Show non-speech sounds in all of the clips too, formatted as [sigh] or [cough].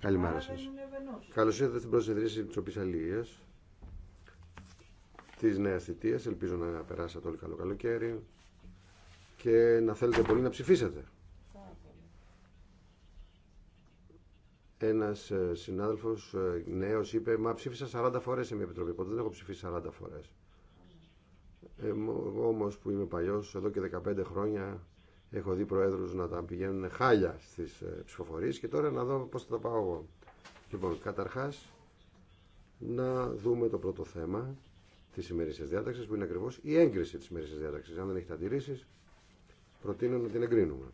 Καλημέρα σας. Καλώς ήρθατε στην συνεδρίαση της Αλληλία της Νέας Θητείας. Ελπίζω να περάσατε όλοι καλό καλοκαίρι και να θέλετε πολύ να ψηφίσετε. Ένας ε, συνάδελφος ε, νέος είπε «Μα ψήφισα 40 φορές σε μια επιτροπή, ποτέ δεν έχω ψηφίσει 40 φορές». Ε, εγώ όμως που είμαι παλιός, εδώ και 15 χρόνια Έχω δει προέδρου να τα πηγαίνουν χάλια στις ε, ψηφοφορίες και τώρα να δω πώς θα τα πάω εγώ. Λοιπόν, καταρχάς να δούμε το πρώτο θέμα τη ημερήσιας διάταξη. που είναι ακριβώ η έγκριση τη ημερήσιας διάταξη. Αν δεν έχετε αντιρρήσεις, προτείνω να την εγκρίνουμε.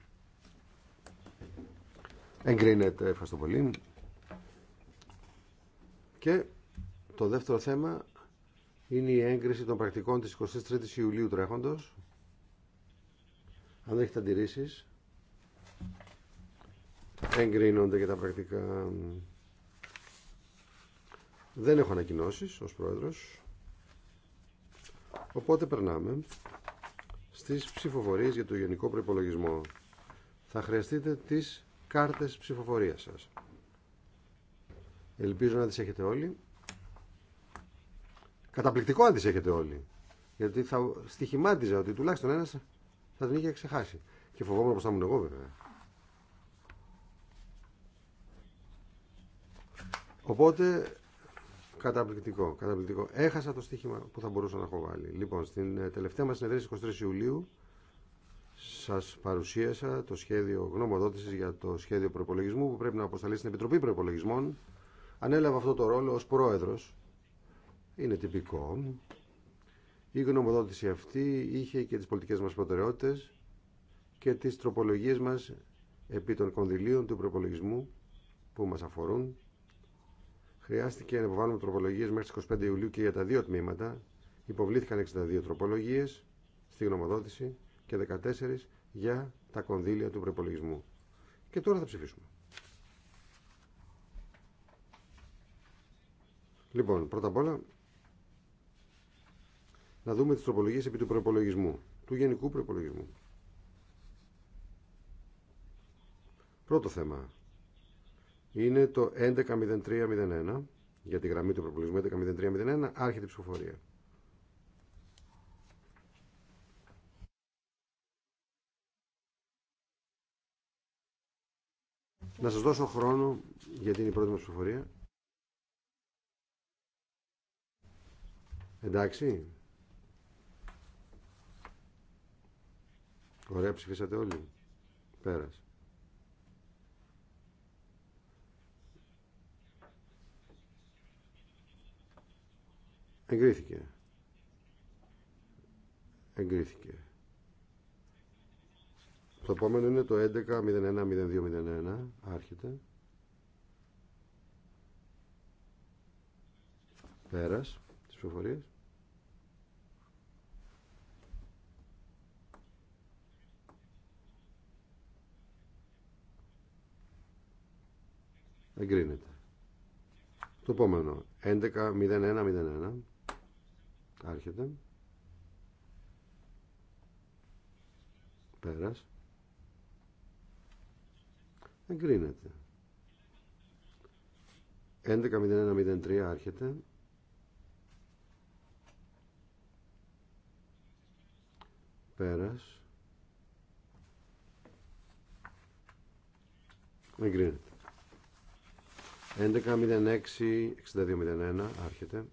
Εγκρίνεται, ευχαριστώ πολύ. Και το δεύτερο θέμα είναι η έγκριση των πρακτικών της 23ης Ιουλίου τρέχοντος. Αν έχετε αντιρρήσει, εγκρίνονται και τα πρακτικά. Δεν έχω ανακοινώσει ως πρόεδρος. Οπότε περνάμε στις ψηφοφορίες για το γενικό προπολογισμό. Θα χρειαστείτε τις κάρτες ψηφοφορίας σας. Ελπίζω να τι έχετε όλοι. Καταπληκτικό αν τις έχετε όλοι. Γιατί θα στοιχημάτιζα ότι τουλάχιστον ένας θα την είχε ξεχάσει. Και φοβόμουν πως θα ήμουν εγώ βέβαια. Οπότε, καταπληκτικό, καταπληκτικό. Έχασα το στοίχημα που θα μπορούσα να έχω βάλει. Λοιπόν, στην ε, τελευταία μας συνεδρίαση 23 Ιουλίου σας παρουσίασα το σχέδιο γνωμοδότησης για το σχέδιο προπολογισμού που πρέπει να αποσταλεί στην Επιτροπή Προπολογισμών. Ανέλαβα αυτό το ρόλο ως πρόεδρος. Είναι τυπικό. Η γνωμοδότηση αυτή είχε και τις πολιτικές μας προτεραιότητες και τις τροπολογίες μας επί των κονδυλίων του προπολογισμού που μας αφορούν. Χρειάστηκε να υποβάλουμε τροπολογίες μέχρι τις 25 Ιουλίου και για τα δύο τμήματα. Υποβλήθηκαν 62 τροπολογίες στη γνωμοδότηση και 14 για τα κονδύλια του προπολογισμού. Και τώρα θα ψηφίσουμε. Λοιπόν, πρώτα απ' όλα να δούμε τις τροπολογίες επί του προπολογισμού, του γενικού προπολογισμού. Πρώτο θέμα είναι το 11.03.01 για τη γραμμή του προπολογισμού 11.03.01 άρχεται η ψηφοφορία. Να σας δώσω χρόνο γιατί είναι η πρώτη μας ψηφοφορία. Εντάξει. Ωραία, ψηφίσατε όλοι. Πέρασε. Εγκρίθηκε. Εγκρίθηκε. Το επόμενο είναι το 11.01.02.01. Άρχεται. Πέρασε. τις προφορίες. Εγκρίνεται. Το επόμενο. 11.01.01. Άρχεται. Πέρας. Εγκρίνεται. 11.01.03. Άρχεται. Πέρας. Εγκρίνεται. 11.06.62.01 άρχεται.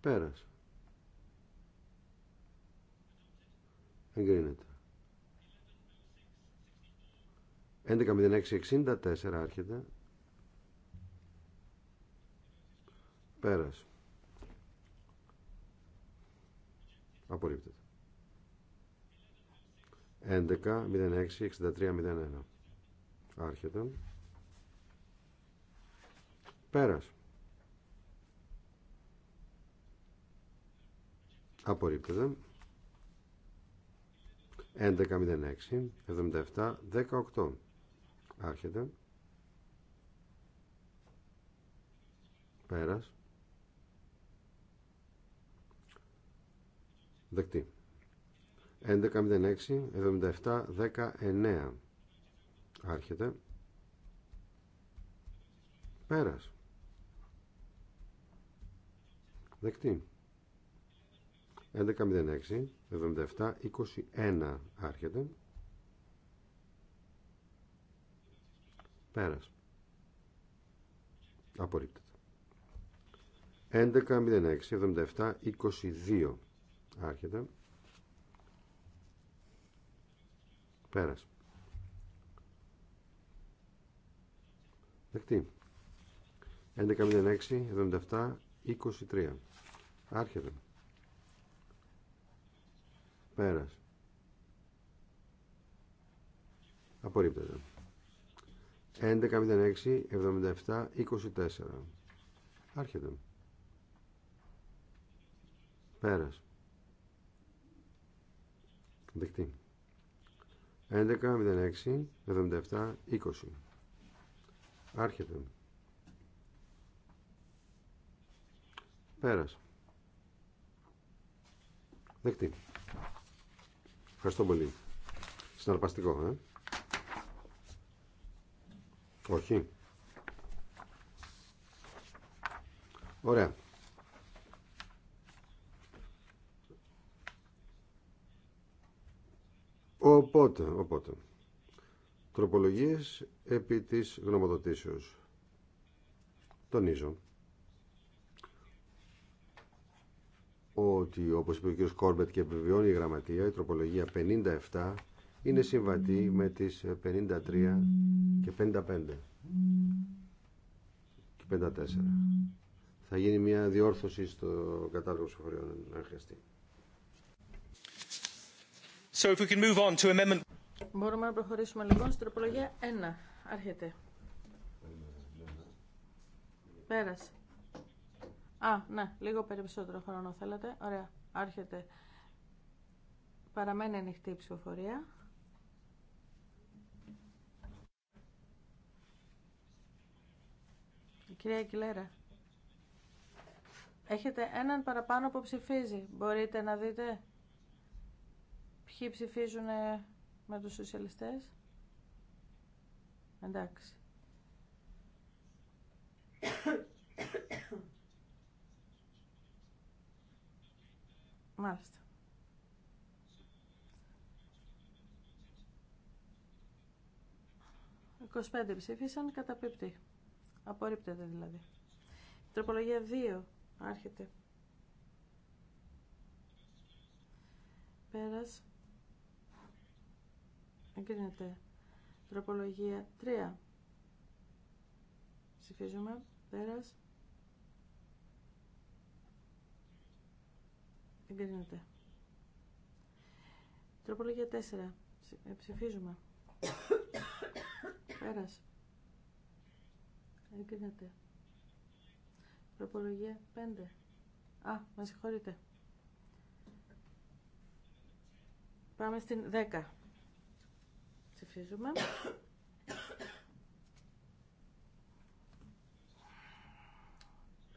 Πέρας. Εγκρίνεται. 11.06.64 άρχεται. Πέρας. Απορρίπτεται. 11-06-63-01 άρχεται πέρας απορρίπτεται 11-06-77-18 άρχεται πέρας δεκτή 11.06 77 19 άρχεται πέρας δεκτή 11.06 77 21 άρχεται πέρας απορρίπτεται 11.06 77 22 άρχεται Πέρασε. Δεκτή. 11.06, 77, 23. Άρχεται. περασε Απορρίπτεται. 11.06, 77, 24. Άρχεται. Πέρασε. Δεκτή. 11-06-77-20 77 20 άρχεται περασε δεκτή ευχαριστώ πολύ συναρπαστικό ε? όχι ωραία Οπότε, οπότε, τροπολογίες επί της γνωμοδοτήσεως. Τονίζω ότι όπως είπε ο κ. Κόρμπετ και επιβιώνει η γραμματεία, η τροπολογία 57 είναι συμβατή με τις 53 και 55 και 54. Θα γίνει μια διόρθωση στο κατάλογο ψηφοφοριών αν χρειαστεί. Μπορούμε να προχωρήσουμε λοιπόν στην τροπολογία 1. Άρχεται. Πέρασε. Α, ναι, λίγο περισσότερο χρόνο θέλετε. Ωραία, άρχεται. Παραμένει ανοιχτή η ψηφοφορία. Κυρία Κιλέρα, έχετε έναν παραπάνω που ψηφίζει. Μπορείτε να δείτε Ποιοι ψηφίζουν με τους σοσιαλιστές. Εντάξει. Μάλιστα. «25 ψήφισαν, καταπίπτει. Απορρίπτεται δηλαδή. Τροπολογία 2. Άρχεται. Πέρας. Εγκρίνεται. Τροπολογία 3. Ψηφίζουμε. πέρα. Εγκρίνεται. Τροπολογία 4. Ε, ψηφίζουμε. Πέρα. Εγκρίνεται. Τροπολογία 5. Α, με συγχωρείτε. Πάμε στην 10 ψηφίζουμε.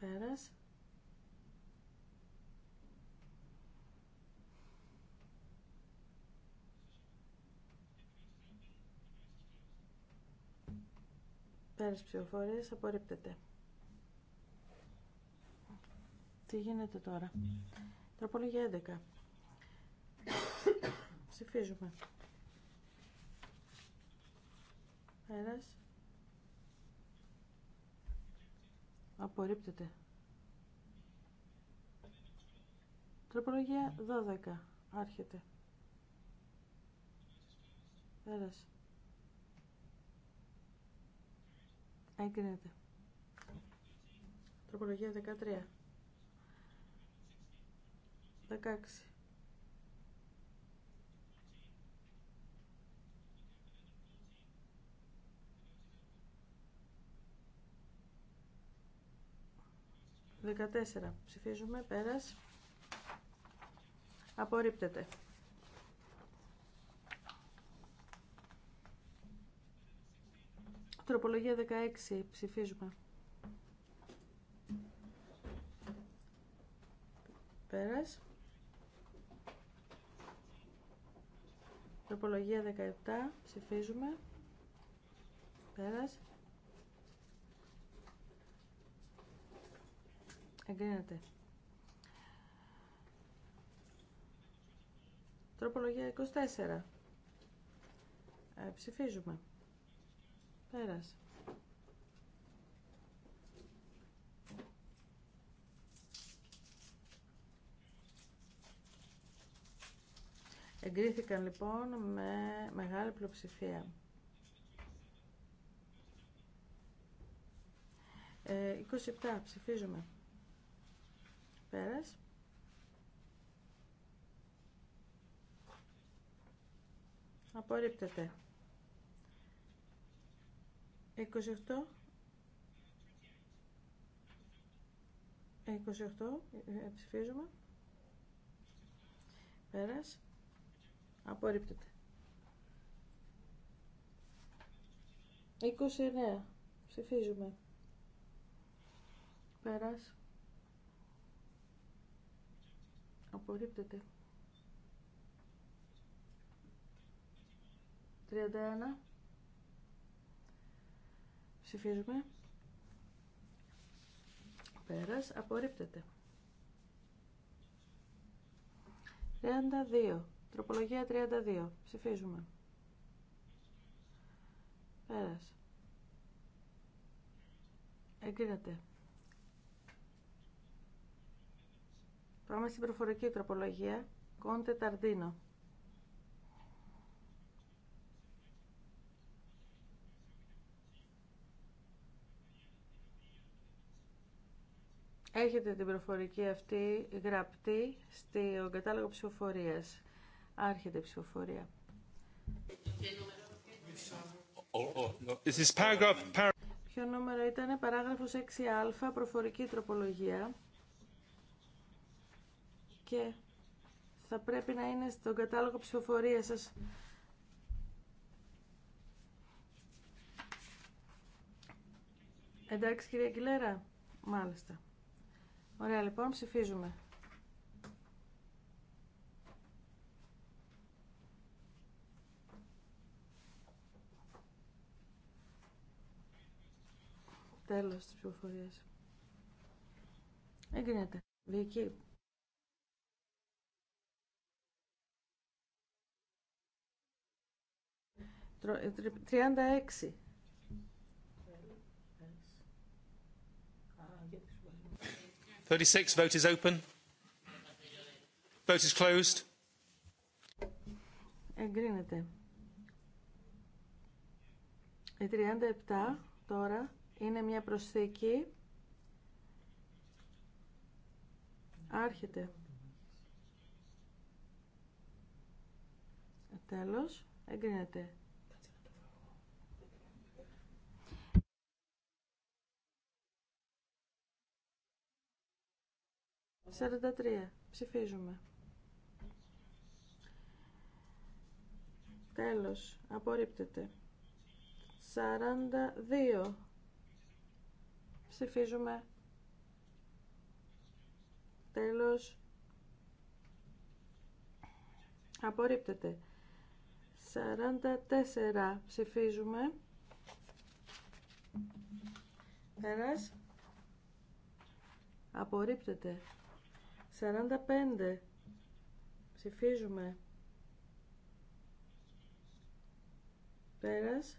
Πέρας. Πέρας ψηφοφορίες απορρίπτεται. Τι γίνεται τώρα. Τροπολογία 11. Ψηφίζουμε. Πέρας. Απορρίπτεται. Τροπολογία 12. Άρχεται. Πέρας. Έγκρινεται. Τροπολογία 13. 16. 14. Ψηφίζουμε. Πέρας. Απορρίπτεται. Τροπολογία 16. Ψηφίζουμε. Πέρας. Τροπολογία 17. Ψηφίζουμε. Πέρας. Εγκρίνεται. Τροπολογία 24. Ε, ψηφίζουμε. Πέρασε. Εγκρίθηκαν λοιπόν με μεγάλη πλειοψηφία. Ε, 27. Ψηφίζουμε. Πέρας. Απορρίπτεται. 28. 28. Ε, ε, ψηφίζουμε. Πέρας. Απορρίπτεται. 29. Ψηφίζουμε. Πέρας. Απορρίπτεται. 31. Ψηφίζουμε. Πέρας. Απορρίπτεται. 32. Τροπολογία 32. Ψηφίζουμε. Πέρας. Εγκρίνεται. Πάμε στην προφορική τροπολογία. Κόντε Ταρδίνο. Έχετε την προφορική αυτή γραπτή στο κατάλογο ψηφοφορία. Άρχεται η ψηφοφορία. Ποιο νούμερο ήταν, παράγραφος 6α, προφορική τροπολογία και θα πρέπει να είναι στον κατάλογο ψηφοφορία σας. Εντάξει κυρία Κιλέρα, μάλιστα. Ωραία λοιπόν, ψηφίζουμε. Τέλος της ψηφοφορίας. Εγκρίνεται. Βίκυ, 36. Ε, vote is open. Vote is closed. Εγκρίνεται. Η 37 τώρα είναι μια προσθήκη. Άρχεται. Τέλος. Εγκρίνεται. 43. Ψηφίζουμε. Τέλος. Απορρίπτεται. 42. Ψηφίζουμε. Τέλος. Απορρίπτεται. 44. Ψηφίζουμε. Τέλος. Απορρίπτεται. 45. Ψηφίζουμε. Πέρας.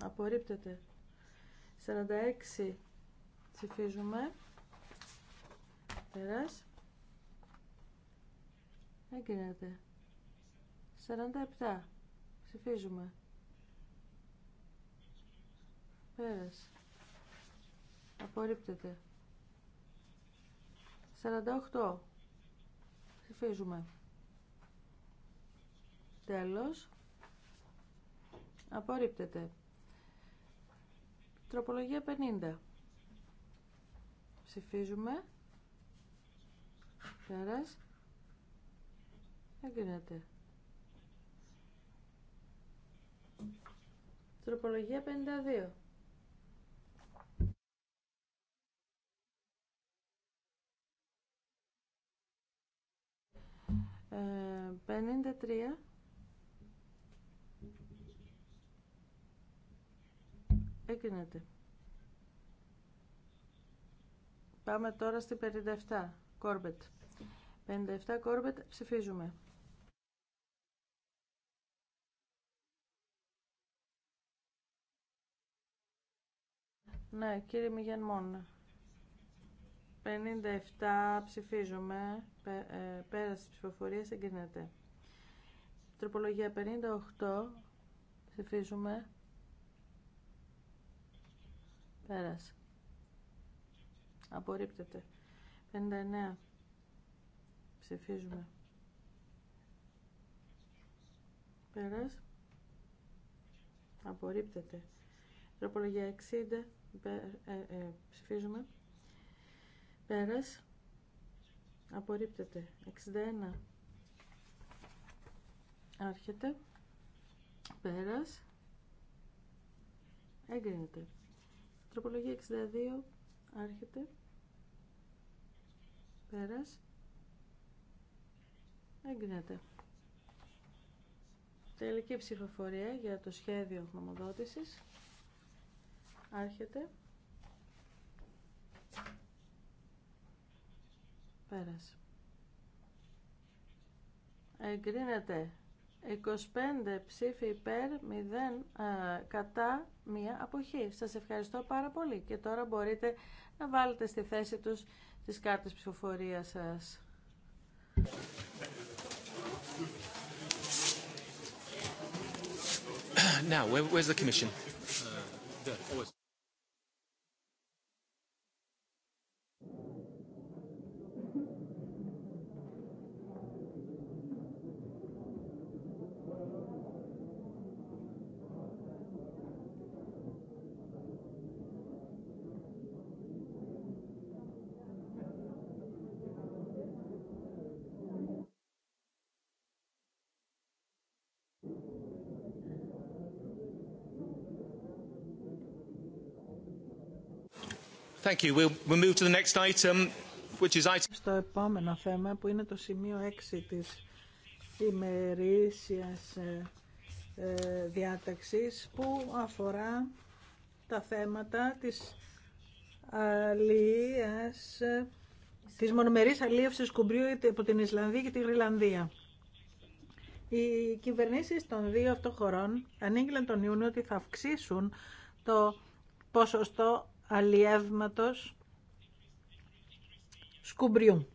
Απορρίπτεται. 46. Ψηφίζουμε. Πέρας. Έγκρινεται. 47. Ψηφίζουμε. Πέρας. Απορρίπτεται. 48. Ψηφίζουμε. Τέλος. Απορρίπτεται. Τροπολογία 50. Ψηφίζουμε. Πέρας. Εγκρίνεται. Τροπολογία 52. 53 Έκρινεται. Πάμε τώρα στη 57. Κόρμπετ. 57 Κόρμπετ ψηφίζουμε. Ναι, κύριε Μιγιάν μόνο. 57 ψηφίζουμε. Ε, Πέρασε τη ψηφοφορία εγκρίνεται. Τροπολογία 58 ψηφίζουμε. Πέρασε. Απορρίπτεται. 59 ψηφίζουμε. Πέρασε. Απορρίπτεται. Τροπολογία 60 ε, ε, ψηφίζουμε. Πέρας. Απορρίπτεται. 61. Άρχεται. Πέρας. Έγκρινεται. Τροπολογία 62. Άρχεται. Πέρας. Έγκρινεται. Τελική ψηφοφορία για το σχέδιο γνωμοδότησης. Άρχεται. Πέρασε. Εγκρίνεται. 25 ψήφοι υπέρ, 0 κατά, μία αποχή. Σας ευχαριστώ πάρα πολύ και τώρα μπορείτε να βάλετε στη θέση τους τις κάρτες ψηφοφορίας σας. Now, where, where's the commission? Uh, Στο επόμενο θέμα που είναι το σημείο 6 της ημερήσιας ε, ε, διάταξης που αφορά τα θέματα της αλίας, ε, της μονομερής αλίευσης κουμπρίου από την Ισλανδία και τη Γρυλανδία. Οι κυβερνήσεις των δύο αυτών χωρών ανήγγειλαν τον Ιούνιο ότι θα αυξήσουν το ποσοστό αλλιεύματος σκουμπριού.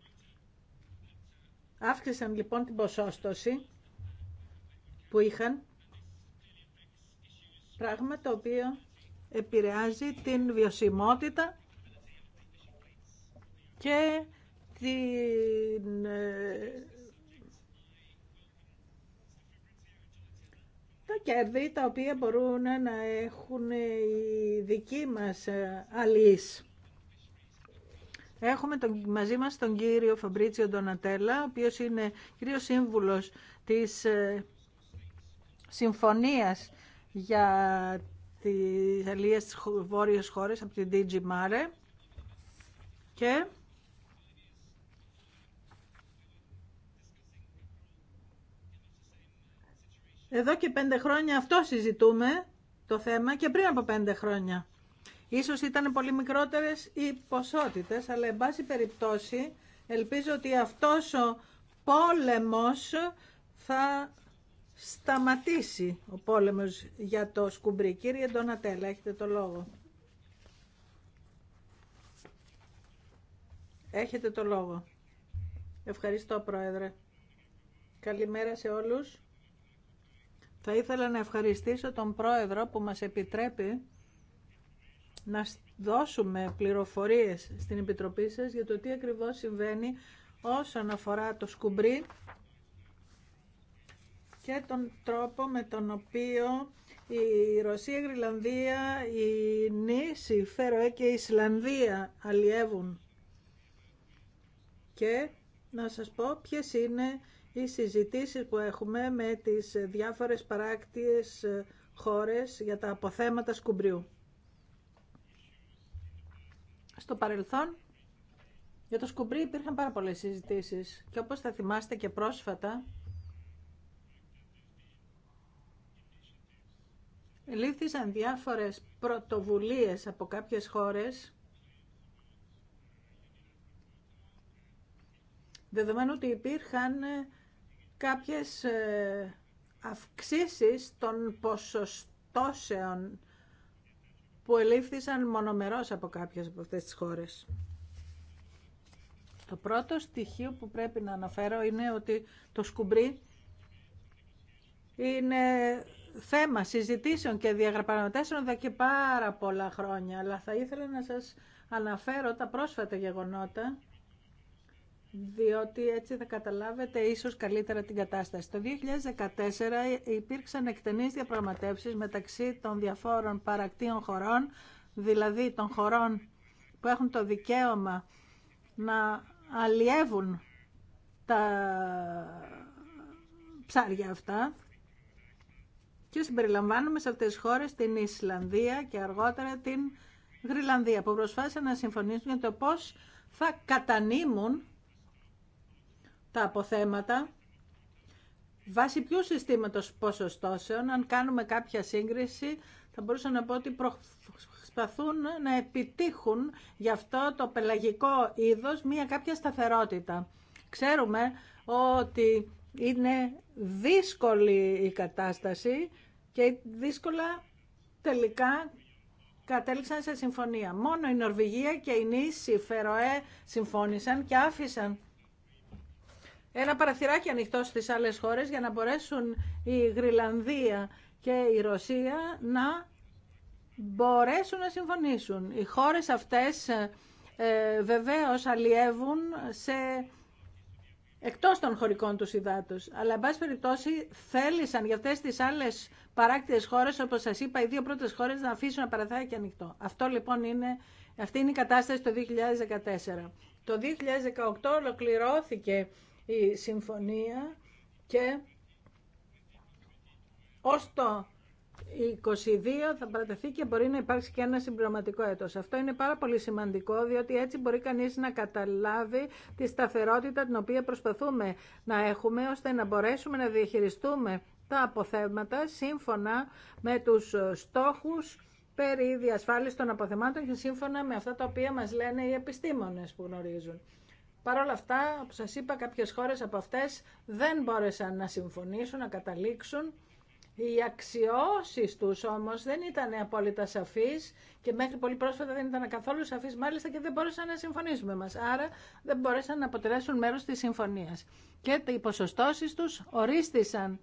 Αύξησαν λοιπόν την ποσόστοση που είχαν, πράγμα το οποίο επηρεάζει την βιωσιμότητα και την ε, κέρδη τα οποία μπορούν να έχουν οι δικοί μας ε, αλείς. Έχουμε τον, μαζί μας τον κύριο Φαμπρίτσιο Ντονατέλα, ο οποίος είναι κύριο σύμβουλος της ε, συμφωνίας για τις αλίες της βόρειας χώρες από την DG Mare και Εδώ και πέντε χρόνια αυτό συζητούμε το θέμα και πριν από πέντε χρόνια. Ίσως ήταν πολύ μικρότερες οι ποσότητες, αλλά εν πάση περιπτώσει ελπίζω ότι αυτός ο πόλεμος θα σταματήσει ο πόλεμος για το σκουμπρί. Κύριε Ντονατέλα, έχετε το λόγο. Έχετε το λόγο. Ευχαριστώ, Πρόεδρε. Καλημέρα σε όλους. Θα ήθελα να ευχαριστήσω τον Πρόεδρο που μας επιτρέπει να δώσουμε πληροφορίες στην Επιτροπή σας για το τι ακριβώς συμβαίνει όσον αφορά το σκουμπρί και τον τρόπο με τον οποίο η Ρωσία, η Γρυλανδία, η Νύση, η Φέροε και η Ισλανδία αλλιεύουν. Και να σας πω ποιες είναι οι συζητήσεις που έχουμε με τις διάφορες παράκτιες χώρες για τα αποθέματα σκουμπριού. Στο παρελθόν, για το σκουμπρί υπήρχαν πάρα πολλές συζητήσεις και όπως θα θυμάστε και πρόσφατα, λύθησαν διάφορες πρωτοβουλίες από κάποιες χώρες δεδομένου ότι υπήρχαν κάποιες ε, αυξήσεις των ποσοστώσεων που ελήφθησαν μονομερώς από κάποιες από αυτές τις χώρες. Το πρώτο στοιχείο που πρέπει να αναφέρω είναι ότι το σκουμπρί είναι θέμα συζητήσεων και διαγραπανωτέσεων εδώ και πάρα πολλά χρόνια, αλλά θα ήθελα να σας αναφέρω τα πρόσφατα γεγονότα διότι έτσι θα καταλάβετε ίσως καλύτερα την κατάσταση. Το 2014 υπήρξαν εκτενείς διαπραγματεύσεις μεταξύ των διαφόρων παρακτήων χωρών, δηλαδή των χωρών που έχουν το δικαίωμα να αλλιεύουν τα ψάρια αυτά και συμπεριλαμβάνουμε σε αυτές τις χώρες την Ισλανδία και αργότερα την Γρυλανδία που προσφάσισαν να συμφωνήσουν για το πώς θα κατανείμουν τα αποθέματα βάσει ποιου συστήματος ποσοστώσεων, αν κάνουμε κάποια σύγκριση, θα μπορούσα να πω ότι προσπαθούν να επιτύχουν γι' αυτό το πελαγικό είδος μία κάποια σταθερότητα. Ξέρουμε ότι είναι δύσκολη η κατάσταση και δύσκολα τελικά κατέληξαν σε συμφωνία. Μόνο η Νορβηγία και η Νύση Φεροέ συμφώνησαν και άφησαν ένα παραθυράκι ανοιχτό στις άλλες χώρες για να μπορέσουν η Γρυλανδία και η Ρωσία να μπορέσουν να συμφωνήσουν. Οι χώρες αυτές ε, ε, βεβαίως αλλιεύουν σε εκτός των χωρικών τους υδάτους. Αλλά, εν πάση περιπτώσει, θέλησαν για αυτές τις άλλες παράκτητες χώρες, όπως σας είπα, οι δύο πρώτες χώρες να αφήσουν ένα παραθυράκι ανοιχτό. Αυτό, λοιπόν, είναι, αυτή είναι η κατάσταση το 2014. Το 2018 ολοκληρώθηκε η συμφωνία και ως το 22 θα παρατεθεί και μπορεί να υπάρξει και ένα συμπληρωματικό έτος. Αυτό είναι πάρα πολύ σημαντικό διότι έτσι μπορεί κανείς να καταλάβει τη σταθερότητα την οποία προσπαθούμε να έχουμε ώστε να μπορέσουμε να διαχειριστούμε τα αποθέματα σύμφωνα με τους στόχους περί διασφάλισης των αποθεμάτων και σύμφωνα με αυτά τα οποία μας λένε οι επιστήμονες που γνωρίζουν. Παρ' όλα αυτά, όπως σας είπα, κάποιες χώρες από αυτές δεν μπόρεσαν να συμφωνήσουν, να καταλήξουν. Οι αξιώσει τους όμως δεν ήταν απόλυτα σαφείς και μέχρι πολύ πρόσφατα δεν ήταν καθόλου σαφείς μάλιστα και δεν μπόρεσαν να συμφωνήσουν με μας. Άρα δεν μπόρεσαν να αποτελέσουν μέρος της συμφωνίας. Και οι ποσοστώσει τους ορίστησαν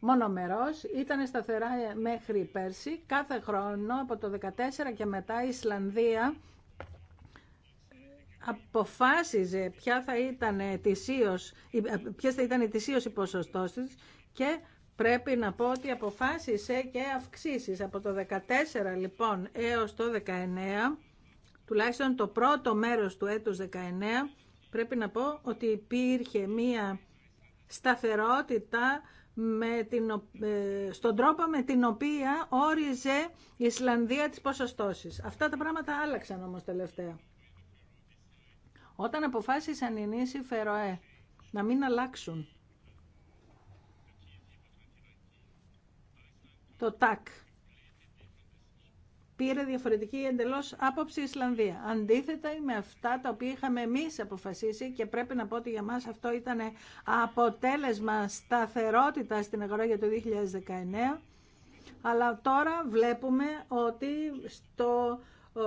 μονομερός, ήταν σταθερά μέχρι πέρσι. Κάθε χρόνο από το 2014 και μετά η Ισλανδία αποφάσιζε ποια θα ήταν ετησίως, ε, ποιες θα ήταν ετησίως οι ποσοστός και πρέπει να πω ότι αποφάσισε και αυξήσεις από το 14 λοιπόν έως το 19 τουλάχιστον το πρώτο μέρος του έτους 19 πρέπει να πω ότι υπήρχε μία σταθερότητα με την, ε, στον τρόπο με την οποία όριζε η Ισλανδία τις ποσοστώσεις. Αυτά τα πράγματα άλλαξαν όμως τελευταία. Όταν αποφάσισαν οι νήσοι Φεροέ να μην αλλάξουν το ΤΑΚ, πήρε διαφορετική εντελώς άποψη η Ισλανδία. Αντίθετα με αυτά τα οποία είχαμε εμείς αποφασίσει και πρέπει να πω ότι για μας αυτό ήταν αποτέλεσμα σταθερότητα στην αγορά για το 2019 αλλά τώρα βλέπουμε ότι στο 19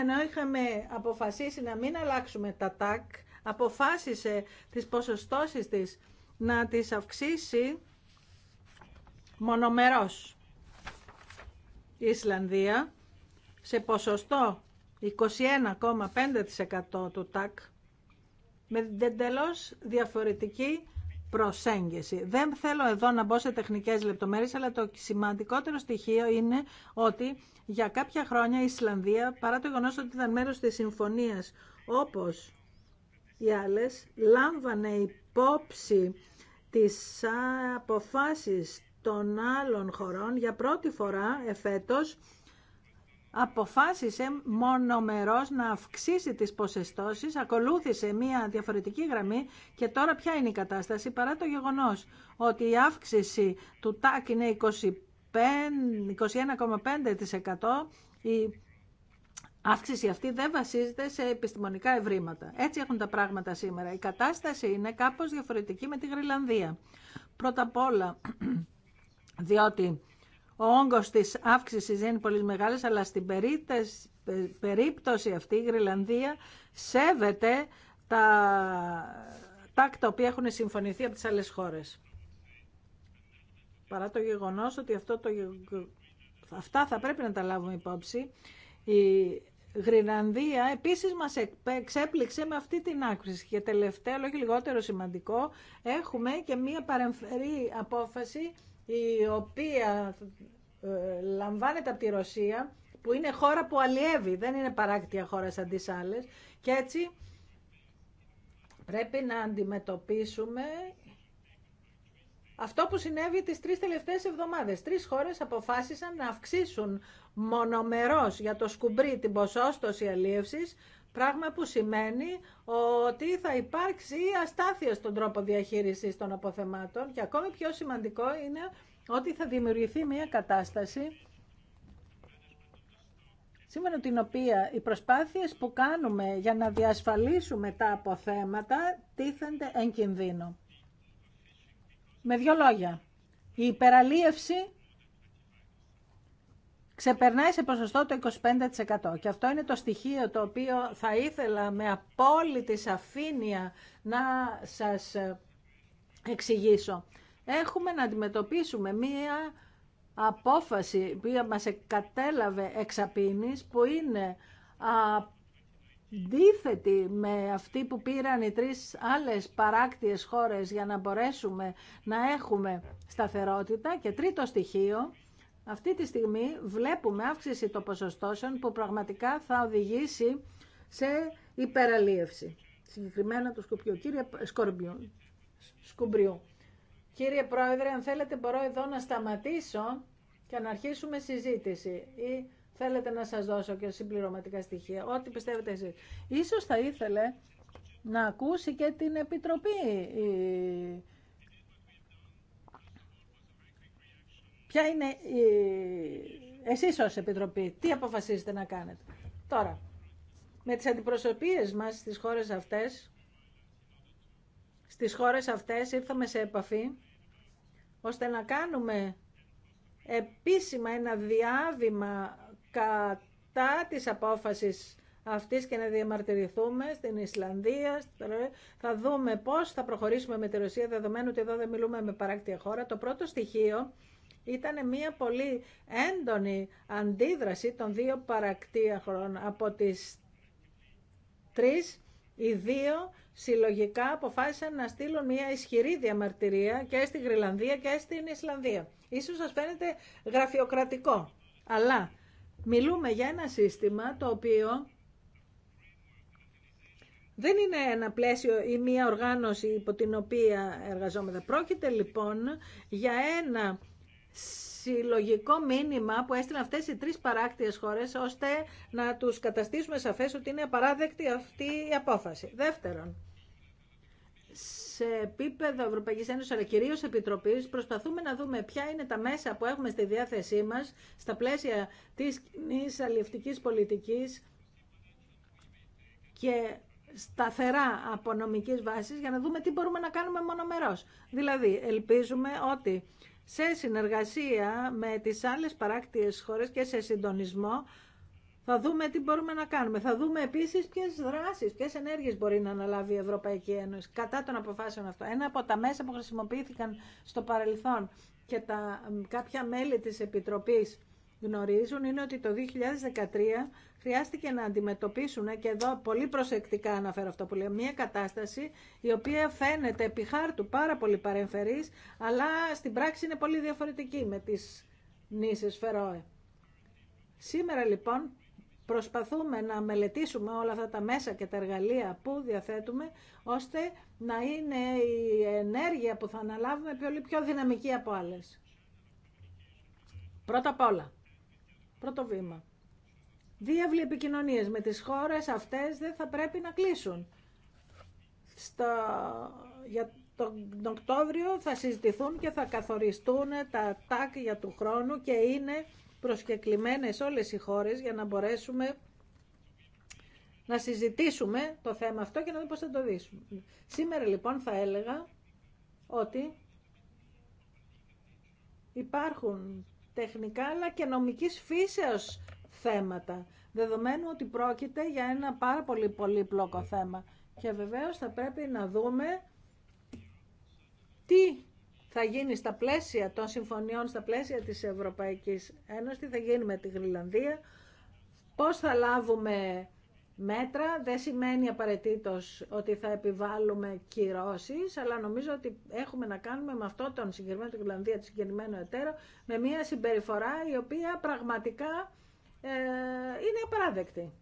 ενώ είχαμε αποφασίσει να μην αλλάξουμε τα τάκ, αποφάσισε τις ποσοστώσεις της να τις αυξήσει μονομερός η Ισλανδία σε ποσοστό 21,5% του ΤΑΚ με εντελώ διαφορετική προσέγγιση. Δεν θέλω εδώ να μπω σε τεχνικές λεπτομέρειες, αλλά το σημαντικότερο στοιχείο είναι ότι για κάποια χρόνια η Ισλανδία, παρά το γεγονός ότι ήταν μέρος της συμφωνίας, όπως οι άλλες, λάμβανε υπόψη τις αποφάσεις των άλλων χωρών για πρώτη φορά εφέτος αποφάσισε μονομερός να αυξήσει τις ποσεστώσεις, ακολούθησε μια διαφορετική γραμμή και τώρα ποια είναι η κατάσταση παρά το γεγονός ότι η αύξηση του ΤΑΚ είναι 21,5% η αύξηση αυτή δεν βασίζεται σε επιστημονικά ευρήματα. Έτσι έχουν τα πράγματα σήμερα. Η κατάσταση είναι κάπως διαφορετική με τη Γρυλανδία. Πρώτα απ' όλα [clears throat] διότι ο όγκος της αύξησης δεν είναι πολύ μεγάλος, αλλά στην περίπτωση αυτή η Γρυλανδία σέβεται τα τάκτα που έχουν συμφωνηθεί από τις άλλες χώρες. Παρά το γεγονός ότι αυτό το... αυτά θα πρέπει να τα λάβουμε υπόψη, η Γρυλανδία επίσης μας εξέπληξε με αυτή την άκρηση και τελευταίο, όχι λιγότερο σημαντικό, έχουμε και μία παρεμφερή απόφαση η οποία ε, λαμβάνεται από τη Ρωσία, που είναι χώρα που αλλιεύει, δεν είναι παράκτια χώρα σαν τις άλλες, και έτσι πρέπει να αντιμετωπίσουμε αυτό που συνέβη τις τρεις τελευταίες εβδομάδες. Τρεις χώρες αποφάσισαν να αυξήσουν μονομερός για το σκουμπρί την ποσόστοση αλίευσης Πράγμα που σημαίνει ότι θα υπάρξει αστάθεια στον τρόπο διαχείρισης των αποθεμάτων και ακόμη πιο σημαντικό είναι ότι θα δημιουργηθεί μια κατάσταση σήμερα την οποία οι προσπάθειες που κάνουμε για να διασφαλίσουμε τα αποθέματα τίθενται εν κινδύνο. Με δύο λόγια, η υπεραλίευση ξεπερνάει σε ποσοστό το 25%. Και αυτό είναι το στοιχείο το οποίο θα ήθελα με απόλυτη σαφήνεια να σας εξηγήσω. Έχουμε να αντιμετωπίσουμε μία απόφαση που μας κατέλαβε εξαπίνης που είναι αντίθετη με αυτή που πήραν οι τρεις άλλες παράκτιες χώρες για να μπορέσουμε να έχουμε σταθερότητα και τρίτο στοιχείο αυτή τη στιγμή βλέπουμε αύξηση των ποσοστώσεων που πραγματικά θα οδηγήσει σε υπεραλίευση. Συγκεκριμένα του σκουπιού. Κύριε Σκορμπιού. Σκουμπριού. Κύριε Πρόεδρε, αν θέλετε μπορώ εδώ να σταματήσω και να αρχίσουμε συζήτηση. Ή θέλετε να σας δώσω και συμπληρωματικά στοιχεία. Ό,τι πιστεύετε εσείς. Ίσως θα ήθελε να ακούσει και την Επιτροπή η Ποια είναι η... εσείς ως Επιτροπή, τι αποφασίζετε να κάνετε. Τώρα, με τις αντιπροσωπείες μας στις χώρες αυτές, στις χώρες αυτές ήρθαμε σε επαφή, ώστε να κάνουμε επίσημα ένα διάβημα κατά της απόφασης αυτής και να διαμαρτυρηθούμε στην Ισλανδία. Θα δούμε πώς θα προχωρήσουμε με τη Ρωσία, δεδομένου ότι εδώ δεν μιλούμε με παράκτια χώρα. Το πρώτο στοιχείο ήταν μια πολύ έντονη αντίδραση των δύο παρακτήαχρων από τις τρεις οι δύο συλλογικά αποφάσισαν να στείλουν μια ισχυρή διαμαρτυρία και στη Γρυλανδία και στην Ισλανδία. Ίσως σας φαίνεται γραφειοκρατικό, αλλά μιλούμε για ένα σύστημα το οποίο δεν είναι ένα πλαίσιο ή μια οργάνωση υπό την οποία εργαζόμεθα. Πρόκειται λοιπόν για ένα συλλογικό μήνυμα που έστειλαν αυτές οι τρεις παράκτιες χώρες ώστε να τους καταστήσουμε σαφές ότι είναι απαράδεκτη αυτή η απόφαση. Δεύτερον, σε επίπεδο Ευρωπαϊκής Ένωσης αλλά κυρίω Επιτροπή, προσπαθούμε να δούμε ποια είναι τα μέσα που έχουμε στη διάθεσή μας, στα πλαίσια της κοινή πολιτικής και σταθερά από νομική βάση για να δούμε τι μπορούμε να κάνουμε μονομερός. Δηλαδή, ελπίζουμε ότι σε συνεργασία με τις άλλες παράκτιες χώρες και σε συντονισμό θα δούμε τι μπορούμε να κάνουμε. Θα δούμε επίσης ποιες δράσεις, ποιες ενέργειες μπορεί να αναλάβει η Ευρωπαϊκή Ένωση κατά των αποφάσεων αυτών. Ένα από τα μέσα που χρησιμοποιήθηκαν στο παρελθόν και τα, κάποια μέλη της Επιτροπής γνωρίζουν είναι ότι το 2013 χρειάστηκε να αντιμετωπίσουν, και εδώ πολύ προσεκτικά αναφέρω αυτό που λέω, μια κατάσταση η οποία φαίνεται επί χάρτου πάρα πολύ παρεμφερής, αλλά στην πράξη είναι πολύ διαφορετική με τις νήσες Φερόε. Σήμερα λοιπόν προσπαθούμε να μελετήσουμε όλα αυτά τα μέσα και τα εργαλεία που διαθέτουμε, ώστε να είναι η ενέργεια που θα αναλάβουμε πολύ πιο δυναμική από άλλες. Πρώτα απ' όλα, Πρώτο βήμα. Δίαυλοι επικοινωνίες με τις χώρες αυτές δεν θα πρέπει να κλείσουν. Στο... Για τον Οκτώβριο θα συζητηθούν και θα καθοριστούν τα τάκ για του χρόνου και είναι προσκεκλημένες όλες οι χώρες για να μπορέσουμε να συζητήσουμε το θέμα αυτό και να δούμε πώς θα το δείσουμε. Σήμερα λοιπόν θα έλεγα ότι υπάρχουν τεχνικά αλλά και νομικής φύσεως θέματα, δεδομένου ότι πρόκειται για ένα πάρα πολύ πλόκο θέμα. Και βεβαίως θα πρέπει να δούμε τι θα γίνει στα πλαίσια των συμφωνιών, στα πλαίσια της Ευρωπαϊκής Ένωσης, τι θα γίνει με τη Γρυλανδία, πώς θα λάβουμε μέτρα. Δεν σημαίνει απαραίτητο ότι θα επιβάλλουμε κυρώσει, αλλά νομίζω ότι έχουμε να κάνουμε με αυτό τον συγκεκριμένο την το συγκεκριμένο εταίρο, με μια συμπεριφορά η οποία πραγματικά ε, είναι απαράδεκτη.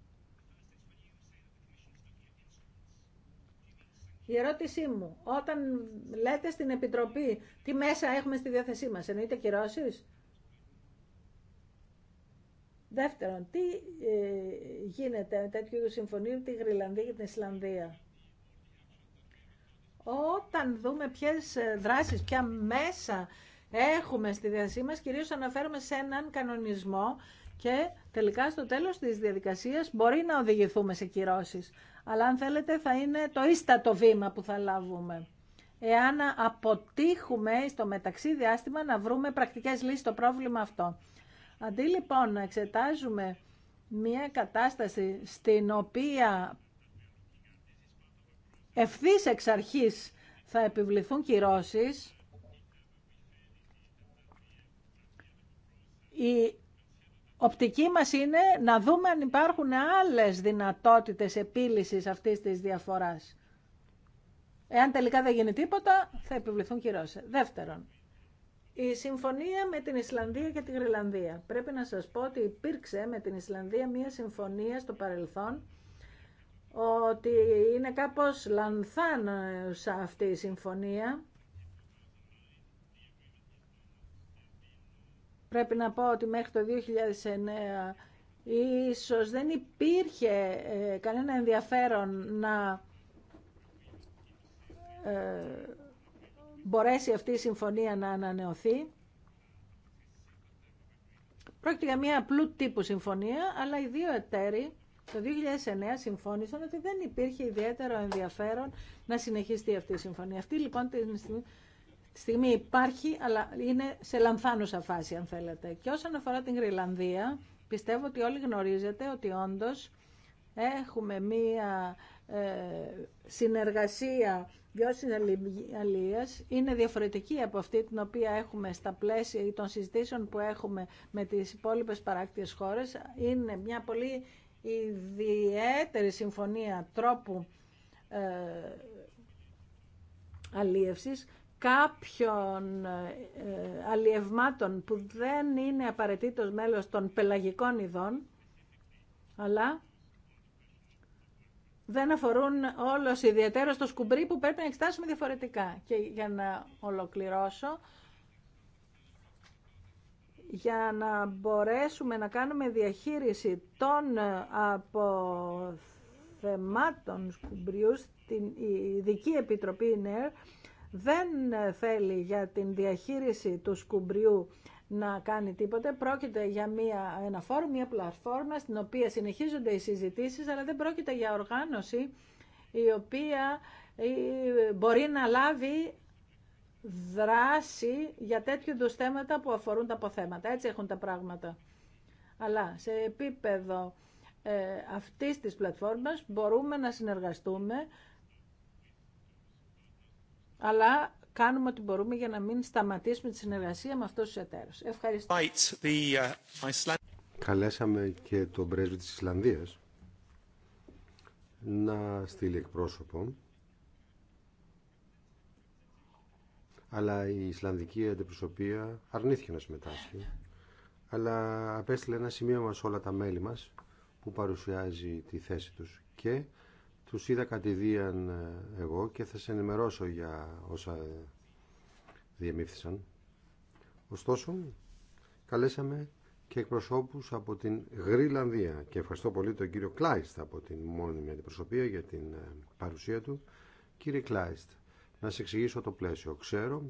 Η ερώτησή μου, όταν λέτε στην Επιτροπή τι μέσα έχουμε στη διάθεσή μας, εννοείται κυρώσεις. Δεύτερον, τι ε, γίνεται με τέτοιου είδου με τη Γρυλανδία και την Ισλανδία. Όταν δούμε ποιες ε, δράσεις, ποια μέσα έχουμε στη διάθεσή μας, κυρίως αναφέρομαι σε έναν κανονισμό και τελικά στο τέλος της διαδικασίας μπορεί να οδηγηθούμε σε κυρώσεις. Αλλά αν θέλετε θα είναι το ίστατο βήμα που θα λάβουμε. Εάν αποτύχουμε στο μεταξύ διάστημα να βρούμε πρακτικές λύσεις στο πρόβλημα αυτό. Αντί λοιπόν να εξετάζουμε μια κατάσταση στην οποία ευθύς εξ αρχής θα επιβληθούν κυρώσεις, η οπτική μας είναι να δούμε αν υπάρχουν άλλες δυνατότητες επίλυσης αυτής της διαφοράς. Εάν τελικά δεν γίνει τίποτα, θα επιβληθούν κυρώσεις. Δεύτερον, η συμφωνία με την Ισλανδία και τη Γρυλανδία. Πρέπει να σας πω ότι υπήρξε με την Ισλανδία μία συμφωνία στο παρελθόν ότι είναι κάπως λανθάνουσα ε, αυτή η συμφωνία. Πρέπει να πω ότι μέχρι το 2009 ίσως δεν υπήρχε ε, κανένα ενδιαφέρον να ε, μπορέσει αυτή η συμφωνία να ανανεωθεί. Πρόκειται για μια απλού τύπου συμφωνία, αλλά οι δύο εταίροι το 2009 συμφώνησαν ότι δεν υπήρχε ιδιαίτερο ενδιαφέρον να συνεχιστεί αυτή η συμφωνία. Αυτή λοιπόν τη στιγμή υπάρχει, αλλά είναι σε λανθάνουσα φάση αν θέλετε. Και όσον αφορά την Γρυλανδία, πιστεύω ότι όλοι γνωρίζετε ότι όντως έχουμε μία ε, συνεργασία βιώσιμη αλληλεία είναι διαφορετική από αυτή την οποία έχουμε στα πλαίσια των συζητήσεων που έχουμε με τις υπόλοιπε παράκτιες χώρε. Είναι μια πολύ ιδιαίτερη συμφωνία τρόπου ε, κάποιων ε, αλλιευμάτων που δεν είναι απαραίτητο μέλος των πελαγικών ειδών, αλλά δεν αφορούν όλο ιδιαίτερα στο σκουμπρί που πρέπει να εξετάσουμε διαφορετικά. Και για να ολοκληρώσω, για να μπορέσουμε να κάνουμε διαχείριση των ε, αποθεμάτων σκουμπριού στην Ειδική Επιτροπή ΝΕΡ δεν θέλει για την διαχείριση του σκουμπριού να κάνει τίποτε. Πρόκειται για μια, ένα φόρουμ, μια πλατφόρμα στην οποία συνεχίζονται οι συζητήσεις, αλλά δεν πρόκειται για οργάνωση η οποία ε, μπορεί να λάβει δράση για τέτοιου είδου θέματα που αφορούν τα αποθέματα. Έτσι έχουν τα πράγματα. Αλλά σε επίπεδο ε, αυτής της πλατφόρμας μπορούμε να συνεργαστούμε αλλά κάνουμε ό,τι μπορούμε για να μην σταματήσουμε τη συνεργασία με αυτός τους εταίρους. Ευχαριστώ. Uh, Καλέσαμε και τον πρέσβη της Ισλανδίας να στείλει εκπρόσωπο. Αλλά η Ισλανδική αντιπροσωπεία αρνήθηκε να συμμετάσχει. Αλλά απέστειλε ένα σημείο μας όλα τα μέλη μας που παρουσιάζει τη θέση τους και τους είδα κατηδίαν ε, εγώ και θα σε ενημερώσω για όσα διεμήφθησαν. Ωστόσο, καλέσαμε και εκπροσώπους από την Γρυλανδία και ευχαριστώ πολύ τον κύριο Κλάιστ από την μόνιμη αντιπροσωπεία για την ε, παρουσία του. Κύριε Κλάιστ, να σε εξηγήσω το πλαίσιο. Ξέρω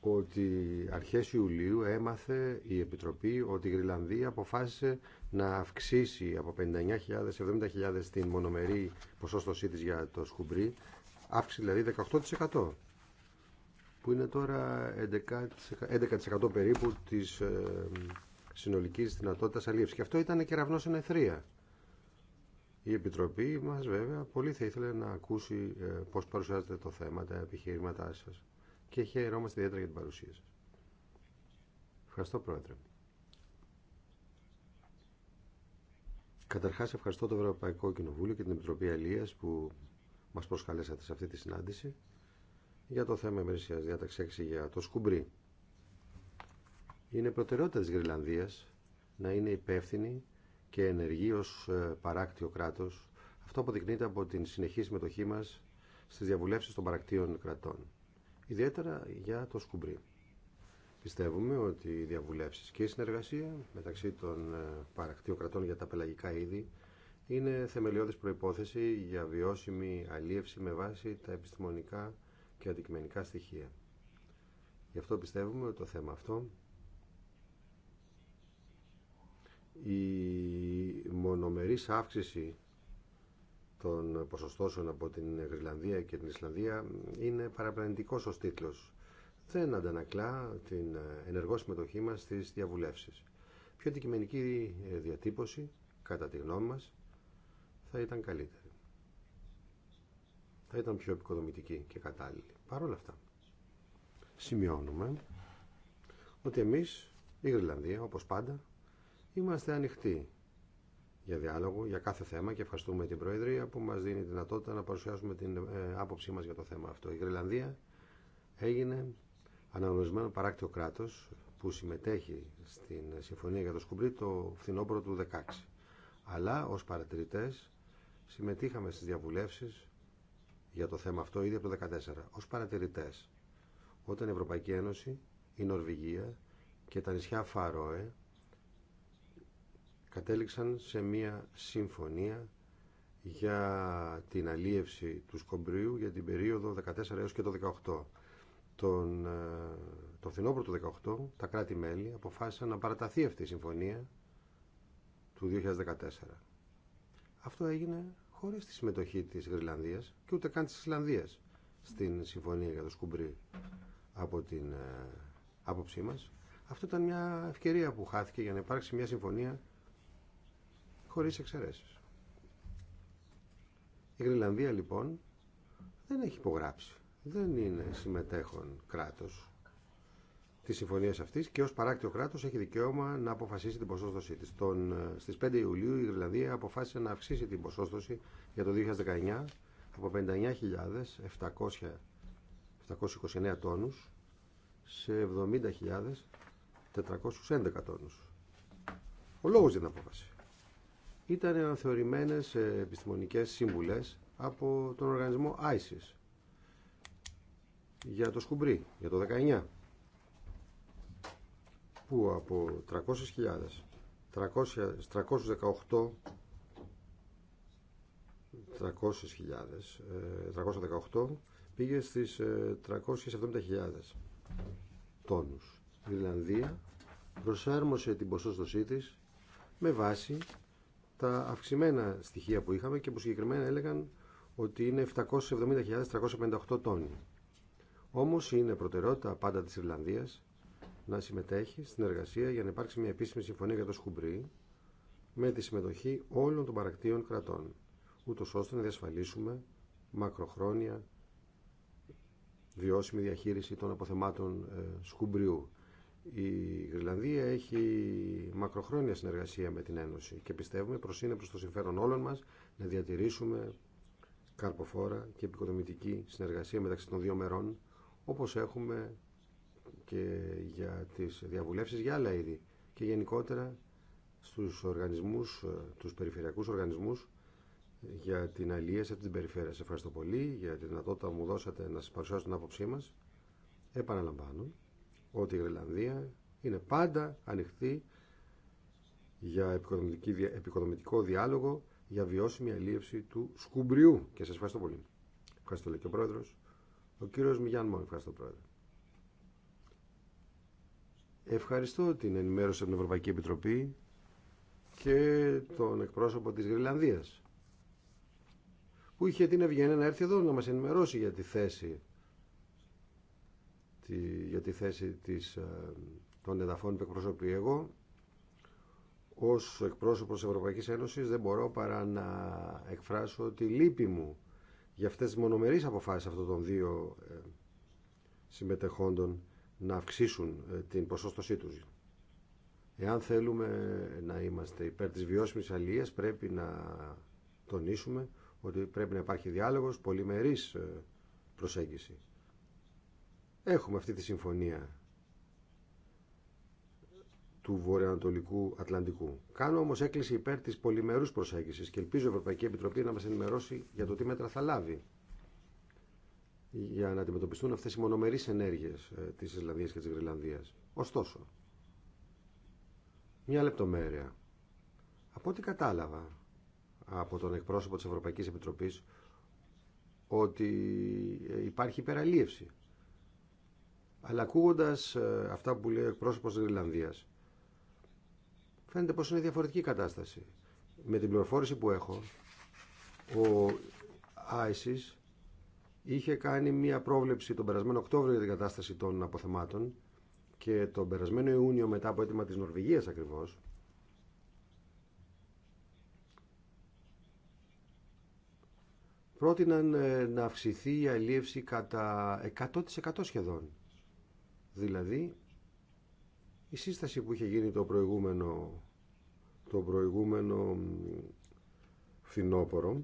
ότι αρχές Ιουλίου έμαθε η Επιτροπή ότι η Γρυλανδία αποφάσισε να αυξήσει από 59.000 σε 70.000 την μονομερή ποσόστοσή της για το σκουμπρί, αύξηση δηλαδή 18% που είναι τώρα 11%, 11 περίπου της ε, συνολικής δυνατότητας αλίευσης. Και αυτό ήταν κεραυνός εν εθρία. Η Επιτροπή μας βέβαια πολύ θα ήθελε να ακούσει ε, πώς παρουσιάζεται το θέμα, τα επιχειρήματά σας και χαιρόμαστε ιδιαίτερα για την παρουσία σας. Ευχαριστώ Πρόεδρε. Καταρχάς ευχαριστώ το Ευρωπαϊκό Κοινοβούλιο και την Επιτροπή Αλίας που μας προσκαλέσατε σε αυτή τη συνάντηση για το θέμα ημερησία διάταξη για το σκουμπρί. Είναι προτεραιότητα της Γρυλανδίας να είναι υπεύθυνη και ενεργή ως ε, παράκτιο κράτος. Αυτό αποδεικνύεται από την συνεχή συμμετοχή μας στις διαβουλεύσεις των παρακτήων κρατών ιδιαίτερα για το σκουμπρί. Πιστεύουμε ότι οι διαβουλεύσει και η συνεργασία μεταξύ των ε, παρακτιοκρατών για τα πελαγικά είδη είναι θεμελιώδης προϋπόθεση για βιώσιμη αλίευση με βάση τα επιστημονικά και αντικειμενικά στοιχεία. Γι' αυτό πιστεύουμε ότι το θέμα αυτό η μονομερής αύξηση των ποσοστώσεων από την Γρυλανδία και την Ισλανδία είναι παραπλανητικός ως τίτλος. Δεν αντανακλά την ενεργό συμμετοχή μας στις διαβουλεύσεις. Πιο αντικειμενική ε, διατύπωση, κατά τη γνώμη μας, θα ήταν καλύτερη. Θα ήταν πιο επικοδομητική και κατάλληλη. Παρ' όλα αυτά, σημειώνουμε ότι εμείς, η Γρυλανδία, όπως πάντα, είμαστε ανοιχτοί για διάλογο για κάθε θέμα και ευχαριστούμε την Προεδρία που μας δίνει τη δυνατότητα να παρουσιάσουμε την ε, άποψή μας για το θέμα αυτό. Η Γρυλανδία έγινε αναγνωρισμένο παράκτιο κράτος που συμμετέχει στην Συμφωνία για το Σκουμπρί το φθινόπωρο του 2016. Αλλά ως παρατηρητές συμμετείχαμε στις διαβουλεύσεις για το θέμα αυτό ήδη από το 2014. Ως παρατηρητές όταν η Ευρωπαϊκή Ένωση, η Νορβηγία και τα νησιά Φαρόε κατέληξαν σε μία συμφωνία για την αλίευση του σκομπρίου για την περίοδο 14 έως και το 18. Τον, ε, το φθινόπωρο του 18 τα κράτη-μέλη αποφάσισαν να παραταθεί αυτή η συμφωνία του 2014. Αυτό έγινε χωρίς τη συμμετοχή της Γρυλανδίας και ούτε καν της Ισλανδίας στην συμφωνία για το σκουμπρί από την ε, άποψή μας. Αυτό ήταν μια ευκαιρία που χάθηκε για να υπάρξει μια συμφωνία χωρίς εξαιρέσεις. Η Γρυλανδία λοιπόν δεν έχει υπογράψει. Δεν είναι συμμετέχον κράτος τη συμφωνίας αυτής και ως παράκτιο κράτος έχει δικαίωμα να αποφασίσει την ποσόστοσή της. Τον, ε, στις 5 Ιουλίου η Γρυλανδία αποφάσισε να αυξήσει την ποσόστοση για το 2019 από 59.729 τόνους σε 70.411 τόνους. Ο λόγος για την απόφαση ήταν αναθεωρημένες επιστημονικές σύμβουλες από τον οργανισμό ISIS για το σκουμπρί, για το 19 που από 300.000 318 ε, πήγε στις 370.000 ε, τόνους. Η Ιρλανδία προσάρμοσε την ποσόστοσή της με βάση τα αυξημένα στοιχεία που είχαμε και που συγκεκριμένα έλεγαν ότι είναι 770.358 τόνοι. Όμως είναι προτεραιότητα πάντα της Ιρλανδίας να συμμετέχει στην εργασία για να υπάρξει μια επίσημη συμφωνία για το σκουμπρί με τη συμμετοχή όλων των παρακτήων κρατών, ούτω ώστε να διασφαλίσουμε μακροχρόνια βιώσιμη διαχείριση των αποθεμάτων ε, σκουμπριού. Η Γρυλανδία έχει μακροχρόνια συνεργασία με την Ένωση και πιστεύουμε προς είναι προς το συμφέρον όλων μας να διατηρήσουμε καρποφόρα και επικοδομητική συνεργασία μεταξύ των δύο μερών όπως έχουμε και για τις διαβουλεύσεις για άλλα είδη και γενικότερα στους οργανισμούς, ε, τους περιφερειακούς οργανισμούς για την αλληλεία σε αυτή την περιφέρεια. Σε ευχαριστώ πολύ για τη δυνατότητα που μου δώσατε να σας παρουσιάσω την άποψή μας. Επαναλαμβάνω ότι η Γρυλανδία είναι πάντα ανοιχτή για επικοδομητικό διάλογο για βιώσιμη αλίευση του σκουμπριού. Και σας ευχαριστώ πολύ. Ευχαριστώ λέει και ο πρόεδρος. Ο κύριος Μιγιάν Μόν, ευχαριστώ πρόεδρε. Ευχαριστώ την ενημέρωση από την Ευρωπαϊκή Επιτροπή και τον εκπρόσωπο της Γρυλανδίας που είχε την ευγένεια να έρθει εδώ να μας ενημερώσει για τη θέση τη, για τη θέση της, ε, των εδαφών που εκπροσωπεί εγώ. Ως εκπρόσωπος Ευρωπαϊκής Ένωσης δεν μπορώ παρά να εκφράσω τη λύπη μου για αυτές τις μονομερείς αποφάσεις αυτών των δύο ε, συμμετεχόντων να αυξήσουν ε, την ποσόστοσή τους. Εάν θέλουμε να είμαστε υπέρ της βιώσιμης αλληλείας πρέπει να τονίσουμε ότι πρέπει να υπάρχει διάλογος, πολυμερής προσέγγιση έχουμε αυτή τη συμφωνία του βορειοανατολικού Ατλαντικού. Κάνω όμω έκκληση υπέρ τη πολυμερού προσέγγιση και ελπίζω η Ευρωπαϊκή Επιτροπή να μα ενημερώσει για το τι μέτρα θα λάβει για να αντιμετωπιστούν αυτέ οι μονομερεί ενέργειε ε, τη Ισλανδία και τη Γρυλανδία. Ωστόσο, μια λεπτομέρεια. Από ό,τι κατάλαβα από τον εκπρόσωπο της Ευρωπαϊκής Επιτροπής ότι ε, υπάρχει υπεραλίευση αλλά ακούγοντα ε, αυτά που λέει ο εκπρόσωπο τη Γρυλανδία, φαίνεται πω είναι διαφορετική κατάσταση. Με την πληροφόρηση που έχω, ο Άισι είχε κάνει μία πρόβλεψη τον περασμένο Οκτώβριο για την κατάσταση των αποθεμάτων και τον περασμένο Ιούνιο μετά από έτοιμα της Νορβηγίας ακριβώς πρότειναν ε, να αυξηθεί η αλίευση κατά 100% σχεδόν. Δηλαδή, η σύσταση που είχε γίνει το προηγούμενο, το προηγούμενο φθινόπωρο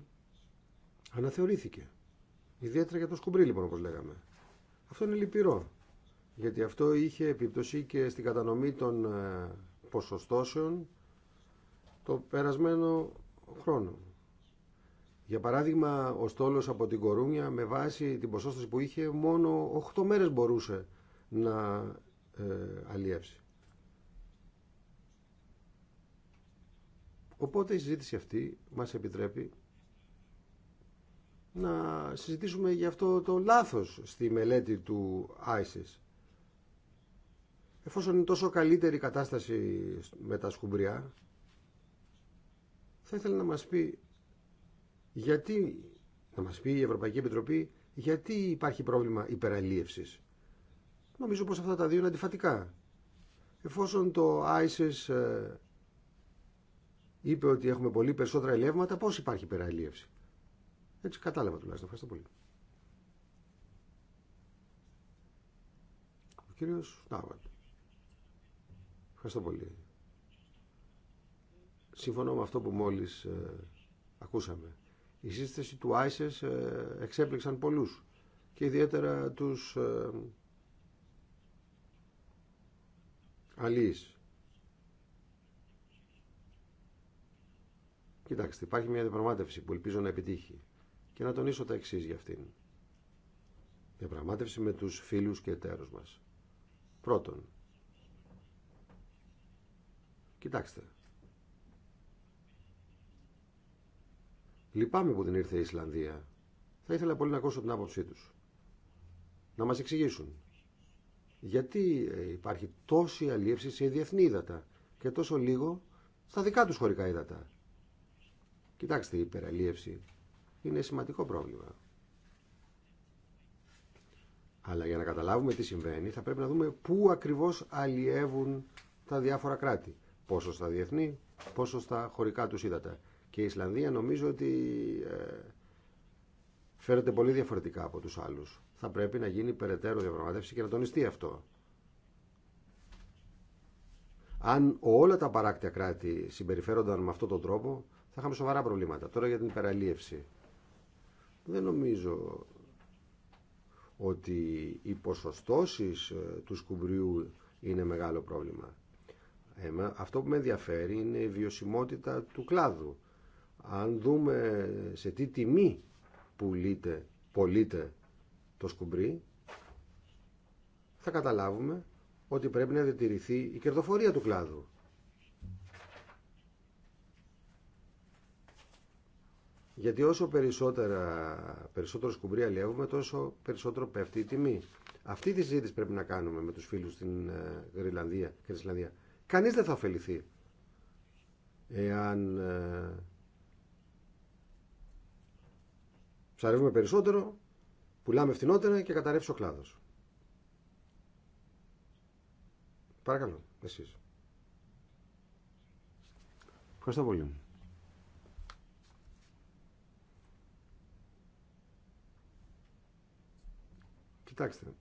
αναθεωρήθηκε. Ιδιαίτερα για το σκουμπρί, λοιπόν, όπως λέγαμε. Αυτό είναι λυπηρό, γιατί αυτό είχε επίπτωση και στην κατανομή των ε, ποσοστώσεων το περασμένο χρόνο. Για παράδειγμα, ο στόλος από την Κορούνια με βάση την ποσόστοση που είχε μόνο 8 μέρες μπορούσε να ε, αλλιεύσει. Οπότε η συζήτηση αυτή μας επιτρέπει να συζητήσουμε για αυτό το λάθος στη μελέτη του ISIS. Εφόσον είναι τόσο καλύτερη η κατάσταση με τα σκουμπριά, θα ήθελα να μας πει γιατί, να μας πει η Ευρωπαϊκή Επιτροπή γιατί υπάρχει πρόβλημα υπεραλίευσης. Νομίζω πως αυτά τα δύο είναι αντιφατικά. Εφόσον το ISIS ε, είπε ότι έχουμε πολύ περισσότερα ελεύματα, πώς υπάρχει υπεραλίευση. Έτσι κατάλαβα τουλάχιστον. Ευχαριστώ πολύ. Ο κύριος Νάβαλ. Ευχαριστώ πολύ. Συμφωνώ με αυτό που μόλις ε, ακούσαμε. Η σύσταση του ISIS ε, εξέπληξαν πολλούς και ιδιαίτερα τους ε, Αλής. Κοιτάξτε, υπάρχει μια διαπραγμάτευση που ελπίζω να επιτύχει και να τονίσω τα εξή για αυτήν. Διαπραγμάτευση με τους φίλους και εταίρους μας. Πρώτον, κοιτάξτε, Λυπάμαι που δεν ήρθε η Ισλανδία. Θα ήθελα πολύ να ακούσω την άποψή τους. Να μας εξηγήσουν γιατί ε, υπάρχει τόση αλίευση σε διεθνή ύδατα και τόσο λίγο στα δικά τους χωρικά ύδατα. Κοιτάξτε, η υπεραλίευση είναι σημαντικό πρόβλημα. Αλλά για να καταλάβουμε τι συμβαίνει θα πρέπει να δούμε πού ακριβώς αλλιεύουν τα διάφορα κράτη. Πόσο στα διεθνή, πόσο στα χωρικά τους ύδατα. Και η Ισλανδία νομίζω ότι ε, φέρεται πολύ διαφορετικά από τους άλλους θα πρέπει να γίνει περαιτέρω διαπραγματεύση και να τονιστεί αυτό. Αν όλα τα παράκτια κράτη συμπεριφέρονταν με αυτόν τον τρόπο, θα είχαμε σοβαρά προβλήματα. Τώρα για την υπεραλίευση. Δεν νομίζω ότι οι ποσοστώσεις ε, του σκουμπριού είναι μεγάλο πρόβλημα. Αυτό που με ενδιαφέρει είναι η βιωσιμότητα του κλάδου. Αν δούμε σε τι τιμή πουλείται, πωλείται το σκουμπρί, θα καταλάβουμε ότι πρέπει να διατηρηθεί η κερδοφορία του κλάδου. Γιατί όσο περισσότερα, περισσότερο σκουμπρί αλλιεύουμε, τόσο περισσότερο πέφτει η τιμή. Αυτή τη συζήτηση πρέπει να κάνουμε με τους φίλους στην ε, Γρυλανδία και Ισλανδία. Κανείς δεν θα ωφεληθεί εάν ε, ψαρεύουμε περισσότερο Πουλάμε φθηνότερα και καταρρεύσει ο κλάδο. Παρακαλώ, εσείς. Ευχαριστώ πολύ. Κοιτάξτε,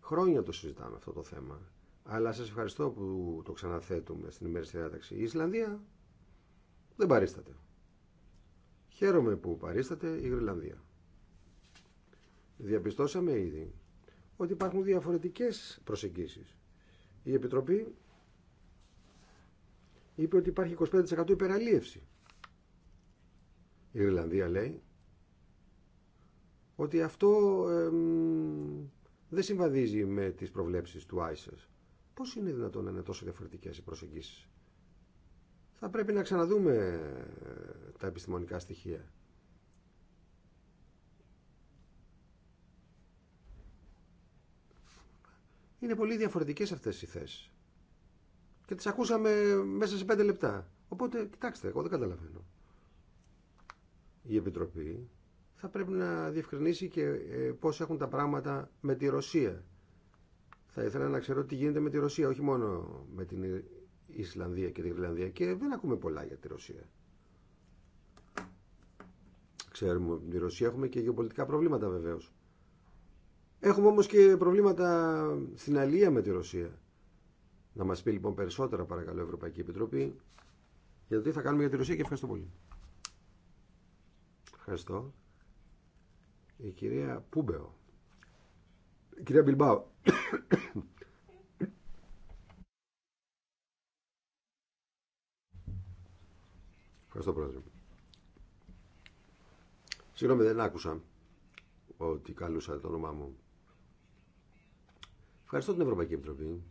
χρόνια το συζητάμε αυτό το θέμα, αλλά σας ευχαριστώ που το ξαναθέτουμε στην ημέρα στη διάταξη. Η Ισλανδία δεν παρίσταται. Χαίρομαι που παρίσταται η Γρυλανδία. Διαπιστώσαμε ήδη ότι υπάρχουν διαφορετικές προσεγγίσεις. Η Επιτροπή είπε ότι υπάρχει 25% υπεραλίευση. Η Ιρλανδία λέει ότι αυτό δεν συμβαδίζει με τις προβλέψεις του ISIS. Πώς είναι δυνατόν να είναι τόσο διαφορετικές οι προσεγγίσεις. Θα πρέπει να ξαναδούμε ε, τα επιστημονικά στοιχεία. Είναι πολύ διαφορετικές αυτές οι θέσεις. Και τις ακούσαμε μέσα σε πέντε λεπτά. Οπότε, κοιτάξτε, εγώ δεν καταλαβαίνω. Η Επιτροπή θα πρέπει να διευκρινίσει και ε, πώς έχουν τα πράγματα με τη Ρωσία. Θα ήθελα να ξέρω τι γίνεται με τη Ρωσία, όχι μόνο με την Ισλανδία και τη Γρυλανδία. Και δεν ακούμε πολλά για τη Ρωσία. Ξέρουμε ότι τη Ρωσία έχουμε και γεωπολιτικά προβλήματα βεβαίως. Έχουμε όμως και προβλήματα στην αλλήλεια με τη Ρωσία. Να μας πει λοιπόν περισσότερα παρακαλώ η Ευρωπαϊκή Επιτροπή για το τι θα κάνουμε για τη Ρωσία και ευχαριστώ πολύ. Ευχαριστώ. Η κυρία Πούμπεο. Η κυρία Μπιλμπάου. Ευχαριστώ πρόεδρε. Συγγνώμη δεν άκουσα ότι καλούσα το όνομά μου. Ευχαριστώ την Ευρωπαϊκή Επιτροπή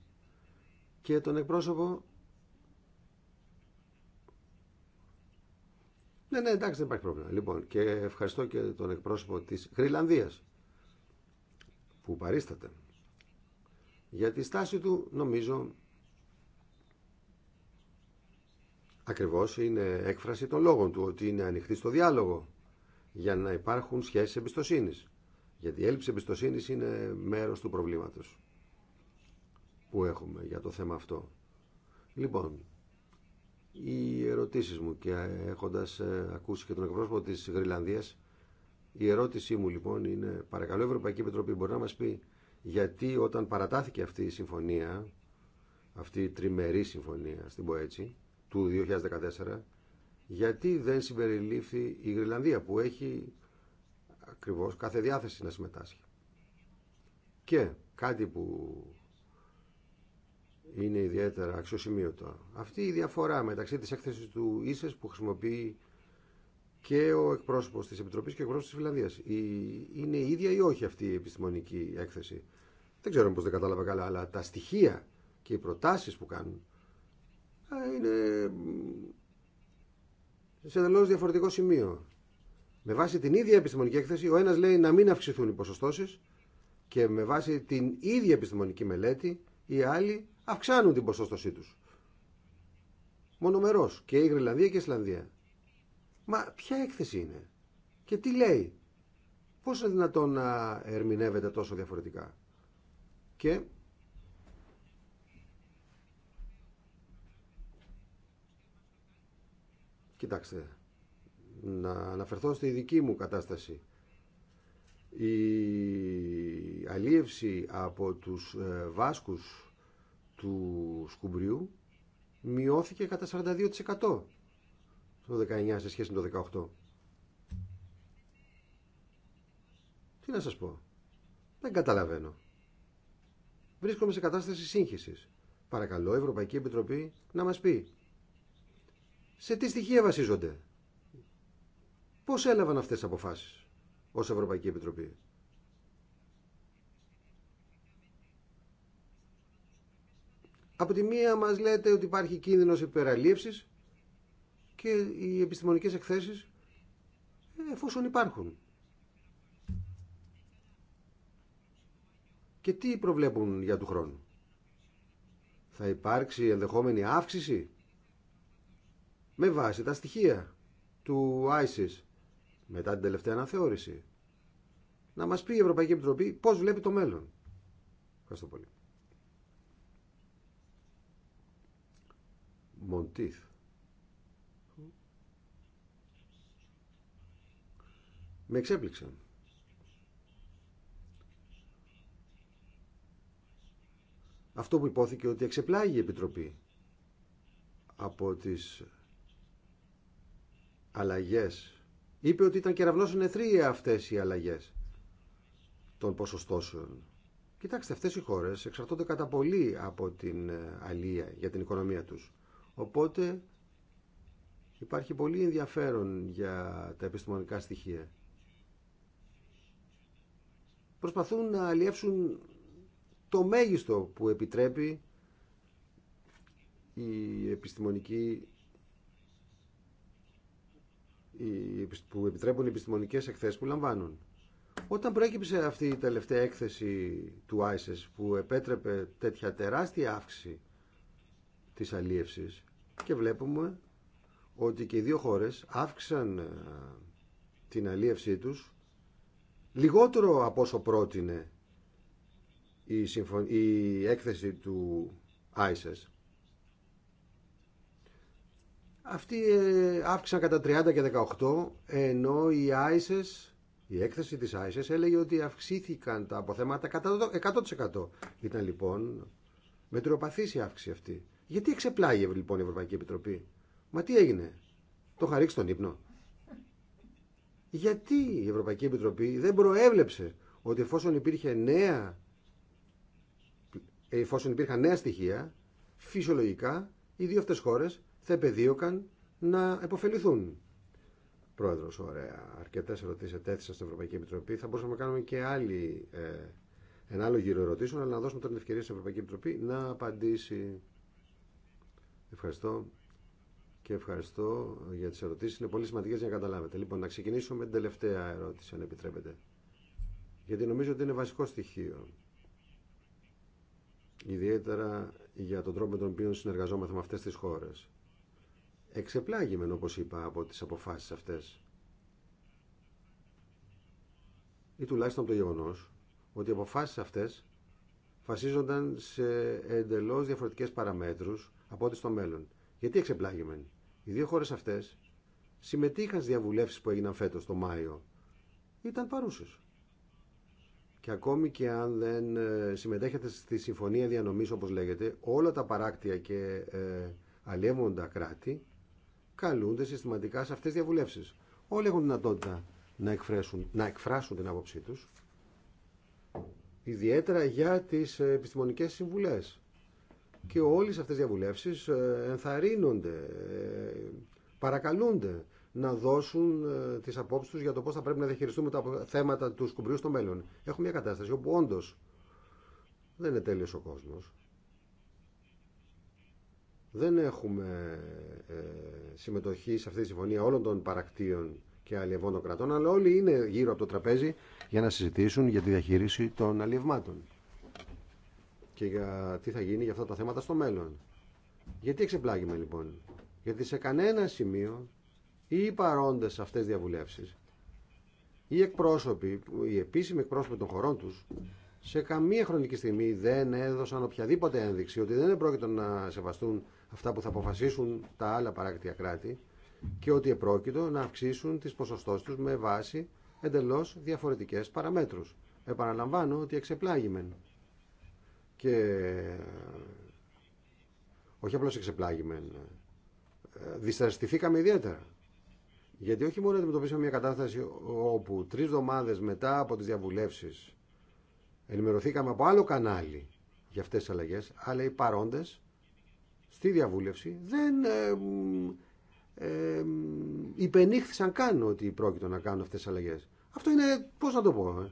και τον εκπρόσωπο. Ναι, ναι, εντάξει, δεν υπάρχει πρόβλημα. Λοιπόν, και ευχαριστώ και τον εκπρόσωπο της Γρυλανδία που παρίσταται. Για τη στάση του νομίζω ακριβώς είναι έκφραση των λόγων του ότι είναι ανοιχτή στο διάλογο για να υπάρχουν σχέσεις εμπιστοσύνης. Γιατί η έλλειψη εμπιστοσύνης είναι μέρος του προβλήματος που έχουμε για το θέμα αυτό. Λοιπόν, οι ερωτήσεις μου και έχοντας ε, ακούσει και τον εκπρόσωπο της Γρυλανδίας, η ερώτησή μου λοιπόν είναι, παρακαλώ Ευρωπαϊκή Επιτροπή μπορεί να μας πει γιατί όταν παρατάθηκε αυτή η συμφωνία, αυτή η τριμερή συμφωνία στην έτσι του 2014, γιατί δεν συμπεριλήφθη η Γρυλανδία που έχει ακριβώς κάθε διάθεση να συμμετάσχει. Και κάτι που είναι ιδιαίτερα αξιοσημείωτο. Αυτή η διαφορά μεταξύ της έκθεσης του ίσες που χρησιμοποιεί και ο εκπρόσωπος της Επιτροπής και ο εκπρόσωπος της Φιλανδίας. Είναι ίδια ή όχι αυτή η επιστημονική έκθεση. Δεν ξέρω πώς δεν κατάλαβα καλά, αλλά τα στοιχεία και οι προτάσεις που κάνουν ε, είναι σε εντελώ διαφορετικό σημείο. Με βάση την ίδια επιστημονική έκθεση, ο ένας λέει να μην αυξηθούν οι ποσοστώσεις και με βάση την ίδια επιστημονική μελέτη, οι άλλοι αυξάνουν την ποσόστοσή τους. Μονομερός και η Γρυλανδία και η Ισλανδία. Μα ποια έκθεση είναι και τι λέει. Πώς είναι δυνατόν να ερμηνεύεται τόσο διαφορετικά. Και Κοιτάξτε, να αναφερθώ στη δική μου κατάσταση. Η αλίευση από τους ε, Βάσκους του σκουμπριού μειώθηκε κατά 42% το 19 σε σχέση με το 18. Τι να σας πω. Δεν καταλαβαίνω. Βρίσκομαι σε κατάσταση σύγχυσης. Παρακαλώ, Ευρωπαϊκή Επιτροπή, να μας πει. Σε τι στοιχεία βασίζονται. Πώς έλαβαν αυτές τις αποφάσεις ως Ευρωπαϊκή Επιτροπή. Από τη μία μας λέτε ότι υπάρχει κίνδυνος υπεραλήψης και οι επιστημονικές εκθέσεις εφόσον υπάρχουν. Και τι προβλέπουν για του χρόνου. Θα υπάρξει ενδεχόμενη αύξηση με βάση τα στοιχεία του ISIS μετά την τελευταία αναθεώρηση. Να μας πει η Ευρωπαϊκή Επιτροπή πώς βλέπει το μέλλον. Ευχαριστώ πολύ. Μοντίθ. Με εξέπληξαν. Αυτό που υπόθηκε ότι εξεπλάγει η Επιτροπή από τις αλλαγές. Είπε ότι ήταν κεραυνός ενεθρία αυτές οι αλλαγές των ποσοστώσεων. Κοιτάξτε, αυτές οι χώρες εξαρτώνται κατά πολύ από την ε, αλία για την οικονομία τους. Οπότε υπάρχει πολύ ενδιαφέρον για τα επιστημονικά στοιχεία. Προσπαθούν να αλλιεύσουν το μέγιστο που επιτρέπει η επιστημονική που επιτρέπουν οι επιστημονικές εκθέσεις που λαμβάνουν. Όταν προέκυψε αυτή η τελευταία έκθεση του ISIS που επέτρεπε τέτοια τεράστια αύξηση της αλίευσης και βλέπουμε ότι και οι δύο χώρες αύξησαν ε, την αλίευσή τους λιγότερο από όσο πρότεινε η, η έκθεση του ISIS. Αυτοί ε, αύξησαν κατά 30 και 18 ενώ η ISIS η έκθεση της ISIS έλεγε ότι αυξήθηκαν τα αποθέματα κατά 100%. Ήταν λοιπόν μετριοπαθής η αύξηση αυτή. Γιατί εξεπλάγει λοιπόν η Ευρωπαϊκή Επιτροπή. Μα τι έγινε. Το είχα ρίξει τον ύπνο. Γιατί η Ευρωπαϊκή Επιτροπή δεν προέβλεψε ότι εφόσον, υπήρχε νέα, ε, εφόσον υπήρχαν νέα στοιχεία, φυσιολογικά οι δύο αυτές χώρες θα επεδίωκαν να επωφεληθούν. Πρόεδρος, ωραία. Αρκετές ερωτήσεις ετέθησαν στην Ευρωπαϊκή Επιτροπή. Θα μπορούσαμε να κάνουμε και άλλη, ε, ένα άλλο γύρο ερωτήσεων, αλλά να δώσουμε τώρα την ευκαιρία στην Ευρωπαϊκή Επιτροπή να απαντήσει. Ευχαριστώ και ευχαριστώ για τις ερωτήσεις. Είναι πολύ σημαντικές για να καταλάβετε. Λοιπόν, να ξεκινήσω με την τελευταία ερώτηση, αν επιτρέπετε. Γιατί νομίζω ότι είναι βασικό στοιχείο. Ιδιαίτερα για τον τρόπο με τον οποίο συνεργαζόμαστε με αυτές τις χώρες. Εξεπλάγημεν, όπως είπα, από τις αποφάσεις αυτές. Ή τουλάχιστον από το γεγονός ότι οι αποφάσεις αυτές βασίζονταν σε εντελώς διαφορετικές παραμέτρους από ό,τι στο μέλλον. Γιατί εξεπλάγημεν. Οι δύο χώρε αυτέ συμμετείχαν στι διαβουλεύσει που έγιναν φέτο το Μάιο. Ήταν παρούσε. Και ακόμη και αν δεν ε, συμμετέχετε στη συμφωνία διανομή, όπω λέγεται, όλα τα παράκτια και ε, αλλιεύοντα κράτη καλούνται συστηματικά σε αυτέ τι διαβουλεύσει. Όλοι έχουν δυνατότητα να, εκφράσουν, να εκφράσουν την άποψή του, ιδιαίτερα για τι ε, επιστημονικέ συμβουλέ και όλες αυτές οι διαβουλεύσεις ε, ενθαρρύνονται, ε, παρακαλούνται να δώσουν ε, τις απόψεις τους για το πώς θα πρέπει να διαχειριστούμε τα θέματα του σκουμπρίου στο μέλλον. Έχουμε μια κατάσταση όπου όντως δεν είναι τέλειος ο κόσμος. Δεν έχουμε συμμετοχή σε αυτή τη συμφωνία όλων των παρακτήων και αλλιευών κρατών, αλλά όλοι είναι γύρω από το τραπέζι για να συζητήσουν για τη διαχείριση των αλλιευμάτων και για τι θα γίνει για αυτά τα θέματα στο μέλλον. Γιατί εξεπλάγημε λοιπόν. Γιατί σε κανένα σημείο ή οι παρόντες σε αυτές διαβουλεύσεις οι εκπρόσωποι, οι επίσημοι εκπρόσωποι των χωρών τους σε καμία χρονική στιγμή δεν έδωσαν οποιαδήποτε ένδειξη ότι δεν επρόκειτο να σεβαστούν αυτά που θα αποφασίσουν τα άλλα παράκτια κράτη και ότι επρόκειτο να αυξήσουν τις ποσοστώσεις τους με βάση εντελώς διαφορετικές παραμέτρους. Επαναλαμβάνω ότι εξεπλάγημεν και όχι απλώς εξεπλάγημεν, ε, δυσταστηθήκαμε ιδιαίτερα. Γιατί όχι μόνο αντιμετωπίσαμε μια κατάσταση όπου τρεις εβδομάδες μετά από τις διαβουλεύσεις ενημερωθήκαμε από άλλο κανάλι για αυτές τις αλλαγές, αλλά οι παρόντες στη διαβούλευση δεν ε, ε, ε υπενήχθησαν καν ότι πρόκειτο να κάνουν αυτές τις αλλαγές. Αυτό είναι, πώς να το πω, ε,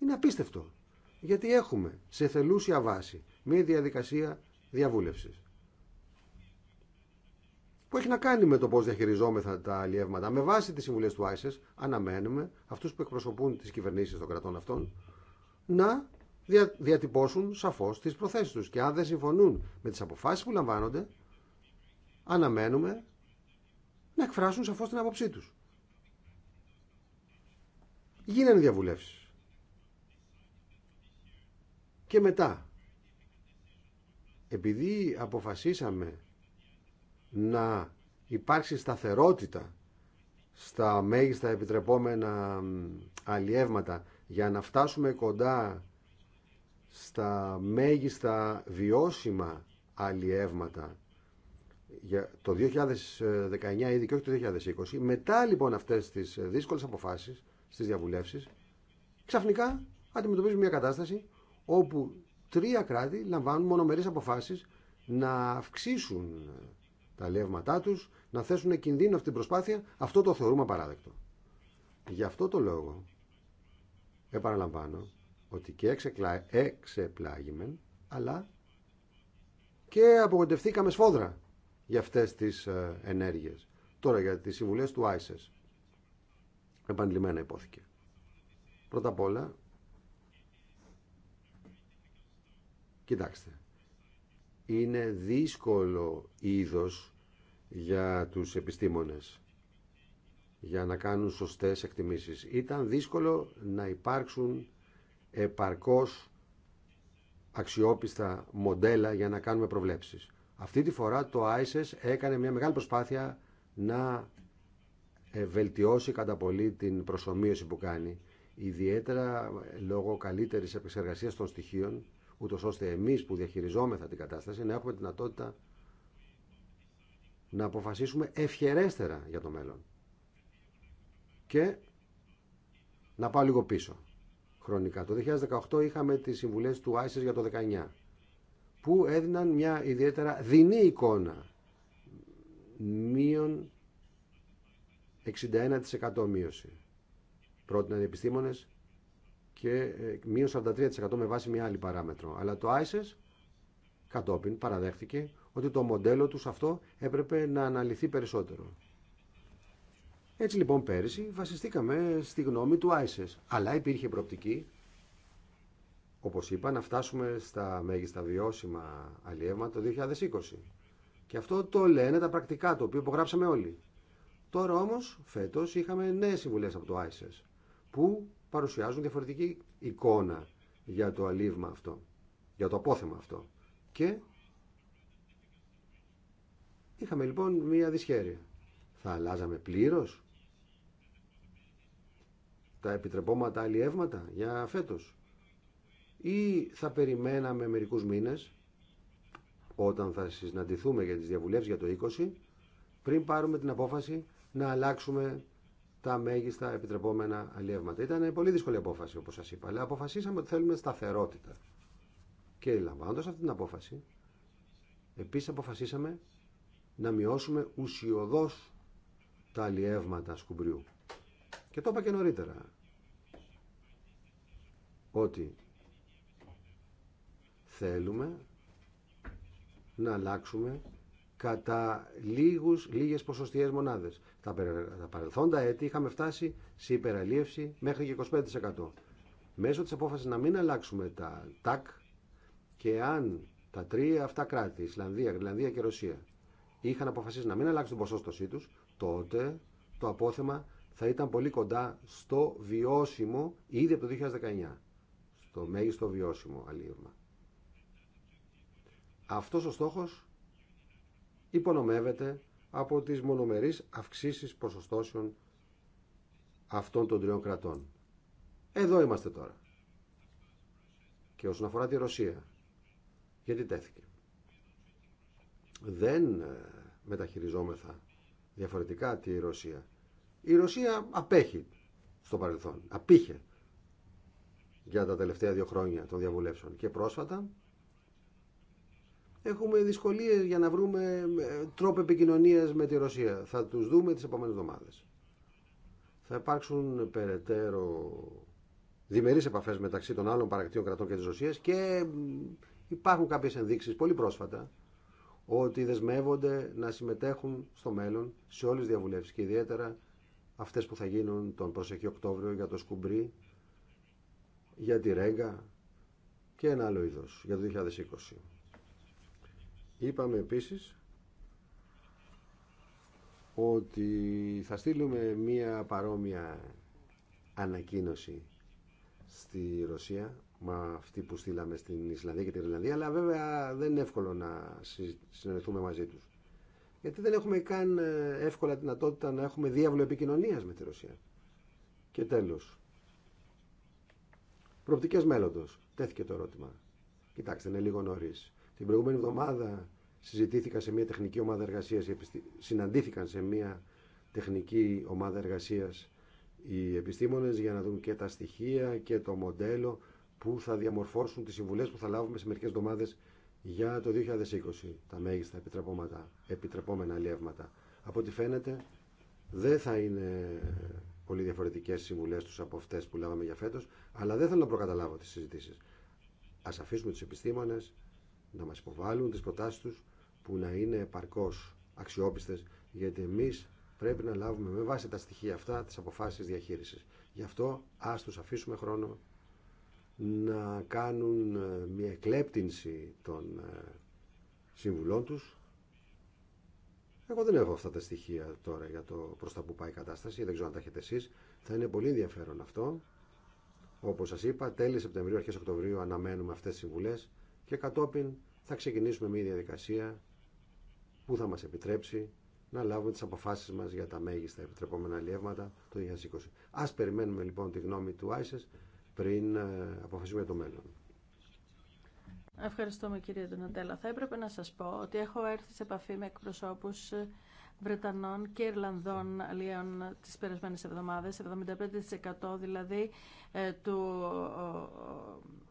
είναι απίστευτο. Γιατί έχουμε σε θελούσια βάση μια διαδικασία διαβούλευσης που έχει να κάνει με το πώς διαχειριζόμεθα τα αλλιεύματα. Με βάση τις συμβουλές του ΆΙΣΕΣ, αναμένουμε αυτούς που εκπροσωπούν τις κυβερνήσεις των κρατών αυτών να διατυπώσουν σαφώς τις προθέσεις τους. Και αν δεν συμφωνούν με τις αποφάσεις που λαμβάνονται, αναμένουμε να εκφράσουν σαφώς την άποψή τους. Γίνανε διαβουλεύσει. Και μετά, επειδή αποφασίσαμε να υπάρξει σταθερότητα στα μέγιστα επιτρεπόμενα αλλιεύματα για να φτάσουμε κοντά στα μέγιστα βιώσιμα αλλιεύματα για το 2019 ήδη και όχι το 2020 μετά λοιπόν αυτές τις δύσκολες αποφάσεις στις διαβουλεύσεις ξαφνικά αντιμετωπίζουμε μια κατάσταση όπου τρία κράτη λαμβάνουν μονομερείς αποφάσεις να αυξήσουν τα λεύματά τους, να θέσουν κινδύνο αυτή την προσπάθεια, αυτό το θεωρούμε απαράδεκτο. Γι' αυτό το λόγο επαναλαμβάνω ότι και εξεπλάγημεν, αλλά και απογοητευθήκαμε σφόδρα για αυτές τις ε, ενέργειες. Τώρα για τις συμβουλές του ΆΙΣΕΣ. Επανειλημμένα υπόθηκε. Πρώτα απ' όλα Κοιτάξτε, είναι δύσκολο είδος για τους επιστήμονες για να κάνουν σωστές εκτιμήσεις. Ήταν δύσκολο να υπάρξουν επαρκώς αξιόπιστα μοντέλα για να κάνουμε προβλέψεις. Αυτή τη φορά το ISIS έκανε μια μεγάλη προσπάθεια να ε, βελτιώσει κατά πολύ την προσωμείωση που κάνει, ιδιαίτερα λόγω καλύτερης επεξεργασίας των στοιχείων ούτω ώστε εμεί που διαχειριζόμεθα την κατάσταση να έχουμε τη δυνατότητα να αποφασίσουμε ευχερέστερα για το μέλλον. Και να πάω λίγο πίσω χρονικά. Το 2018 είχαμε τις συμβουλές του ISIS για το 19 που έδιναν μια ιδιαίτερα δεινή εικόνα μείον 61% μείωση. Πρότειναν οι επιστήμονες και ε, μείον 43% με βάση μια άλλη παράμετρο. Αλλά το ISIS κατόπιν παραδέχτηκε ότι το μοντέλο τους αυτό έπρεπε να αναλυθεί περισσότερο. Έτσι λοιπόν πέρυσι βασιστήκαμε στη γνώμη του ISIS, αλλά υπήρχε προοπτική, όπως είπα, να φτάσουμε στα μέγιστα βιώσιμα αλλιεύματα το 2020. Και αυτό το λένε τα πρακτικά, το οποίο υπογράψαμε όλοι. Τώρα όμως, φέτος, είχαμε νέες συμβουλές από το ISIS, που παρουσιάζουν διαφορετική εικόνα για το αλύβμα αυτό, για το απόθεμα αυτό. Και είχαμε λοιπόν μία δυσχέρεια. Θα αλλάζαμε πλήρως τα επιτρεπόματα αλλιεύματα για φέτος ή θα περιμέναμε μερικούς μήνες όταν θα συναντηθούμε για τις διαβουλεύσεις για το 20 πριν πάρουμε την απόφαση να αλλάξουμε τα μέγιστα επιτρεπόμενα αλλιεύματα. Ήταν πολύ δύσκολη απόφαση, όπως σας είπα, αλλά αποφασίσαμε ότι θέλουμε σταθερότητα. Και λαμβάνοντα αυτή την απόφαση, επίσης αποφασίσαμε να μειώσουμε ουσιοδό τα αλλιεύματα σκουμπριού. Και το είπα και νωρίτερα, ότι θέλουμε να αλλάξουμε κατά λίγους, λίγες ποσοστιαίες μονάδες. Τα, παρελθόντα έτη είχαμε φτάσει σε υπεραλίευση μέχρι και 25%. Μέσω της απόφασης να μην αλλάξουμε τα ΤΑΚ και αν τα τρία αυτά κράτη, Ισλανδία, Γρυλανδία και Ρωσία, είχαν αποφασίσει να μην αλλάξουν την ποσόστοσή τους, τότε το απόθεμα θα ήταν πολύ κοντά στο βιώσιμο ήδη από το 2019. Στο μέγιστο βιώσιμο αλλήλωμα. Αυτός ο στόχος υπονομεύεται από τις μονομερείς αυξήσεις ποσοστώσεων αυτών των τριών κρατών. Εδώ είμαστε τώρα. Και όσον αφορά τη Ρωσία, γιατί τέθηκε. Δεν ε, μεταχειριζόμεθα διαφορετικά τη Ρωσία. Η Ρωσία απέχει στο παρελθόν, απήχε για τα τελευταία δύο χρόνια των διαβουλεύσεων. Και πρόσφατα έχουμε δυσκολίε για να βρούμε ε, τρόπο επικοινωνία με τη Ρωσία. Θα του δούμε τι επόμενε εβδομάδε. Θα υπάρξουν περαιτέρω διμερείς επαφέ μεταξύ των άλλων παρακτήων κρατών και τη Ρωσία. και υπάρχουν κάποιε ενδείξει πολύ πρόσφατα ότι δεσμεύονται να συμμετέχουν στο μέλλον σε όλε τι διαβουλεύσεις και ιδιαίτερα αυτές που θα γίνουν τον προσεχή Οκτώβριο για το Σκουμπρί, για τη Ρέγκα και ένα άλλο είδος για το 2020. Είπαμε επίσης ότι θα στείλουμε μία παρόμοια ανακοίνωση στη Ρωσία με αυτή που στείλαμε στην Ισλανδία και την Ιρλανδία αλλά βέβαια δεν είναι εύκολο να συνεργαστούμε μαζί τους γιατί δεν έχουμε καν ε, εύκολα δυνατότητα να έχουμε διάβολο επικοινωνία με τη Ρωσία. Και τέλος, προοπτικές μέλλοντος. Τέθηκε το ερώτημα. Κοιτάξτε, είναι λίγο νωρίς. Την προηγούμενη εβδομάδα συζητήθηκα σε μια τεχνική ομάδα εργασίας, συναντήθηκαν σε μια τεχνική ομάδα εργασίας οι επιστήμονες για να δουν και τα στοιχεία και το μοντέλο που θα διαμορφώσουν τις συμβουλές που θα λάβουμε σε μερικές εβδομάδες για το 2020, τα μέγιστα επιτρεπόμενα αλλιεύματα. Από ό,τι φαίνεται δεν θα είναι πολύ διαφορετικές συμβουλέ τους από αυτέ που λάβαμε για φέτος, αλλά δεν θέλω να προκαταλάβω τις συζητήσεις. Ας αφήσουμε τους επιστήμονες να μας υποβάλουν τις προτάσεις τους που να είναι επαρκώς αξιόπιστες γιατί εμείς πρέπει να λάβουμε με βάση τα στοιχεία αυτά τις αποφάσεις διαχείρισης. Γι' αυτό ας τους αφήσουμε χρόνο να κάνουν ε, μια εκλέπτυνση των ε, συμβουλών τους. Εγώ δεν έχω αυτά τα στοιχεία τώρα για το προς τα που πάει η κατάσταση, δεν ξέρω αν τα έχετε εσείς. Θα είναι πολύ ενδιαφέρον αυτό. Όπως σας είπα, τέλη Σεπτεμβρίου, αρχές Οκτωβρίου αναμένουμε αυτές τις συμβουλές και κατόπιν θα ξεκινήσουμε μια διαδικασία που θα μας επιτρέψει να λάβουμε τις αποφάσεις μας για τα μέγιστα επιτρεπόμενα αλλιεύματα το 2020. Ας περιμένουμε λοιπόν τη γνώμη του ΆΙΣΕΣ πριν ε, αποφασίσουμε το μέλλον. Ευχαριστούμε κύριε Δονατέλα, Θα έπρεπε να σας πω ότι έχω έρθει σε επαφή με εκπροσώπους ε, Βρετανών και Ιρλανδών αλλιών τις περασμένες εβδομάδες, 75% δηλαδή ε, του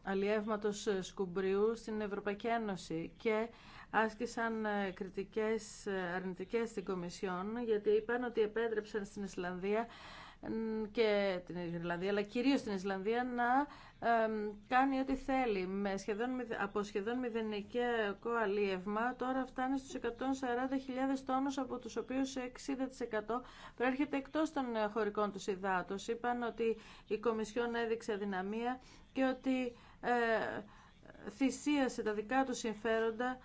αλλιεύματος ε, σκουμπριού στην Ευρωπαϊκή Ένωση και άσκησαν ε, κριτικές αρνητικές στην Κομισιόν γιατί είπαν ότι επέτρεψαν στην Ισλανδία και την Ισλανδία αλλά κυρίω την Ισλανδία να κάνει ό,τι θέλει. Με σχεδόν, από σχεδόν μηδενικό αλίευμα τώρα φτάνει στους 140.000 τόνου, από τους οποίους 60% προέρχεται εκτό των χωρικών του υδάτους. Είπαν ότι η Κομισιόν έδειξε δυναμία και ότι ε, θυσίασε τα δικά του συμφέροντα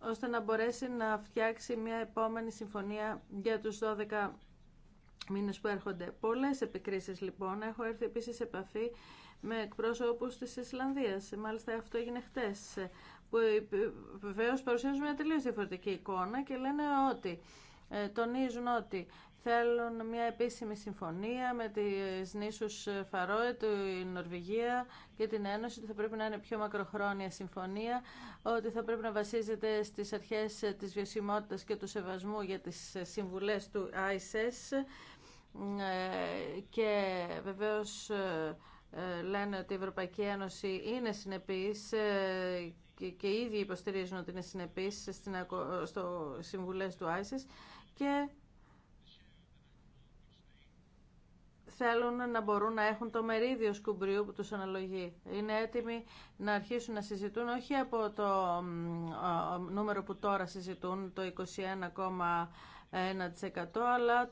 ώστε να μπορέσει να φτιάξει μια επόμενη συμφωνία για τους 12 μήνες που έρχονται. Πολλές επικρίσεις λοιπόν. Έχω έρθει επίσης σε επαφή με εκπρόσωπους της Ισλανδίας. Μάλιστα αυτό έγινε χτες. Που ε, βεβαίω παρουσιάζουν μια τελείως διαφορετική εικόνα και λένε ότι ε, τονίζουν ότι θέλουν μια επίσημη συμφωνία με τις νήσους Φαρόε, την Νορβηγία και την Ένωση, ότι θα πρέπει να είναι πιο μακροχρόνια συμφωνία, ότι θα πρέπει να βασίζεται στις αρχές της βιωσιμότητας και του σεβασμού για τις συμβουλές του ΆΙΣΕΣ και βεβαίως ε, λένε ότι η Ευρωπαϊκή Ένωση είναι συνεπής ε, και οι ίδιοι υποστηρίζουν ότι είναι συνεπής στο συμβουλές του ISIS και θέλουν να μπορούν να έχουν το μερίδιο σκουμπριού που τους αναλογεί. Είναι έτοιμοι να αρχίσουν να συζητούν όχι από το νούμερο που τώρα συζητούν, το 21,5 1% αλλά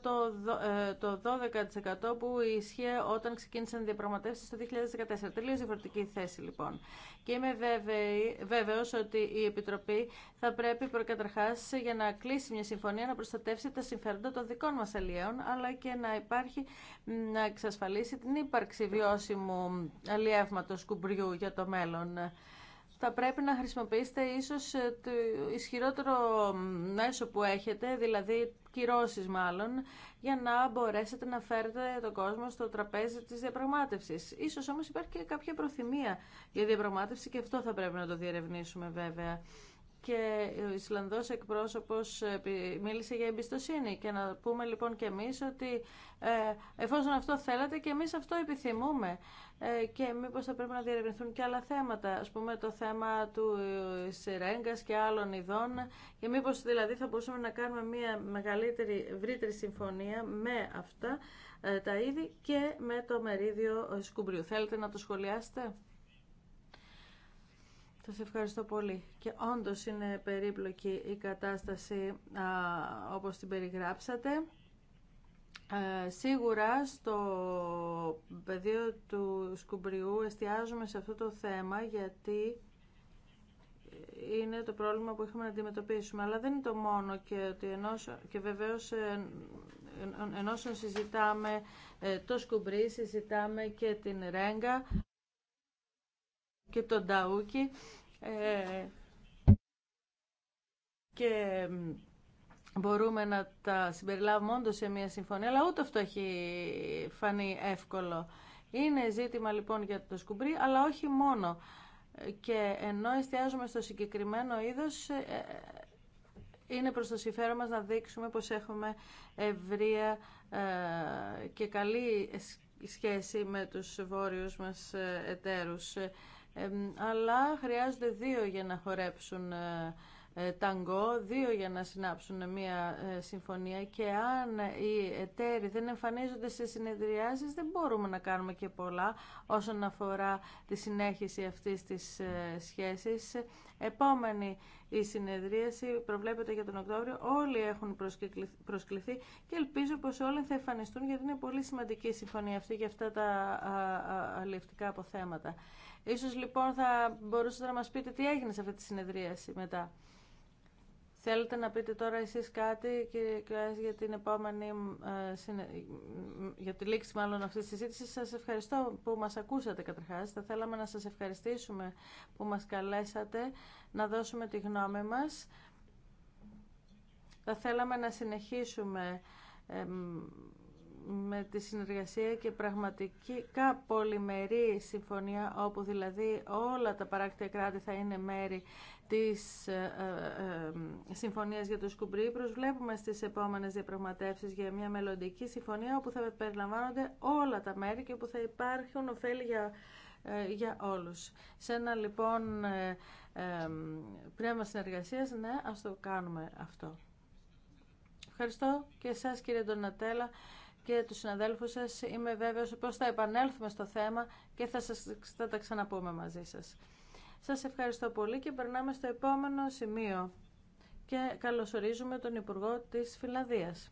το, 12% ε, που ισχύει όταν ξεκίνησαν οι διαπραγματεύσει το 2014. Τελείω διαφορετική θέση λοιπόν. Και είμαι βέβαιο βέβαιος ότι η Επιτροπή θα πρέπει προκαταρχά για να κλείσει μια συμφωνία να προστατεύσει τα συμφέροντα των δικών μα αλλιέων αλλά και να υπάρχει να εξασφαλίσει την ύπαρξη βιώσιμου αλλιεύματο κουμπριού για το μέλλον θα πρέπει να χρησιμοποιήσετε ίσως ε, το ισχυρότερο μέσο που έχετε, δηλαδή κυρώσεις μάλλον, για να μπορέσετε να φέρετε τον κόσμο στο τραπέζι της διαπραγμάτευσης. Ίσως όμως υπάρχει και κάποια προθυμία για διαπραγμάτευση και αυτό θα πρέπει να το διερευνήσουμε βέβαια και ο Ισλανδός εκπρόσωπος ε, μίλησε για εμπιστοσύνη και να πούμε λοιπόν και εμείς ότι ε, εφόσον αυτό θέλατε και εμείς αυτό επιθυμούμε ε, και μήπως θα πρέπει να διερευνηθούν και άλλα θέματα, ας πούμε το θέμα του Σιρέγκας και άλλων ειδών και μήπως δηλαδή θα μπορούσαμε να κάνουμε μια μεγαλύτερη, βρύτερη συμφωνία με αυτά τα είδη και με το μερίδιο σκουμπριού. Θέλετε να το σχολιάσετε? Σας ευχαριστώ πολύ. Και όντως είναι περίπλοκη η κατάσταση α, όπως την περιγράψατε. Ε, σίγουρα στο πεδίο του Σκουμπριού εστιάζουμε σε αυτό το θέμα γιατί είναι το πρόβλημα που έχουμε να αντιμετωπίσουμε. Αλλά δεν είναι το μόνο και, ότι ενός, και βεβαίως ε, εν, συζητάμε ε, το Σκουμπρί, συζητάμε και την Ρέγκα και τον Ταούκι. Ε, και μπορούμε να τα συμπεριλάβουμε όντως σε μια συμφωνία, αλλά ούτε αυτό έχει φανεί εύκολο. Είναι ζήτημα λοιπόν για το σκουμπρί, αλλά όχι μόνο. Και ενώ εστιάζουμε στο συγκεκριμένο είδος, ε, ε, είναι προς το συμφέρον μας να δείξουμε πως έχουμε ευρεία και καλή σχέση με τους βόρειους μας εταίρους αλλά χρειάζονται δύο για να χορέψουν ε, ε, ταγκό, δύο για να συνάψουν μία ε, συμφωνία και αν οι εταίροι δεν εμφανίζονται σε συνεδριάσεις δεν μπορούμε να κάνουμε και πολλά όσον αφορά τη συνέχιση αυτής της σχέσης. Επόμενη η συνεδρίαση προβλέπεται για τον Οκτώβριο. Όλοι έχουν προσκληθεί και ελπίζω πως όλοι θα εμφανιστούν γιατί είναι πολύ σημαντική η συμφωνία αυτή για αυτά τα αλληλευτικά αποθέματα. Ίσως λοιπόν θα μπορούσατε να μας πείτε τι έγινε σε αυτή τη συνεδρίαση μετά. Θέλετε να πείτε τώρα εσείς κάτι, κύριε Κλάς, για την επόμενη, ε, για τη λήξη μάλλον αυτής της συζήτησης. Σας ευχαριστώ που μας ακούσατε καταρχάς. Θα θέλαμε να σας ευχαριστήσουμε που μας καλέσατε να δώσουμε τη γνώμη μας. Θα θέλαμε να συνεχίσουμε με τη συνεργασία και πραγματική πολυμερή συμφωνία όπου δηλαδή όλα τα παράκτια κράτη θα είναι μέρη της ε, ε συμφωνίας για το Κουμπρίπρους Βλέπουμε στις επόμενες διαπραγματεύσεις για μια μελλοντική συμφωνία όπου θα περιλαμβάνονται όλα τα μέρη και όπου θα υπάρχουν ωφέλη για, ε, για όλους. Σε ένα λοιπόν ε, πνεύμα συνεργασίας, ναι, ας το κάνουμε αυτό. Ευχαριστώ και εσάς κύριε Ντονατέλα και του συναδέλφου, σα Είμαι βέβαιος πώ θα επανέλθουμε στο θέμα και θα, σας, θα τα ξαναπούμε μαζί σας. Σας ευχαριστώ πολύ και περνάμε στο επόμενο σημείο και καλωσορίζουμε τον Υπουργό της Φιλανδίας.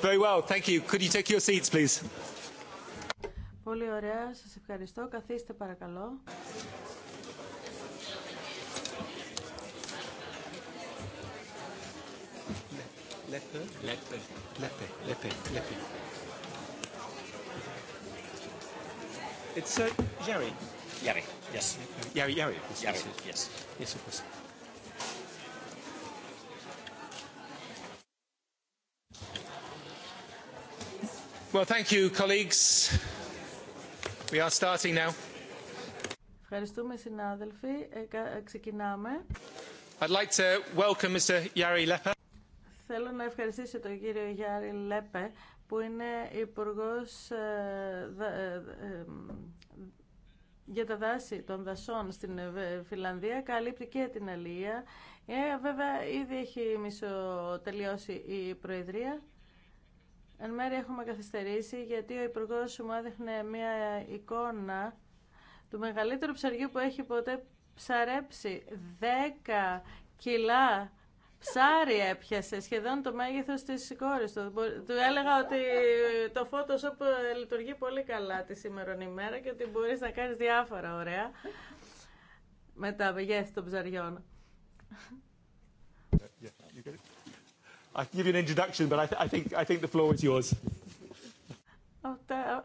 Very well, thank you. Could you take your seats, please? Πολύ ωραία, σας ευχαριστώ. Καθίστε παρακαλώ. Λέπε, λέπε, λέπε, λέπε, It's yes. yes. Yes, of course. Ευχαριστούμε συνάδελφοι. Ε, ε, ξεκινάμε. I'd like Θέλω να ευχαριστήσω τον κύριο Γιάρη Λέπε που είναι υπουργός ε, για τα δάση των δασών στην Φιλανδία καλύπτει και την Αλία. βέβαια ήδη έχει μισοτελειώσει η Προεδρία. Εν μέρει έχουμε καθυστερήσει γιατί ο υπουργό μου έδειχνε μια εικόνα του μεγαλύτερου ψαριού που έχει ποτέ ψαρέψει. 10 κιλά ψάρι έπιασε, σχεδόν το μέγεθο της κόρη του. Του έλεγα ότι το Photoshop ε, λειτουργεί πολύ καλά τη σήμερα ημέρα και ότι μπορείς να κάνεις διάφορα ωραία με τα μεγέθη των ψαριών. I can give you an introduction, but I, th I, think, I think the floor is yours.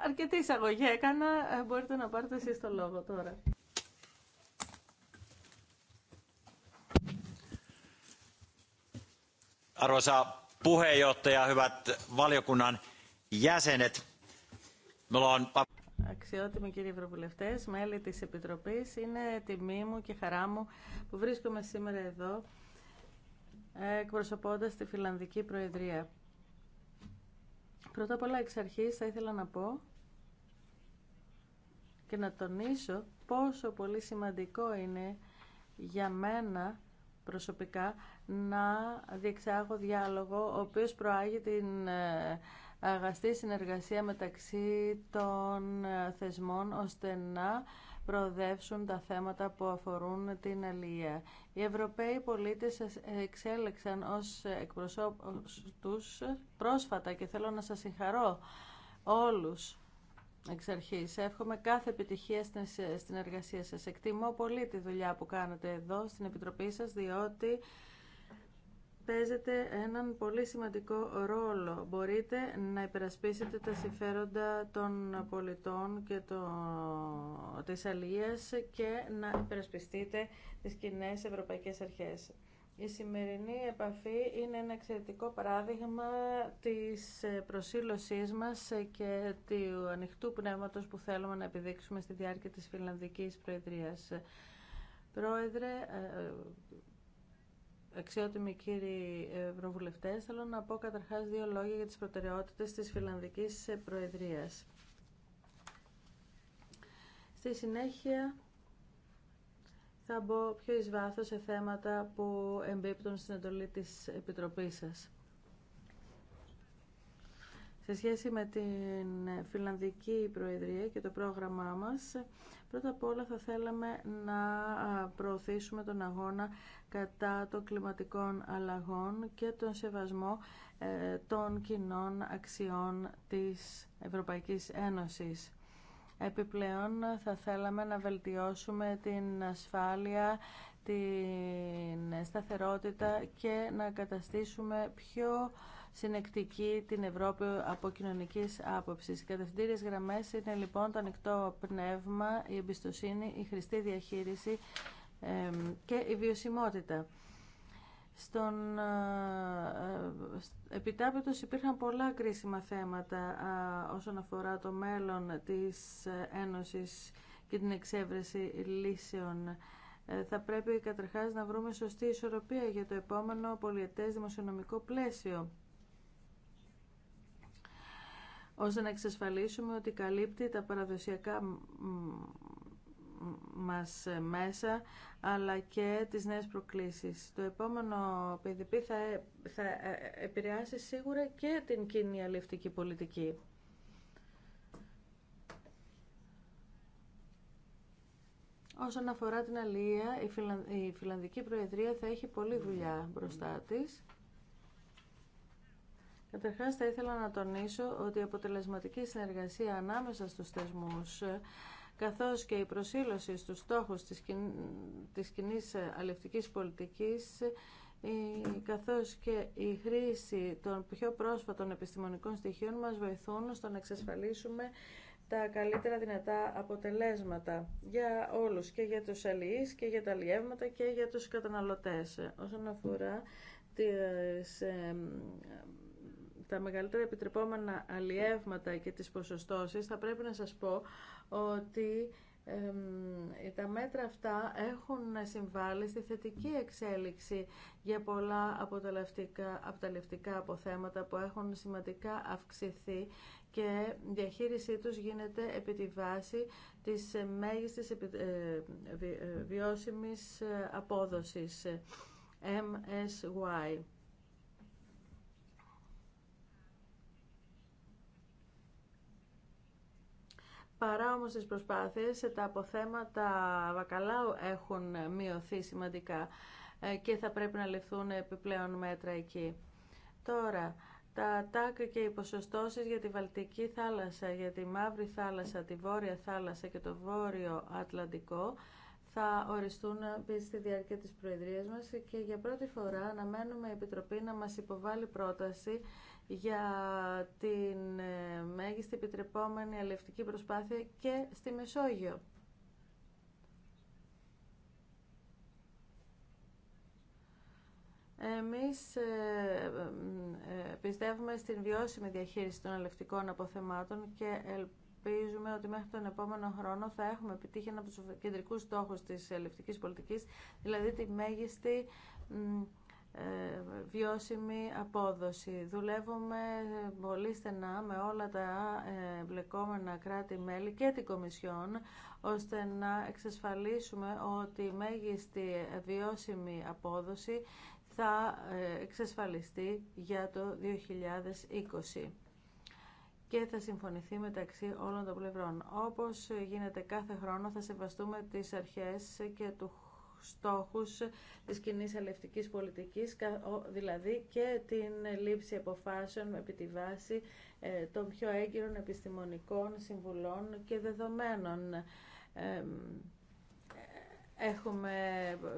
Αρκετή εισαγωγή έκανα. Ε, μπορείτε να πάρετε εσείς το λόγο τώρα. Arvoisa puheenjohtaja, hyvät valiokunnan jäsenet. Meillä on... Αξιότιμοι κύριοι Ευρωβουλευτέ, μέλη τη Επιτροπή, είναι τιμή μου και χαρά μου που βρίσκομαι σήμερα εδώ εκπροσωπώντας τη Φιλανδική Προεδρία. Πρώτα απ' όλα εξ αρχής θα ήθελα να πω και να τονίσω πόσο πολύ σημαντικό είναι για μένα προσωπικά να διεξάγω διάλογο ο οποίος προάγει την ε, αγαστή συνεργασία μεταξύ των ε, θεσμών ώστε να προοδεύσουν τα θέματα που αφορούν την αλληλεία. Οι Ευρωπαίοι πολίτες εξέλεξαν ως εκπροσώπους τους πρόσφατα και θέλω να σας συγχαρώ όλους εξ αρχής. Εύχομαι κάθε επιτυχία στην εργασία σας. Εκτιμώ πολύ τη δουλειά που κάνετε εδώ στην Επιτροπή σας, διότι παίζετε έναν πολύ σημαντικό ρόλο. Μπορείτε να υπερασπίσετε τα συμφέροντα των πολιτών και το... της αλληλείας και να υπερασπιστείτε τις κοινέ ευρωπαϊκές αρχές. Η σημερινή επαφή είναι ένα εξαιρετικό παράδειγμα της ε, προσήλωσής μας ε, και του ανοιχτού πνεύματος που θέλουμε να επιδείξουμε στη διάρκεια της Φιλανδικής Προεδρίας. Πρόεδρε, ε, αξιότιμοι κύριοι ευρωβουλευτές, θέλω να πω καταρχάς δύο λόγια για τις προτεραιότητες της Φιλανδικής Προεδρίας. Στη συνέχεια θα μπω πιο εις βάθος σε θέματα που εμπίπτουν στην εντολή της Επιτροπής σας. Σε σχέση με την Φιλανδική Προεδρία και το πρόγραμμά μας, Πρώτα απ' όλα θα θέλαμε να προωθήσουμε τον αγώνα κατά των κλιματικών αλλαγών και τον σεβασμό ε, των κοινών αξιών της Ευρωπαϊκής Ένωσης. Επιπλέον θα θέλαμε να βελτιώσουμε την ασφάλεια, την σταθερότητα και να καταστήσουμε πιο συνεκτική την Ευρώπη από κοινωνική άποψη. Οι κατευθυντήριε γραμμέ είναι λοιπόν το ανοιχτό πνεύμα, η εμπιστοσύνη, η χρηστή διαχείριση και η βιωσιμότητα. Στον ε, επιτάπητος υπήρχαν πολλά κρίσιμα θέματα όσον αφορά το μέλλον της Ένωσης και την εξέβρεση λύσεων. Ε, θα πρέπει καταρχάς να βρούμε σωστή ισορροπία για το επόμενο πολιετές δημοσιονομικό πλαίσιο ώστε να εξασφαλίσουμε ότι καλύπτει τα παραδοσιακά μας μέσα αλλά και τις νέες προκλήσεις. Το επόμενο PDP θα, θα ε, επηρεάσει σίγουρα και την κοινή αλληλευτική πολιτική. Όσον αφορά την αλληλεία, η Φιλανδική Προεδρία θα έχει πολλή δουλειά μπροστά της Καταρχά, θα ήθελα να τονίσω ότι η αποτελεσματική συνεργασία ανάμεσα στους θεσμούς καθώς και η προσήλωση στους στόχους της, κοινή αλευτικής πολιτικής καθώς και η χρήση των πιο πρόσφατων επιστημονικών στοιχείων μας βοηθούν στο να εξασφαλίσουμε τα καλύτερα δυνατά αποτελέσματα για όλους και για τους αλληλείς και για τα αλλιεύματα και για τους καταναλωτές. Όσον αφορά τις τα μεγαλύτερα επιτρεπόμενα αλλιεύματα και τις ποσοστώσεις, θα πρέπει να σας πω ότι τα μέτρα αυτά έχουν συμβάλει στη θετική εξέλιξη για πολλά από τα αποθέματα που έχουν σημαντικά αυξηθεί και διαχείρισή τους γίνεται επί τη βάση της μέγιστης ε, ε, βιώσιμης ε, απόδοσης MSY. Παρά όμως τις προσπάθειες, τα αποθέματα βακαλάου έχουν μειωθεί σημαντικά ε, και θα πρέπει να ληφθούν επιπλέον μέτρα εκεί. Τώρα, τα τάκ και οι ποσοστώσεις για τη Βαλτική θάλασσα, για τη Μαύρη θάλασσα, τη Βόρεια θάλασσα και το Βόρειο Ατλαντικό θα οριστούν επίση στη διάρκεια της Προεδρίας μας και για πρώτη φορά αναμένουμε η Επιτροπή να μας υποβάλει πρόταση για την ε, μέγιστη επιτρεπόμενη αλληλευτική προσπάθεια και στη Μεσόγειο. Εμείς ε, ε, πιστεύουμε στην βιώσιμη διαχείριση των ελευθερικών αποθεμάτων και ελπίζουμε ότι μέχρι τον επόμενο χρόνο θα έχουμε επιτύχει ένα από τους κεντρικούς στόχους της ελευτικής πολιτικής, δηλαδή τη μέγιστη ε, βιώσιμη απόδοση. Δουλεύουμε πολύ στενά με όλα τα ε, εμπλεκόμενα κράτη-μέλη και την Κομισιόν, ώστε να εξασφαλίσουμε ότι η μέγιστη βιώσιμη απόδοση θα ε, εξασφαλιστεί για το 2020 και θα συμφωνηθεί μεταξύ όλων των πλευρών. Όπως γίνεται κάθε χρόνο θα σεβαστούμε τις αρχές και του στόχους της κοινή αλευτικής πολιτικής, δηλαδή και την λήψη αποφάσεων επί τη βάση ε, των πιο έγκυρων επιστημονικών συμβουλών και δεδομένων. Έχουμε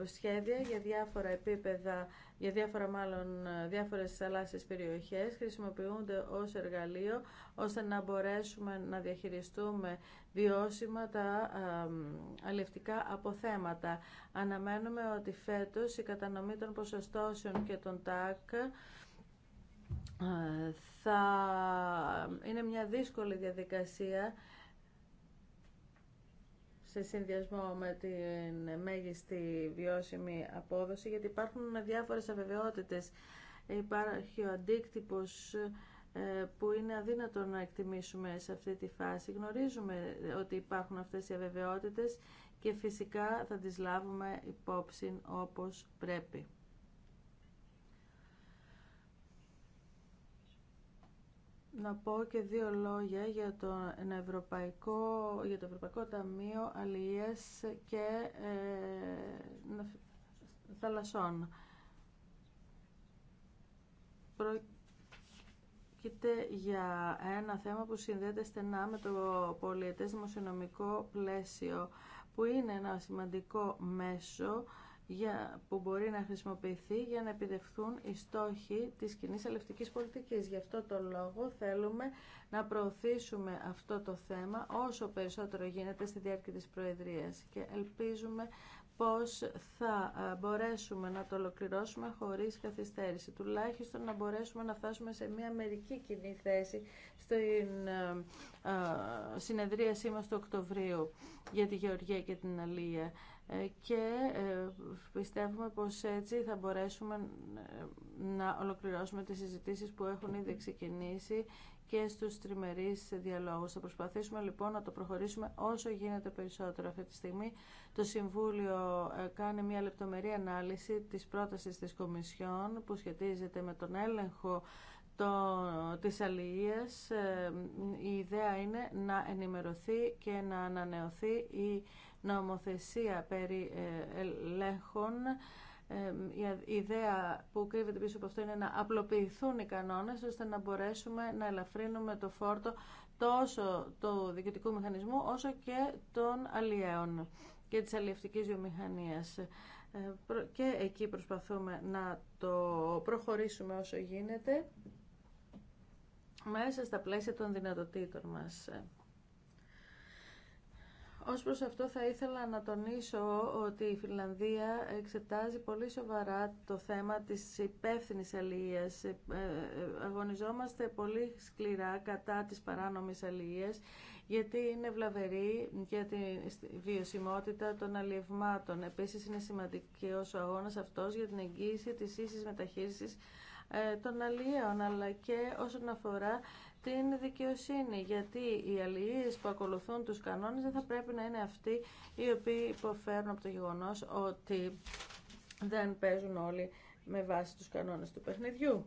σχέδια για διάφορα επίπεδα, για διάφορα μάλλον διάφορες θαλάσσιες περιοχές, χρησιμοποιούνται ως εργαλείο ώστε να μπορέσουμε να διαχειριστούμε βιώσιμα τα αλληλευτικά αποθέματα. Αναμένουμε ότι φέτος η κατανομή των ποσοστώσεων και των ΤΑΚ ε, θα είναι μια δύσκολη διαδικασία σε συνδυασμό με την μέγιστη βιώσιμη απόδοση, γιατί υπάρχουν διάφορες αβεβαιότητες. Υπάρχει ο αντίκτυπος ε, που είναι αδύνατο να εκτιμήσουμε σε αυτή τη φάση. Γνωρίζουμε ότι υπάρχουν αυτές οι αβεβαιότητες και φυσικά θα τις λάβουμε υπόψη όπως πρέπει. να πω και δύο λόγια για το Ευρωπαϊκό, για το Ευρωπαϊκό Ταμείο Αλληλείας και ε, Θαλασσών. Πρόκειται για ένα θέμα που συνδέεται στενά με το πολιετές δημοσιονομικό πλαίσιο, που είναι ένα σημαντικό μέσο για, που μπορεί να χρησιμοποιηθεί για να επιδευθούν οι στόχοι της κοινή αλευτικής πολιτικής. Γι' αυτό το λόγο θέλουμε να προωθήσουμε αυτό το θέμα όσο περισσότερο γίνεται στη διάρκεια της Προεδρίας και ελπίζουμε πώς θα ε, μπορέσουμε να το ολοκληρώσουμε χωρίς καθυστέρηση. Τουλάχιστον να μπορέσουμε να φτάσουμε σε μια μερική κοινή θέση στην ε, ε, συνεδρίασή μας του Οκτωβρίου για τη Γεωργία και την Αλία. Ε, και ε, πιστεύουμε πως έτσι θα μπορέσουμε ε, να ολοκληρώσουμε τις συζητήσεις που έχουν ήδη ξεκινήσει και στους τριμερείς διαλόγους. Θα προσπαθήσουμε λοιπόν να το προχωρήσουμε όσο γίνεται περισσότερο. Αυτή τη στιγμή το Συμβούλιο κάνει μια λεπτομερή ανάλυση της πρότασης της Κομισιόν που σχετίζεται με τον έλεγχο το, της αλληλείας ε, η ιδέα είναι να ενημερωθεί και να ανανεωθεί η νομοθεσία περί ε, ελέγχων. Ε, η ιδέα που κρύβεται πίσω από αυτό είναι να απλοποιηθούν οι κανόνες ώστε να μπορέσουμε να ελαφρύνουμε το φόρτο τόσο του διοικητικού μηχανισμού όσο και των αλλιέων και της αλλιευτικής βιομηχανίας. Και εκεί προσπαθούμε να το προχωρήσουμε όσο γίνεται μέσα στα πλαίσια των δυνατοτήτων μας. Ως προς αυτό θα ήθελα να τονίσω ότι η Φιλανδία εξετάζει πολύ σοβαρά το θέμα της υπεύθυνης αλληλείας. Ε, ε, αγωνιζόμαστε πολύ σκληρά κατά της παράνομης αλληλείας γιατί είναι βλαβερή για τη βιωσιμότητα των αλλιευμάτων. Επίσης είναι σημαντικός ο αγώνας αυτός για την εγγύηση της ίσης μεταχείρισης ε, των αλλιέων αλλά και όσον αφορά την δικαιοσύνη γιατί οι αλληλείς που ακολουθούν τους κανόνες δεν θα πρέπει να είναι αυτοί οι οποίοι υποφέρουν από το γεγονός ότι δεν παίζουν όλοι με βάση τους κανόνες του παιχνιδιού.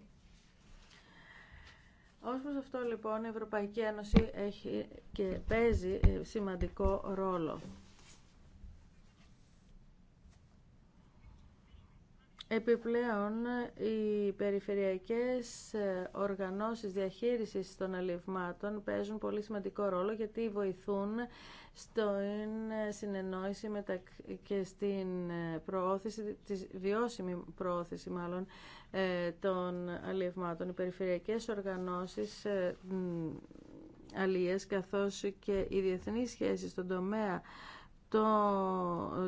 Ως προς αυτό λοιπόν η Ευρωπαϊκή Ένωση έχει και παίζει ε, σημαντικό ρόλο. Επιπλέον, οι περιφερειακές ε, οργανώσεις διαχείρισης των αλλιευμάτων παίζουν πολύ σημαντικό ρόλο γιατί βοηθούν στην ε, συνεννόηση και στην ε, προώθηση, της βιώσιμη προώθηση μάλλον, των αλευμάτων. Οι περιφερειακές οργανώσεις αλίες καθώς και οι διεθνείς σχέσεις στον τομέα το,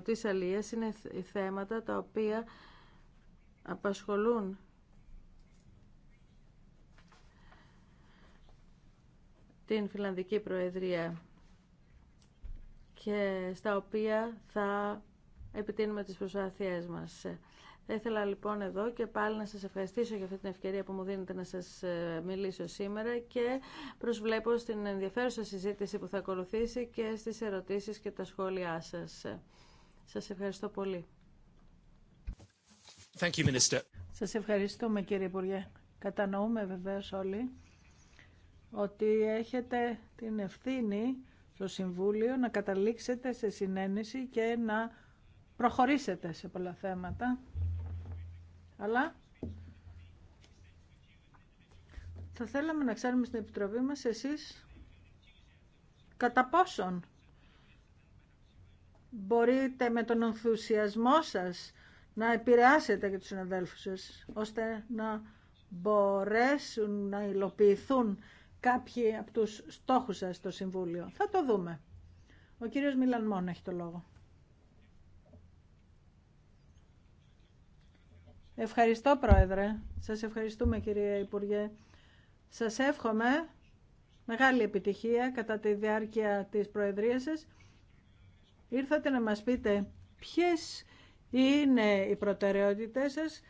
της αλίες είναι θέματα τα οποία απασχολούν την Φιλανδική Προεδρία και στα οποία θα επιτείνουμε τις προσπάθειές μας. Θα ήθελα λοιπόν εδώ και πάλι να σας ευχαριστήσω για αυτή την ευκαιρία που μου δίνετε να σας ε, μιλήσω σήμερα και προσβλέπω στην ενδιαφέρουσα συζήτηση που θα ακολουθήσει και στις ερωτήσεις και τα σχόλιά σας. Σας ευχαριστώ πολύ. Thank Σας ευχαριστούμε κύριε Υπουργέ. Κατανοούμε βεβαίως όλοι ότι έχετε την ευθύνη στο Συμβούλιο να καταλήξετε σε συνένεση και να προχωρήσετε σε πολλά θέματα. Αλλά θα θέλαμε να ξέρουμε στην Επιτροπή μας εσείς κατά πόσον μπορείτε με τον ενθουσιασμό σας να επηρεάσετε και τους συναδέλφους σας, ώστε να μπορέσουν να υλοποιηθούν κάποιοι από τους στόχους σας στο Συμβούλιο. Θα το δούμε. Ο κύριος Μιλανμόν έχει το λόγο. Ευχαριστώ, Πρόεδρε. Σας ευχαριστούμε, κύριε Υπουργέ. Σας εύχομαι μεγάλη επιτυχία κατά τη διάρκεια της Προεδρίας σας. Ήρθατε να μας πείτε ποιες είναι οι προτεραιότητές σας.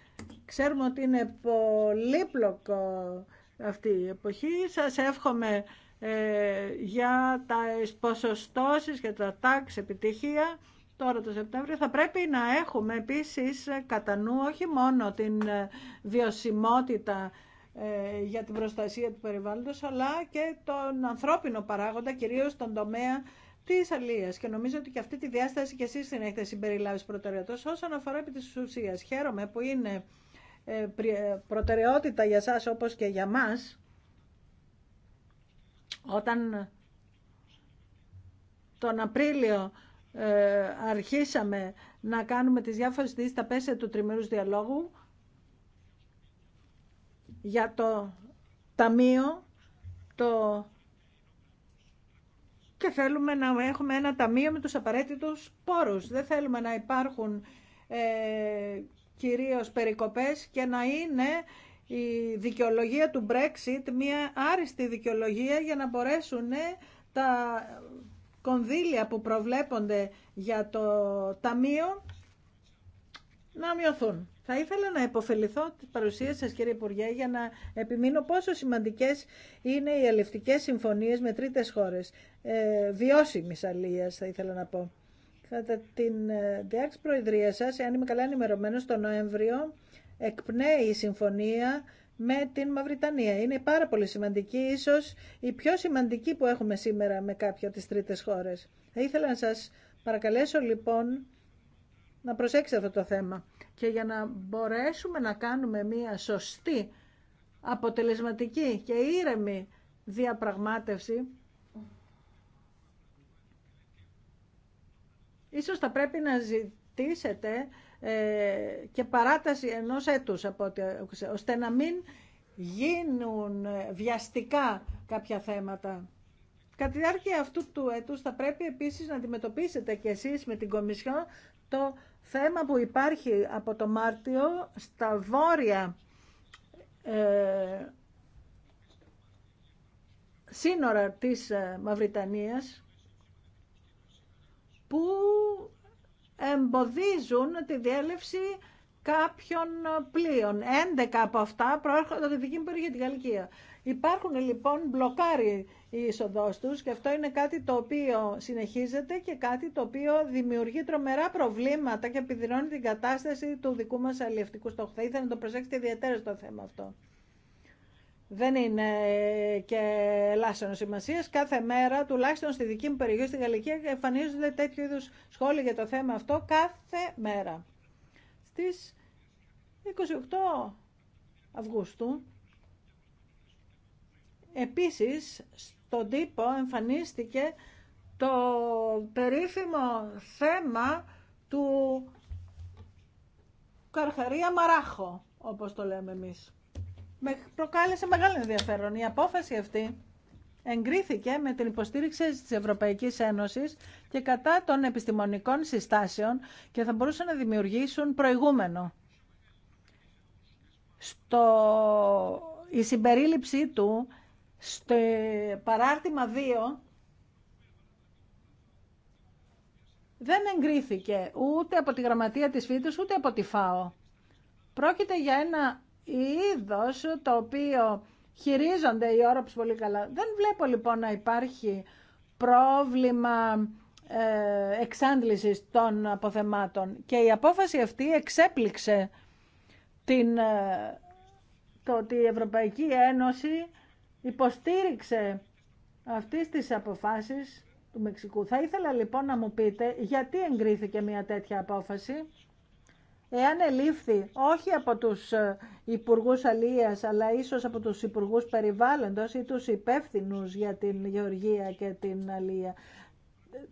Ξέρουμε ότι είναι πολύπλοκο αυτή η εποχή. Σας εύχομαι ε, για τα ποσοστώσεις και τα τάξη επιτυχία. Τώρα το Σεπτέμβριο θα πρέπει να έχουμε επίσης κατά νου όχι μόνο την ε, βιωσιμότητα ε, για την προστασία του περιβάλλοντος αλλά και τον ανθρώπινο παράγοντα, κυρίως τον τομέα της αλίας και νομίζω ότι και αυτή τη διάσταση και εσείς την έχετε συμπεριλάβει προτεραιότητας όσον αφορά επί της ουσίας. Χαίρομαι που είναι ε, ε, προτεραιότητα για σας όπως και για μας όταν τον Απρίλιο ε, αρχίσαμε να κάνουμε τις διάφορες δίσεις τα πέσια του τριμερούς διαλόγου για το ταμείο το και θέλουμε να έχουμε ένα ταμείο με τους απαραίτητους πόρους. Δεν θέλουμε να υπάρχουν ε, κυρίως περικοπές και να είναι η δικαιολογία του Brexit μια άριστη δικαιολογία για να μπορέσουν ε, τα κονδύλια που προβλέπονται για το ταμείο να μειωθούν. Θα ήθελα να υποφεληθώ τη παρουσία σας κύριε Υπουργέ για να επιμείνω πόσο σημαντικές είναι οι αλληλευτικέ συμφωνίες με τρίτες χώρες. Ε, βιώσιμης αλίας θα ήθελα να πω. Κατά την ε, διάρκεια προεδρία σας, εάν είμαι καλά ενημερωμένο το Νοέμβριο εκπνέει η συμφωνία με την Μαυριτανία. Είναι πάρα πολύ σημαντική, ίσως η πιο σημαντική που έχουμε σήμερα με κάποια από τις τρίτες χώρες. Θα ήθελα να σας παρακαλέσω λοιπόν να προσέξει αυτό το θέμα. Και για να μπορέσουμε να κάνουμε μία σωστή, αποτελεσματική και ήρεμη διαπραγμάτευση, ίσως θα πρέπει να ζητήσετε ε, και παράταση ενός έτους, ώστε να μην γίνουν ε, βιαστικά κάποια θέματα. Κατά τη διάρκεια αυτού του έτους θα πρέπει επίσης να αντιμετωπίσετε και εσείς με την Κομισιόν το θέμα που υπάρχει από το Μάρτιο στα βόρεια ε, σύνορα της ε, Μαυριτανίας που εμποδίζουν τη διέλευση κάποιων πλοίων. 11 από αυτά προέρχονται από τη δική μου περιοχή, τη Γαλλικία. Υπάρχουν λοιπόν μπλοκάρι η είσοδό του και αυτό είναι κάτι το οποίο συνεχίζεται και κάτι το οποίο δημιουργεί τρομερά προβλήματα και επιδεινώνει την κατάσταση του δικού μα αλληλευτικού στόχου. Θα ήθελα να το προσέξετε ιδιαίτερα στο θέμα αυτό. Δεν είναι και ελάσσονο σημασία. Κάθε μέρα, τουλάχιστον στη δική μου περιοχή, στη Γαλλική, εμφανίζονται τέτοιου είδου σχόλια για το θέμα αυτό κάθε μέρα. Στι 28 Αυγούστου, επίσης, στον τύπο εμφανίστηκε το περίφημο θέμα του Καρχαρία Μαράχο, όπως το λέμε εμείς. Με προκάλεσε μεγάλο ενδιαφέρον. Η απόφαση αυτή εγκρίθηκε με την υποστήριξη της Ευρωπαϊκής Ένωσης και κατά των επιστημονικών συστάσεων και θα μπορούσαν να δημιουργήσουν προηγούμενο. Στο... Η συμπερίληψή του στο παράρτημα 2 δεν εγκρίθηκε ούτε από τη γραμματεία της ΦΙΤΟΣ ούτε από τη ΦΑΟ. Πρόκειται για ένα είδος το οποίο χειρίζονται οι όροπες πολύ καλά. Δεν βλέπω λοιπόν να υπάρχει πρόβλημα ε, εξάντλησης των αποθεμάτων. Και η απόφαση αυτή εξέπληξε την, ε, το ότι η Ευρωπαϊκή Ένωση υποστήριξε αυτής της αποφάσεις του Μεξικού. Θα ήθελα λοιπόν να μου πείτε γιατί εγκρίθηκε μια τέτοια απόφαση εάν ελήφθη όχι από τους ε, υπουργούς αλίας αλλά ίσως από τους υπουργούς περιβάλλοντος ή τους υπεύθυνου για την γεωργία και την αλία.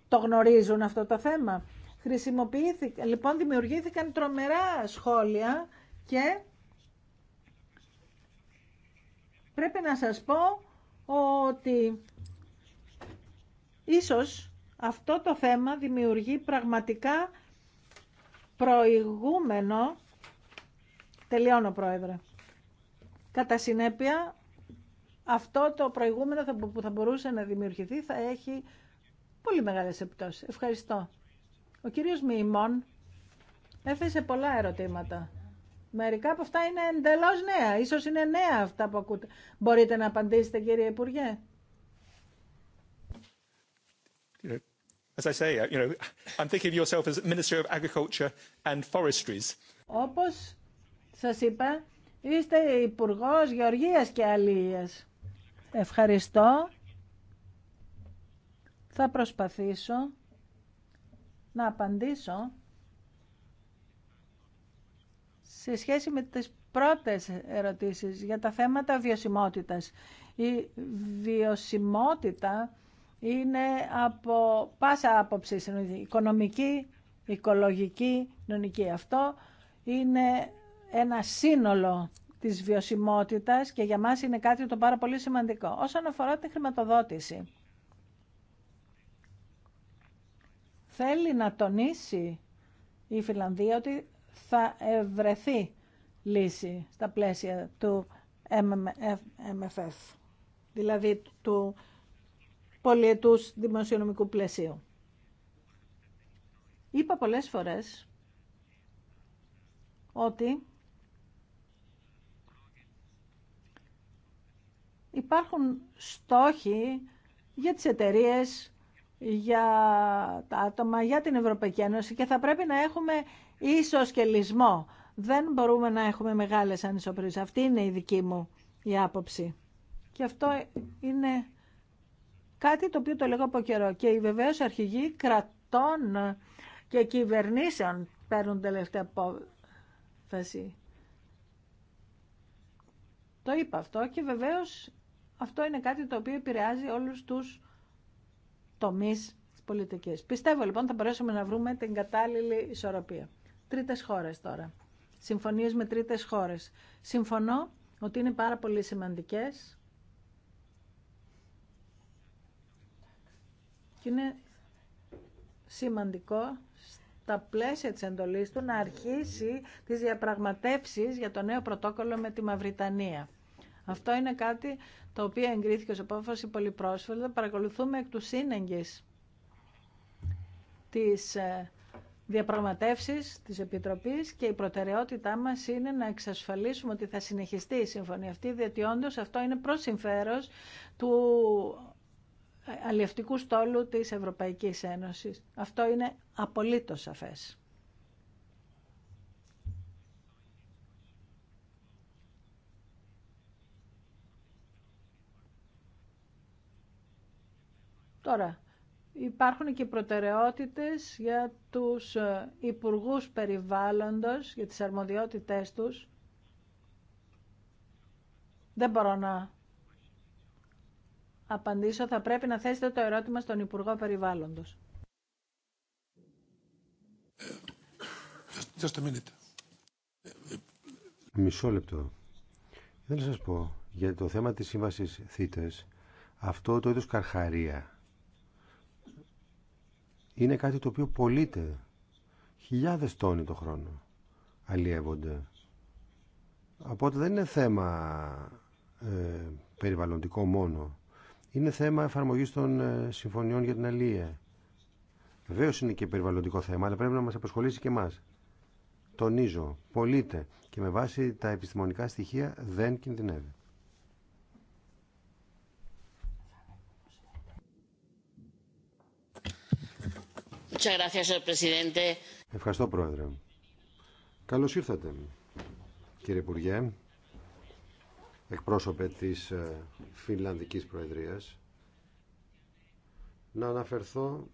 Το γνωρίζουν αυτό το θέμα. Χρησιμοποιήθηκε, λοιπόν δημιουργήθηκαν τρομερά σχόλια και πρέπει να σας πω ότι ίσως αυτό το θέμα δημιουργεί πραγματικά προηγούμενο. Τελειώνω, Πρόεδρε. Κατά συνέπεια, αυτό το προηγούμενο που θα μπορούσε να δημιουργηθεί θα έχει πολύ μεγάλες επιπτώσεις. Ευχαριστώ. Ο κύριος Μιμών έθεσε πολλά ερωτήματα. Μερικά από αυτά είναι εντελώ νέα. Ίσως είναι νέα αυτά που ακούτε. Μπορείτε να απαντήσετε κύριε Υπουργέ. As I Όπως σας είπα, είστε υπουργό Γεωργίας και Αλίας. Ευχαριστώ. Θα προσπαθήσω να απαντήσω σε σχέση με τις πρώτες ερωτήσεις για τα θέματα βιωσιμότητας. Η βιωσιμότητα είναι από πάσα άποψη οικονομική, οικολογική, νομική. Αυτό είναι ένα σύνολο της βιωσιμότητας και για μας είναι κάτι το πάρα πολύ σημαντικό. Όσον αφορά τη χρηματοδότηση, θέλει να τονίσει η Φιλανδία ότι θα ευρεθεί λύση στα πλαίσια του MFF, δηλαδή του πολιετούς δημοσιονομικού πλαισίου. Είπα πολλές φορές ότι υπάρχουν στόχοι για τις εταιρείες, για τα άτομα, για την Ευρωπαϊκή Ένωση και θα πρέπει να έχουμε ίσως και λυσμό. Δεν μπορούμε να έχουμε μεγάλες ανισοπρίες. Αυτή είναι η δική μου η άποψη. Και αυτό είναι κάτι το οποίο το λέγω από καιρό. Και βεβαίω αρχηγοί κρατών και κυβερνήσεων παίρνουν τελευταία απόφαση. Το είπα αυτό και βεβαίως αυτό είναι κάτι το οποίο επηρεάζει όλους τους τομείς της πολιτικής. Πιστεύω λοιπόν θα μπορέσουμε να βρούμε την κατάλληλη ισορροπία τρίτες χώρες τώρα. Συμφωνίες με τρίτες χώρες. Συμφωνώ ότι είναι πάρα πολύ σημαντικές και είναι σημαντικό στα πλαίσια της εντολής του να αρχίσει τις διαπραγματεύσεις για το νέο πρωτόκολλο με τη Μαυριτανία. Αυτό είναι κάτι το οποίο εγκρίθηκε ως απόφαση πολύ πρόσφατα. Παρακολουθούμε εκ του σύνεγγης τις ε, διαπραγματεύσεις της Επιτροπής και η προτεραιότητά μας είναι να εξασφαλίσουμε ότι θα συνεχιστεί η συμφωνία αυτή, διότι όντως αυτό είναι προς συμφέρος του αλλιευτικού στόλου της Ευρωπαϊκής Ένωσης. Αυτό είναι απολύτως σαφές. Τώρα, Υπάρχουν και προτεραιότητες για τους ε, υπουργούς περιβάλλοντος, για τις αρμοδιότητές τους. Δεν μπορώ να απαντήσω. Θα πρέπει να θέσετε το ερώτημα στον Υπουργό Περιβάλλοντος. Μισό λεπτό. Δεν σας πω, για το θέμα της σύμβασης θήτες, αυτό το είδος καρχαρία είναι κάτι το οποίο πωλείται. Χιλιάδες τόνοι το χρόνο αλλιεύονται. Οπότε δεν είναι θέμα ε, περιβαλλοντικό μόνο. Είναι θέμα εφαρμογής των ε, συμφωνιών για την αλληλεία. Βεβαίω είναι και περιβαλλοντικό θέμα, αλλά πρέπει να μας απασχολήσει και εμάς. Τονίζω, πωλείται και με βάση τα επιστημονικά στοιχεία δεν κινδυνεύει. Ευχαριστώ, Πρόεδρε. Καλώς ήρθατε, κύριε Υπουργέ, εκπρόσωπε της ε, Φινλανδικής Προεδρίας. Να αναφερθώ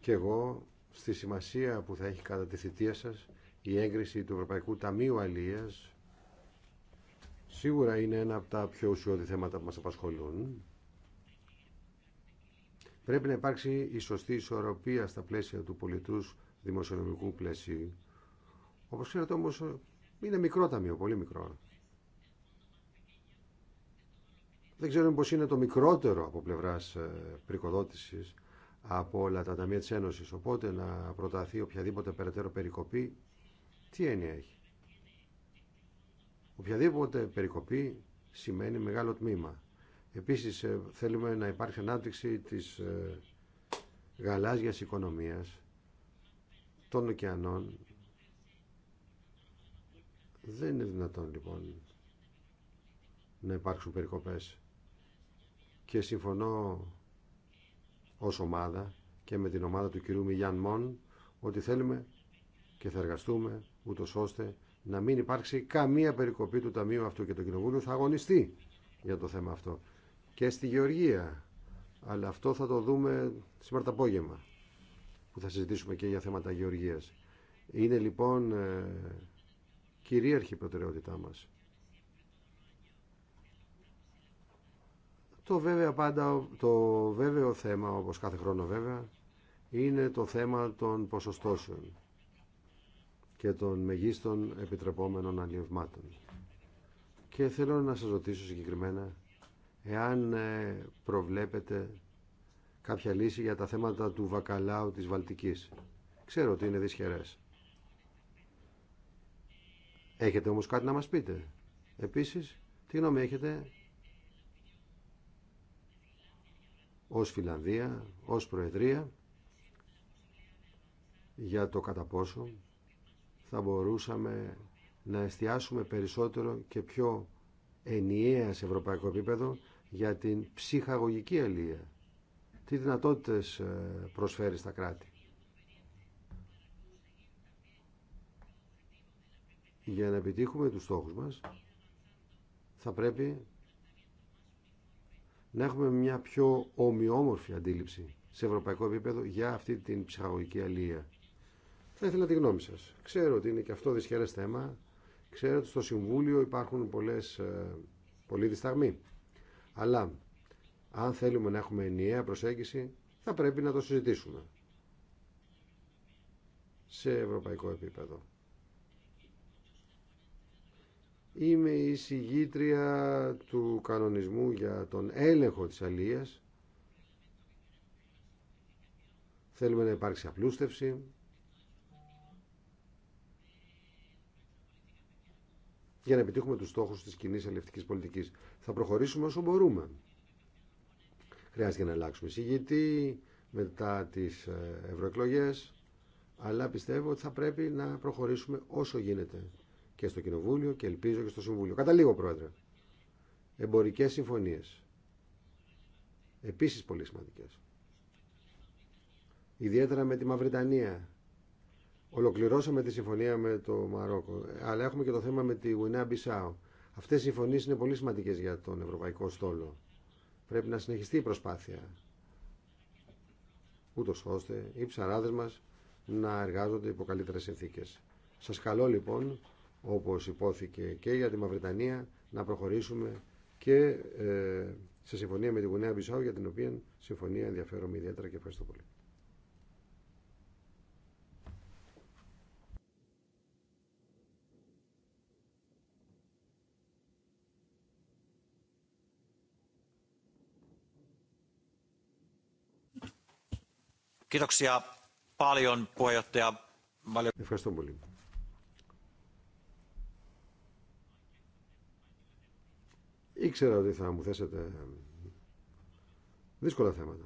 και εγώ στη σημασία που θα έχει κατά τη θητεία σας η έγκριση του Ευρωπαϊκού Ταμείου Αλίας. Σίγουρα είναι ένα από τα πιο ουσιώδη θέματα που μας απασχολούν Πρέπει να υπάρξει η σωστή ισορροπία στα πλαίσια του πολιτού δημοσιονομικού πλαισίου. Όπως ξέρετε όμω είναι μικρό ταμείο, πολύ μικρό. Δεν ξέρουμε πως είναι το μικρότερο από πλευράς ε, πρικοδότησης από όλα τα ταμεία της Ένωσης. Οπότε να προταθεί οποιαδήποτε περαιτέρω περικοπή, τι έννοια έχει. Οποιαδήποτε περικοπή σημαίνει μεγάλο τμήμα. Επίσης ε, θέλουμε να υπάρχει ανάπτυξη της ε, γαλάζιας οικονομίας των ωκεανών. Δεν είναι δυνατόν λοιπόν να υπάρξουν περικοπές. Και συμφωνώ ως ομάδα και με την ομάδα του κυρίου Μιγιάν Μον ότι θέλουμε και θα εργαστούμε ούτω ώστε να μην υπάρξει καμία περικοπή του Ταμείου αυτού και το Κοινοβούλιο θα αγωνιστεί για το θέμα αυτό και στη Γεωργία. Αλλά αυτό θα το δούμε σήμερα το απόγευμα που θα συζητήσουμε και για θέματα γεωργίας. Είναι λοιπόν ε, κυρίαρχη προτεραιότητά μας. Το, βέβαια πάντα, το βέβαιο θέμα, όπως κάθε χρόνο βέβαια, είναι το θέμα των ποσοστώσεων και των μεγίστων επιτρεπόμενων αλλιευμάτων. Και θέλω να σας ρωτήσω συγκεκριμένα εάν ε, προβλέπετε κάποια λύση για τα θέματα του βακαλάου της Βαλτικής. Ξέρω ότι είναι δυσχερές. Έχετε όμως κάτι να μας πείτε. Επίσης, τι γνώμη έχετε ως Φιλανδία, ως Προεδρία για το κατά πόσο θα μπορούσαμε να εστιάσουμε περισσότερο και πιο ενιαία σε ευρωπαϊκό επίπεδο για την ψυχαγωγική αλία. Τι δυνατότητες ε, προσφέρει στα κράτη. Για να επιτύχουμε τους στόχους μας θα πρέπει να έχουμε μια πιο ομοιόμορφη αντίληψη σε ευρωπαϊκό επίπεδο για αυτή την ψυχαγωγική αλλήλεια. Θα ήθελα τη γνώμη σας. Ξέρω ότι είναι και αυτό δυσχερές θέμα. Ξέρω ότι στο Συμβούλιο υπάρχουν πολλές, ε, πολλοί δισταγμοί. Αλλά αν θέλουμε να έχουμε ενιαία προσέγγιση θα πρέπει να το συζητήσουμε σε ευρωπαϊκό επίπεδο. Είμαι η συγγήτρια του κανονισμού για τον έλεγχο της αλίας. Θέλουμε να υπάρξει απλούστευση. για να επιτύχουμε τους στόχους της κοινή ελευτική πολιτικής. Θα προχωρήσουμε όσο μπορούμε. Χρειάζεται να αλλάξουμε εισηγητή μετά τις ε, ευρωεκλογέ, αλλά πιστεύω ότι θα πρέπει να προχωρήσουμε όσο γίνεται και στο Κοινοβούλιο και ελπίζω και στο Συμβούλιο. Κατά λίγο, Πρόεδρε. Εμπορικές συμφωνίε. Επίση πολύ σημαντικέ. Ιδιαίτερα με τη Μαυριτανία Ολοκληρώσαμε τη συμφωνία με το Μαρόκο, αλλά έχουμε και το θέμα με τη Γουινέα Μπισάου. Αυτέ οι συμφωνίε είναι πολύ σημαντικέ για τον ευρωπαϊκό στόλο. Πρέπει να συνεχιστεί η προσπάθεια, ούτω ώστε οι ψαράδε μα να εργάζονται υπό καλύτερε συνθήκε. Σα καλώ λοιπόν, όπω υπόθηκε και για τη Μαυριτανία, να προχωρήσουμε και ε, σε συμφωνία με τη Γουνέα Μπισάου, για την οποία συμφωνία ενδιαφέρομαι ιδιαίτερα και ευχαριστώ πολύ. Ευχαριστώ πολύ. Ήξερα ότι θα μου θέσετε δύσκολα θέματα.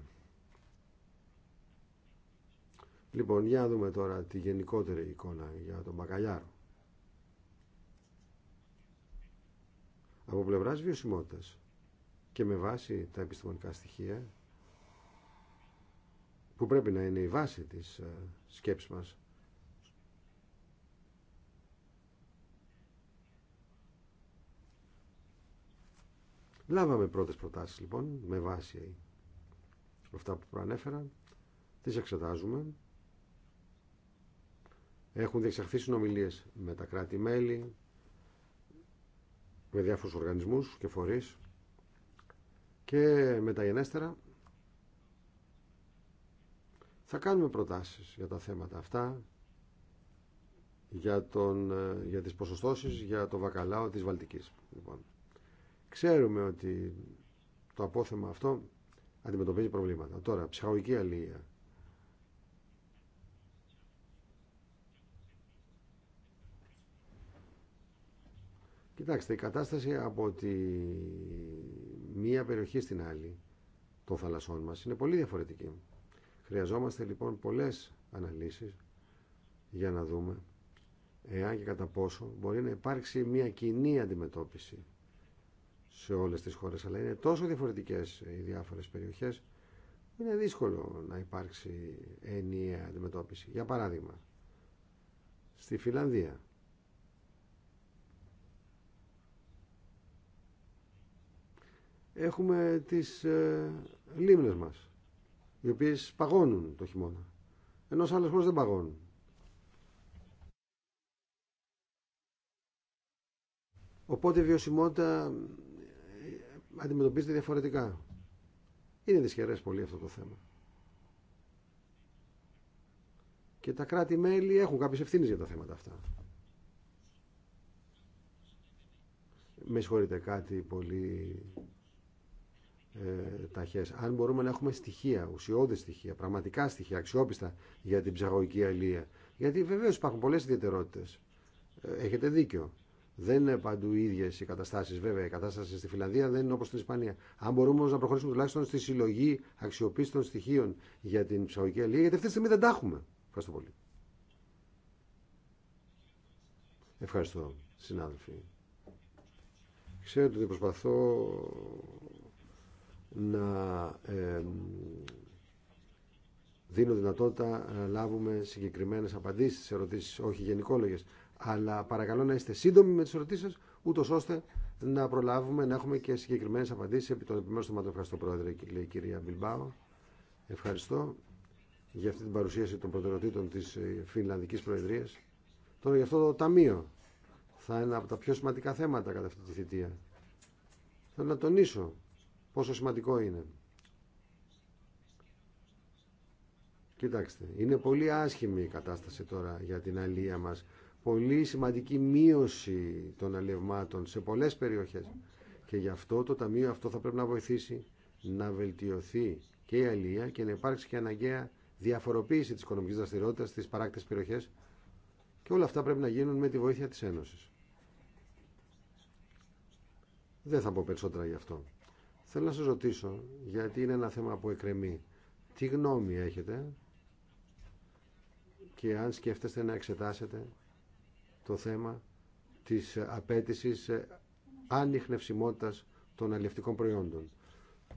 Λοιπόν, για να δούμε τώρα τη γενικότερη εικόνα για τον Μπακαλιάρο. Από πλευράς βιωσιμότητας και με βάση τα επιστημονικά στοιχεία που πρέπει να είναι η βάση της ε, σκέψης μας. Λάβαμε πρώτες προτάσεις λοιπόν με βάση αυτά που προανέφερα. Τις εξετάζουμε. Έχουν διεξαχθεί συνομιλίες με τα κράτη-μέλη, με διάφορους οργανισμούς και φορείς και μεταγενέστερα θα κάνουμε προτάσεις για τα θέματα αυτά, για, τον, ε, για τις ποσοστώσεις, για το βακαλάο της Βαλτικής. Λοιπόν, ξέρουμε ότι το απόθεμα αυτό αντιμετωπίζει προβλήματα. Τώρα, ψυχαγωγική αλληλεία. Κοιτάξτε, η κατάσταση από τη μία περιοχή στην άλλη των θαλασσών μας είναι πολύ διαφορετική. Χρειαζόμαστε λοιπόν πολλές αναλύσεις για να δούμε εάν και κατά πόσο μπορεί να υπάρξει μια κοινή αντιμετώπιση σε όλες τις χώρες, αλλά είναι τόσο διαφορετικές οι διάφορες περιοχές που είναι δύσκολο να υπάρξει ενιαία αντιμετώπιση. Για παράδειγμα, στη Φιλανδία έχουμε τις ε, λίμνες μας οι οποίε παγώνουν το χειμώνα, ενώ σε άλλε χώρε δεν παγώνουν. Οπότε η βιωσιμότητα ε, αντιμετωπίζεται διαφορετικά. Είναι δυσχερέ πολύ αυτό το θέμα. Και τα κράτη-μέλη έχουν κάποιε ευθύνε για τα θέματα αυτά. Με συγχωρείτε κάτι πολύ ε, ταχές. Αν μπορούμε να έχουμε στοιχεία, ουσιώδη στοιχεία, πραγματικά στοιχεία, αξιόπιστα για την ψαγωγική αλλήλεια. Γιατί βεβαίω υπάρχουν πολλέ ιδιαιτερότητε. Ε, έχετε δίκιο. Δεν είναι παντού οι ίδιε οι καταστάσει. Βέβαια, η κατάσταση στη Φιλανδία δεν είναι όπω στην Ισπανία. Αν μπορούμε όμω να προχωρήσουμε τουλάχιστον στη συλλογή αξιοπίστων στοιχείων για την ψαγωγική αλληλεία, γιατί αυτή τη στιγμή δεν τα έχουμε. Ευχαριστώ πολύ. Ευχαριστώ, συνάδελφοι. Ξέρετε ότι προσπαθώ να δίνω δυνατότητα να λάβουμε συγκεκριμένες απαντήσεις σε ερωτήσεις, όχι γενικόλογες. Αλλά παρακαλώ να είστε σύντομοι με τις ερωτήσεις σας, ούτως ώστε να προλάβουμε να έχουμε και συγκεκριμένες απαντήσεις επί των επιμέρους θεμάτων. Ευχαριστώ Πρόεδρε, λέει η κυρία Μπιλμπάο. Ευχαριστώ για αυτή την παρουσίαση των προτεραιοτήτων της ε, Φινλανδικής Προεδρίας. Τώρα για αυτό το ταμείο θα είναι από τα πιο σημαντικά θέματα κατά αυτή τη θητεία. Θέλω να τονίσω πόσο σημαντικό είναι. Κοιτάξτε, είναι πολύ άσχημη η κατάσταση τώρα για την αλία μας. Πολύ σημαντική μείωση των αλευμάτων σε πολλές περιοχές. Και γι' αυτό το Ταμείο αυτό θα πρέπει να βοηθήσει να βελτιωθεί και η αλία και να υπάρξει και αναγκαία διαφοροποίηση της οικονομικής δραστηριότητας στις παράκτες περιοχές και όλα αυτά πρέπει να γίνουν με τη βοήθεια της Ένωσης. Δεν θα πω περισσότερα γι' αυτό. Θέλω να σας ρωτήσω, γιατί είναι ένα θέμα που εκκρεμεί. Τι γνώμη έχετε και αν σκέφτεστε να εξετάσετε το θέμα της απέτησης ανιχνευσιμότητας των αλληλευτικών προϊόντων.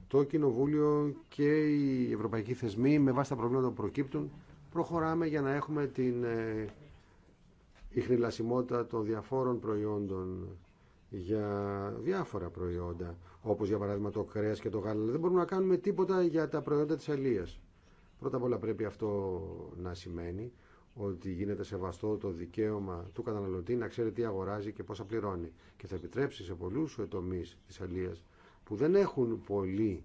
Το Κοινοβούλιο και οι ευρωπαϊκοί θεσμοί με βάση τα προβλήματα που προκύπτουν προχωράμε για να έχουμε την ε, ηχνηλασιμότητα των διαφόρων προϊόντων για διάφορα προϊόντα, όπως για παράδειγμα το κρέας και το γάλα. Δεν μπορούμε να κάνουμε τίποτα για τα προϊόντα της αλίας. Πρώτα απ' όλα πρέπει αυτό να σημαίνει ότι γίνεται σεβαστό το δικαίωμα του καταναλωτή να ξέρει τι αγοράζει και πόσα πληρώνει. Και θα επιτρέψει σε πολλούς τομείς της αλίας που δεν έχουν πολύ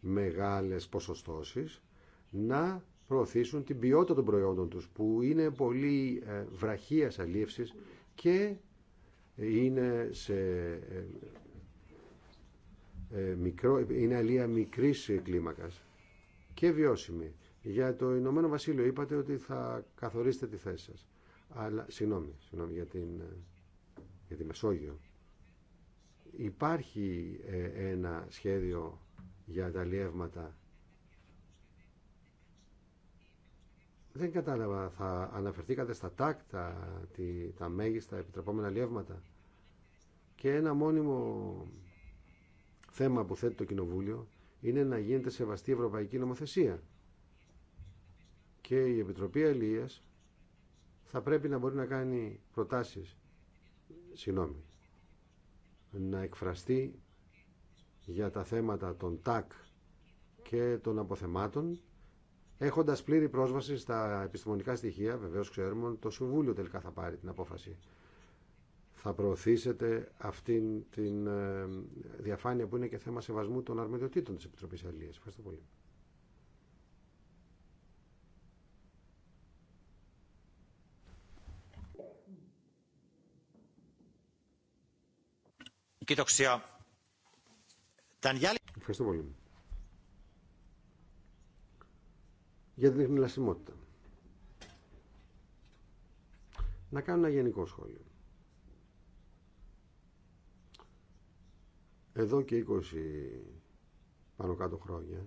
μεγάλες ποσοστώσεις να προωθήσουν την ποιότητα των προϊόντων τους που είναι πολύ ε, βραχίας αλίευσης και είναι σε ε, ε, μικρό, είναι αλία μικρής κλίμακας και βιώσιμη. Για το Ηνωμένο Βασίλειο είπατε ότι θα καθορίσετε τη θέση σας. Αλλά, συγγνώμη, συγγνώμη για, την, για τη Μεσόγειο. Υπάρχει ε, ένα σχέδιο για τα αλλιεύματα Δεν κατάλαβα, θα αναφερθήκατε στα ΤΑΚ τα μέγιστα επιτρεπόμενα λιεύματα και ένα μόνιμο θέμα που θέτει το Κοινοβούλιο είναι να γίνεται σεβαστή ευρωπαϊκή νομοθεσία. Και η Επιτροπή Αλίας θα πρέπει να μπορεί να κάνει προτάσεις, συγγνώμη, να εκφραστεί για τα θέματα των ΤΑΚ και των αποθεμάτων έχοντα πλήρη πρόσβαση στα επιστημονικά στοιχεία, βεβαίω ξέρουμε ότι το Συμβούλιο τελικά θα πάρει την απόφαση. Θα προωθήσετε αυτή την ε, διαφάνεια που είναι και θέμα σεβασμού των αρμοδιοτήτων τη Επιτροπή Αλληλεία. Ευχαριστώ πολύ. Ευχαριστώ πολύ. για την εχνηλασιμότητα. Να κάνω ένα γενικό σχόλιο. Εδώ και 20 πάνω κάτω χρόνια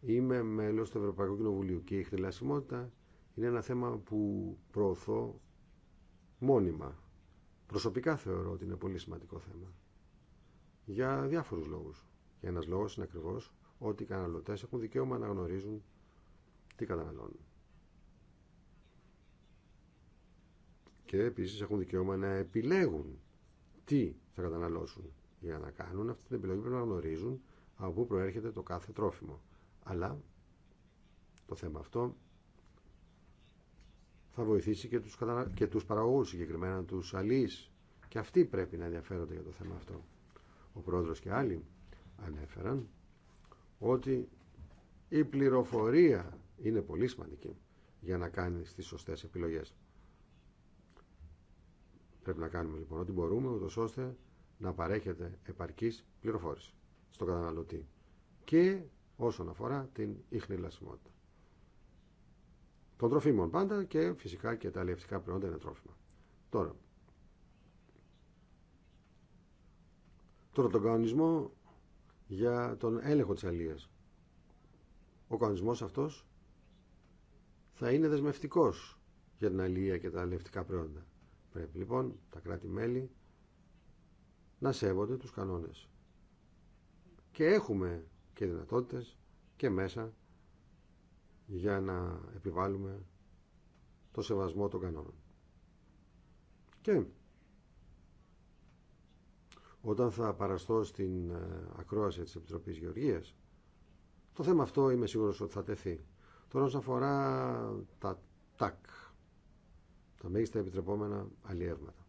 είμαι μέλος του Ευρωπαϊκού Κοινοβουλίου και η εχνηλασιμότητα είναι ένα θέμα που προωθώ μόνιμα. Προσωπικά θεωρώ ότι είναι πολύ σημαντικό θέμα. Για διάφορους λόγους. Και ένας λόγος είναι ακριβώς ότι οι καναλωτές έχουν δικαίωμα να γνωρίζουν τι καταναλώνουν. Και επίσης έχουν δικαίωμα να επιλέγουν τι θα καταναλώσουν. Για να κάνουν αυτή την επιλογή πρέπει να γνωρίζουν από πού προέρχεται το κάθε τρόφιμο. Αλλά το θέμα αυτό θα βοηθήσει και τους, κατανα... και τους παραγωγούς συγκεκριμένα, τους αλείς. Και αυτοί πρέπει να ενδιαφέρονται για το θέμα αυτό. Ο πρόεδρος και άλλοι ανέφεραν ότι η πληροφορία είναι πολύ σημαντική για να κάνει τις σωστές επιλογές. Πρέπει να κάνουμε λοιπόν ό,τι μπορούμε ούτως ώστε να παρέχεται επαρκής πληροφόρηση στον καταναλωτή και όσον αφορά την ίχνη λασιμότητα. Των τροφίμων πάντα και φυσικά και τα αλλιευτικά προϊόντα είναι τρόφιμα. Τώρα, τώρα τον κανονισμό για τον έλεγχο της αλίας. Ο κανονισμός αυτός θα είναι δεσμευτικός για την αλληλεία και τα αλληλευτικά προϊόντα. Πρέπει λοιπόν τα κράτη-μέλη να σέβονται τους κανόνες. Και έχουμε και δυνατότητες και μέσα για να επιβάλλουμε το σεβασμό των κανόνων. Και όταν θα παραστώ στην ε, ακρόαση της Επιτροπής Γεωργίας, το θέμα αυτό είμαι σίγουρος ότι θα τεθεί. Τώρα όσον αφορά τα ΤΑΚ, τα μέγιστα επιτρεπόμενα αλλιεύματα.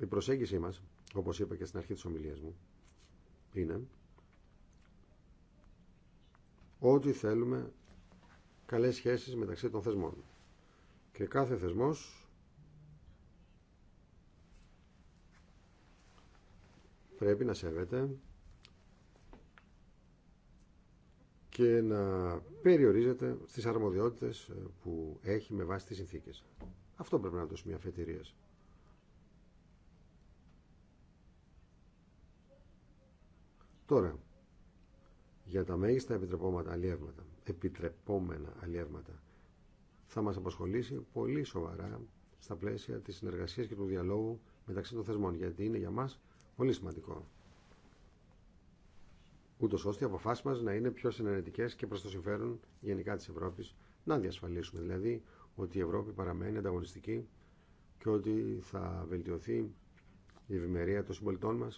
Η προσέγγιση μας, όπως είπα και στην αρχή της ομιλίας μου, είναι ότι θέλουμε καλές σχέσεις μεταξύ των θεσμών. Και κάθε θεσμός πρέπει να σέβεται και να περιορίζεται στις αρμοδιότητες ε, που έχει με βάση τις συνθήκες. Αυτό πρέπει να είναι το σημείο αφετηρίας. Τώρα, για τα μέγιστα επιτρεπόμενα αλλιεύματα, επιτρεπόμενα αλλιεύματα, θα μας απασχολήσει πολύ σοβαρά στα πλαίσια της συνεργασίας και του διαλόγου μεταξύ των θεσμών, γιατί είναι για μας πολύ σημαντικό ούτω ώστε οι αποφάσει μα να είναι πιο συνενετικέ και προ το συμφέρον γενικά τη Ευρώπη, να διασφαλίσουμε δηλαδή ότι η Ευρώπη παραμένει ανταγωνιστική και ότι θα βελτιωθεί η ευημερία των συμπολιτών μα,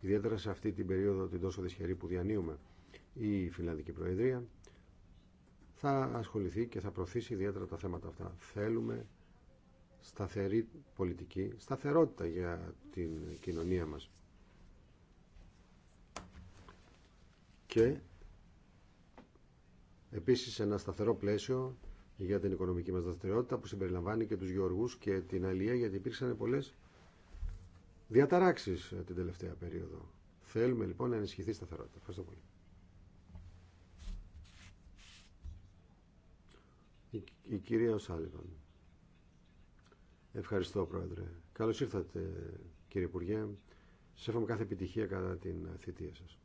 ιδιαίτερα σε αυτή την περίοδο την τόσο δυσχερή που διανύουμε. Η Φιλανδική Προεδρία θα ασχοληθεί και θα προωθήσει ιδιαίτερα τα θέματα αυτά. Θέλουμε σταθερή πολιτική, σταθερότητα για την κοινωνία μας. και επίσης ένα σταθερό πλαίσιο για την οικονομική μας δραστηριότητα που συμπεριλαμβάνει και τους γεωργούς και την αλία γιατί υπήρξαν πολλές διαταράξεις ε, την τελευταία περίοδο. Θέλουμε λοιπόν να ενισχυθεί η σταθερότητα. Ευχαριστώ πολύ. Η κυρία Οσάλιβαν. Ευχαριστώ, Πρόεδρε. Καλώς ήρθατε, κύριε Υπουργέ. Σε εύχομαι κάθε επιτυχία κατά την θητεία σας.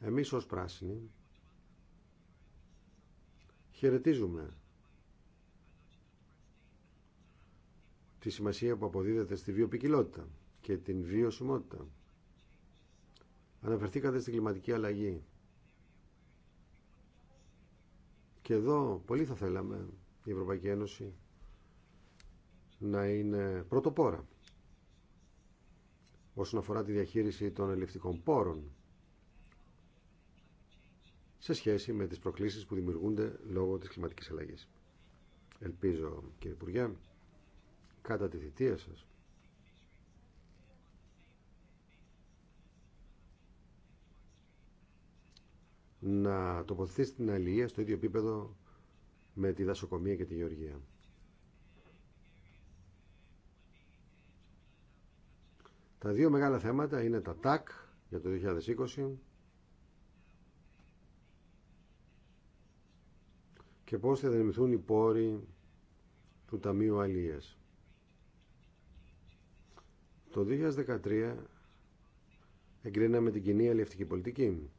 Εμείς ως πράσινοι χαιρετίζουμε τη σημασία που αποδίδεται στη βιοπικιλότητα και την βιωσιμότητα. Αναφερθήκατε στην κλιματική αλλαγή. Και εδώ πολύ θα θέλαμε η Ευρωπαϊκή Ένωση να είναι πρωτοπόρα όσον αφορά τη διαχείριση των ελευτικών πόρων σε σχέση με τις προκλήσεις που δημιουργούνται λόγω της κλιματικής αλλαγής. Ελπίζω, κύριε Υπουργέ, κατά τη θητεία σας, να τοποθετήσετε την αλληλεία στο ίδιο επίπεδο με τη δασοκομεία και τη γεωργία. Τα δύο μεγάλα θέματα είναι τα ΤΑΚ για το 2020 και πώς θα δεμηθούν οι πόροι του Ταμείου Αλίας. Το 2013 εγκρίναμε την κοινή αλληλευτική πολιτική.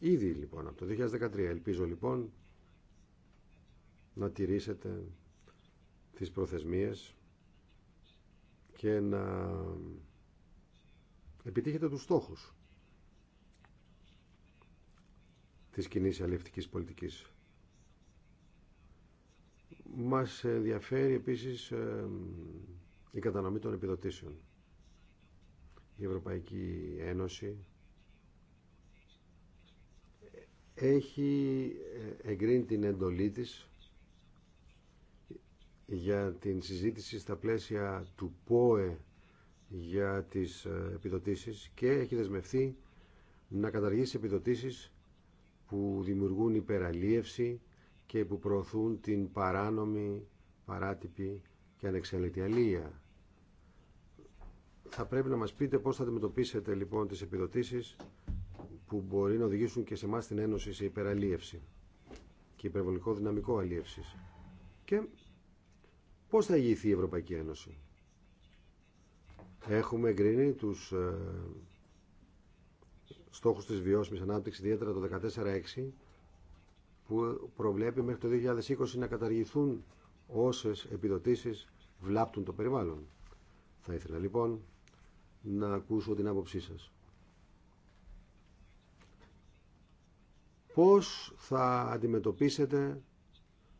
Ήδη λοιπόν από το 2013 ελπίζω λοιπόν να τηρήσετε τις προθεσμίες και να επιτύχετε τους στόχους της κοινής αλληλευτικής πολιτικής. Μας ενδιαφέρει επίσης ε, η κατανομή των επιδοτήσεων. Η Ευρωπαϊκή Ένωση έχει ε, εγκρίνει την εντολή της για την συζήτηση στα πλαίσια του ΠΟΕ για τις ε, επιδοτήσεις και έχει δεσμευθεί να καταργήσει επιδοτήσεις που δημιουργούν υπεραλίευση και που προωθούν την παράνομη, παράτυπη και ανεξέλεκτη αλληλεία. Θα πρέπει να μας πείτε πώς θα αντιμετωπίσετε λοιπόν τις επιδοτήσεις που μπορεί να οδηγήσουν και σε εμά την Ένωση σε υπεραλίευση και υπερβολικό δυναμικό αλίευσης. Και πώς θα ηγηθεί η Ευρωπαϊκή Ένωση. Έχουμε εγκρίνει τους ε, στόχους της βιώσιμης ανάπτυξης ιδιαίτερα το 14-6 που προβλέπει μέχρι το 2020 να καταργηθούν όσες επιδοτήσεις βλάπτουν το περιβάλλον. Θα ήθελα λοιπόν να ακούσω την άποψή σας. Πώς θα αντιμετωπίσετε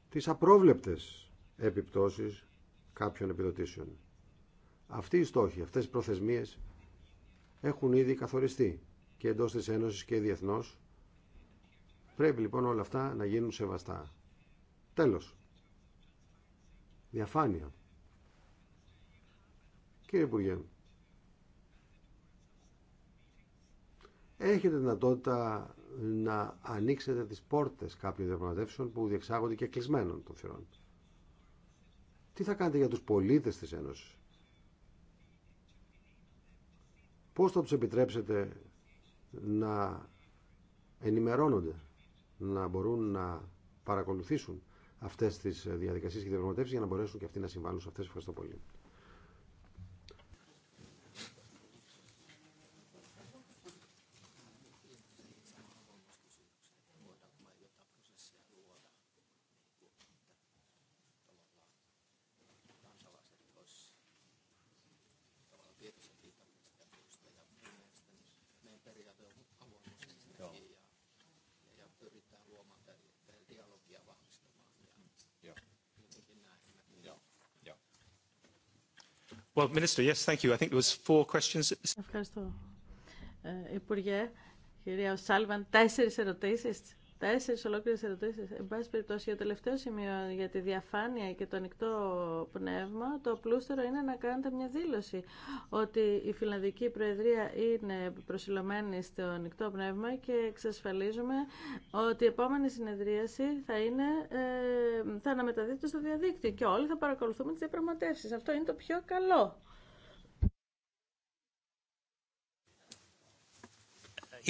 τις απρόβλεπτες επιπτώσεις κάποιων επιδοτήσεων. Αυτοί οι στόχοι, αυτές οι προθεσμίες έχουν ήδη καθοριστεί και εντός της Ένωσης και διεθνώς Πρέπει λοιπόν όλα αυτά να γίνουν σεβαστά. Τέλος. Διαφάνεια. Κύριε Υπουργέ, έχετε δυνατότητα να ανοίξετε τις πόρτες κάποιων διαπραγματεύσεων που διεξάγονται και κλεισμένων των θυρών. Τι θα κάνετε για τους πολίτες της Ένωσης. Πώς θα τους επιτρέψετε να ενημερώνονται να μπορούν να παρακολουθήσουν αυτές τις διαδικασίες και διαπραγματεύσεις για να μπορέσουν και αυτοί να συμβάλλουν σε αυτές. Ευχαριστώ πολύ. Well, Minister, yes, thank you. I think there was four questions. Ευχαριστώ. Ε, Υπουργέ, κυρία Σάλβαν, τέσσερις ερωτήσεις. Τέσσερι ολόκληρε ερωτήσει. Εν πάση περιπτώσει, για το τελευταίο σημείο για τη διαφάνεια και το ανοιχτό πνεύμα, το πλούστερο είναι να κάνετε μια δήλωση ότι η Φιλανδική Προεδρία είναι προσιλωμένη στο ανοιχτό πνεύμα και εξασφαλίζουμε ότι η επόμενη συνεδρίαση θα, είναι, ε, θα αναμεταδίδεται στο διαδίκτυο και όλοι θα παρακολουθούμε τι διαπραγματεύσει. Αυτό είναι το πιο καλό.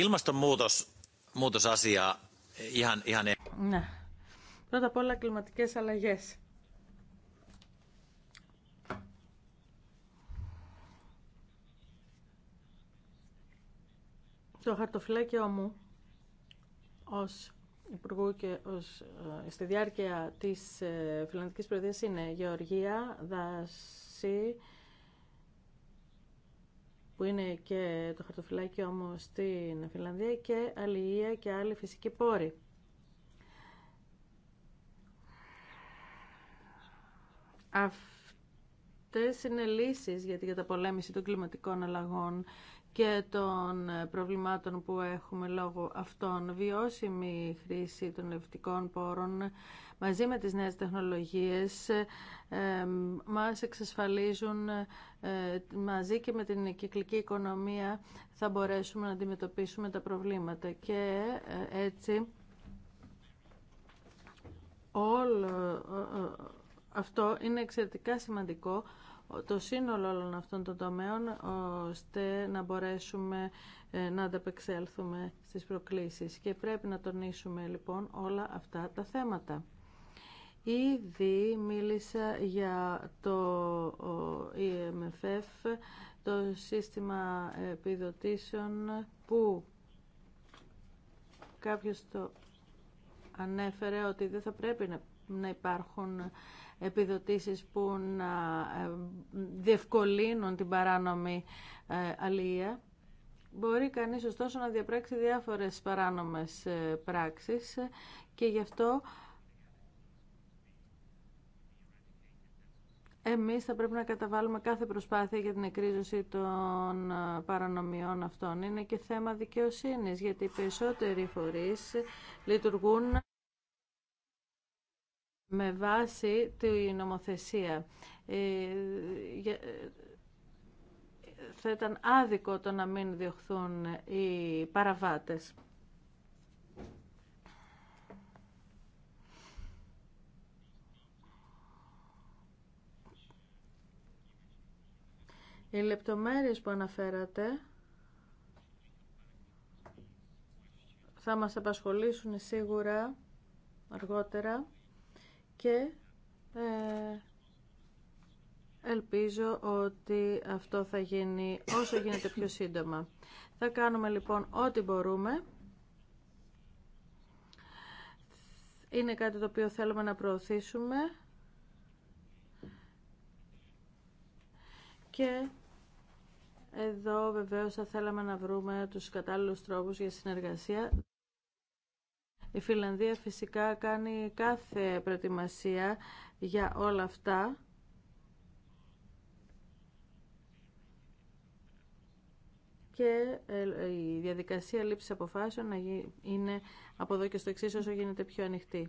Ilmastonmuutos ihan, ε, ihan... Ναι. Πρώτα απ' όλα κλιματικές αλλαγές. Το χαρτοφυλάκιό μου ως Υπουργού και ως, ε, στη διάρκεια της ε, Φιλανδικής Προεδρίας είναι Γεωργία, Δάση, που είναι και το χαρτοφυλάκι όμω στην Φιλανδία και αλληλεία και άλλοι φυσικοί πόροι. Αυτές είναι λύσεις για τα πολέμηση των κλιματικών αλλαγών και των ε, προβλημάτων που έχουμε λόγω αυτών. Βιώσιμη χρήση των λευτικών πόρων μαζί με τις νέες τεχνολογίες ε, μας εξασφαλίζουν ε, μαζί και με την κυκλική οικονομία θα μπορέσουμε να αντιμετωπίσουμε τα προβλήματα και έτσι όλο αυτό είναι εξαιρετικά σημαντικό το σύνολο όλων αυτών των τομέων ώστε να μπορέσουμε ε, να ανταπεξέλθουμε στις προκλήσεις και πρέπει να τονίσουμε λοιπόν όλα αυτά τα θέματα. Ήδη μίλησα για το EMFF, το σύστημα επιδοτήσεων που κάποιος το ανέφερε ότι δεν θα πρέπει να υπάρχουν επιδοτήσεις που να ε, διευκολύνουν την παράνομη ε, αλληλεία. Μπορεί κανείς ωστόσο να διαπράξει διάφορες παράνομες ε, πράξεις και γι' αυτό εμείς θα πρέπει να καταβάλουμε κάθε προσπάθεια για την εκρίζωση των παρανομιών αυτών. Είναι και θέμα δικαιοσύνης, γιατί οι περισσότεροι φορείς λειτουργούν με βάση τη νομοθεσία. Ε, ε, θα ήταν άδικο το να μην διωχθούν οι παραβάτες. Οι λεπτομέρειες που αναφέρατε θα μας απασχολήσουν σίγουρα αργότερα και ε, ελπίζω ότι αυτό θα γίνει όσο γίνεται πιο σύντομα. Θα κάνουμε λοιπόν ό,τι μπορούμε. Είναι κάτι το οποίο θέλουμε να προωθήσουμε και εδώ βεβαίως θα θέλαμε να βρούμε τους κατάλληλους τρόπους για συνεργασία. Η Φιλανδία φυσικά κάνει κάθε προετοιμασία για όλα αυτά. και ε, η διαδικασία λήψης αποφάσεων είναι από εδώ και στο εξής όσο γίνεται πιο ανοιχτή.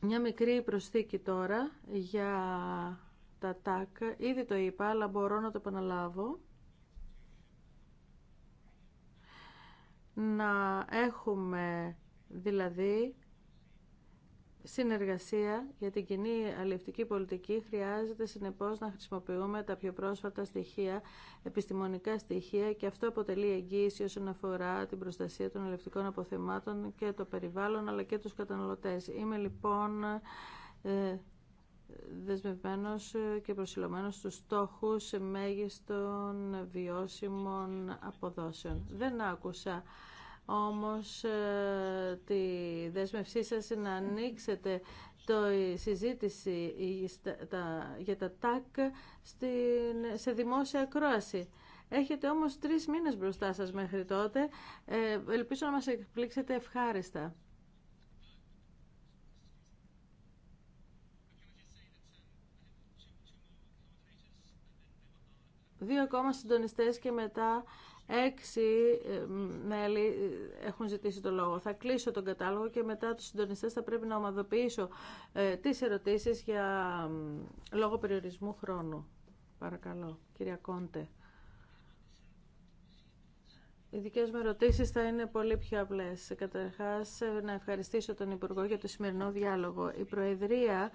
Μια μικρή προσθήκη τώρα για τα ΤΑΚ. Ήδη το είπα, αλλά μπορώ να το επαναλάβω. να έχουμε δηλαδή συνεργασία για την κοινή αλληλευτική πολιτική χρειάζεται συνεπώς να χρησιμοποιούμε τα πιο πρόσφατα στοιχεία, επιστημονικά στοιχεία και αυτό αποτελεί εγγύηση όσον αφορά την προστασία των αλληλευτικών αποθεμάτων και το περιβάλλον αλλά και τους καταναλωτές. Είμαι λοιπόν ε, δεσμευμένος και προσιλωμένος στους στόχους μέγιστον βιώσιμων αποδόσεων. Δεν άκουσα όμως ε, τη δέσμευσή σας να ανοίξετε το συζήτηση για τα ΤΑΚ σε δημόσια ακρόαση. Έχετε όμως τρεις μήνες μπροστά σας μέχρι τότε. Ε, ελπίζω να μας εκπλήξετε ευχάριστα. Δύο ακόμα συντονιστές και μετά Έξι ε, μέλη ε, έχουν ζητήσει το λόγο. Θα κλείσω τον κατάλογο και μετά τους συντονιστές θα πρέπει να ομαδοποιήσω ε, τις ερωτήσεις για λόγο περιορισμού χρόνου. Παρακαλώ, κυρία Κόντε. Οι δικέ μου ερωτήσει θα είναι πολύ πιο απλέ. Καταρχά, να ευχαριστήσω τον Υπουργό για το σημερινό διάλογο. Η Προεδρία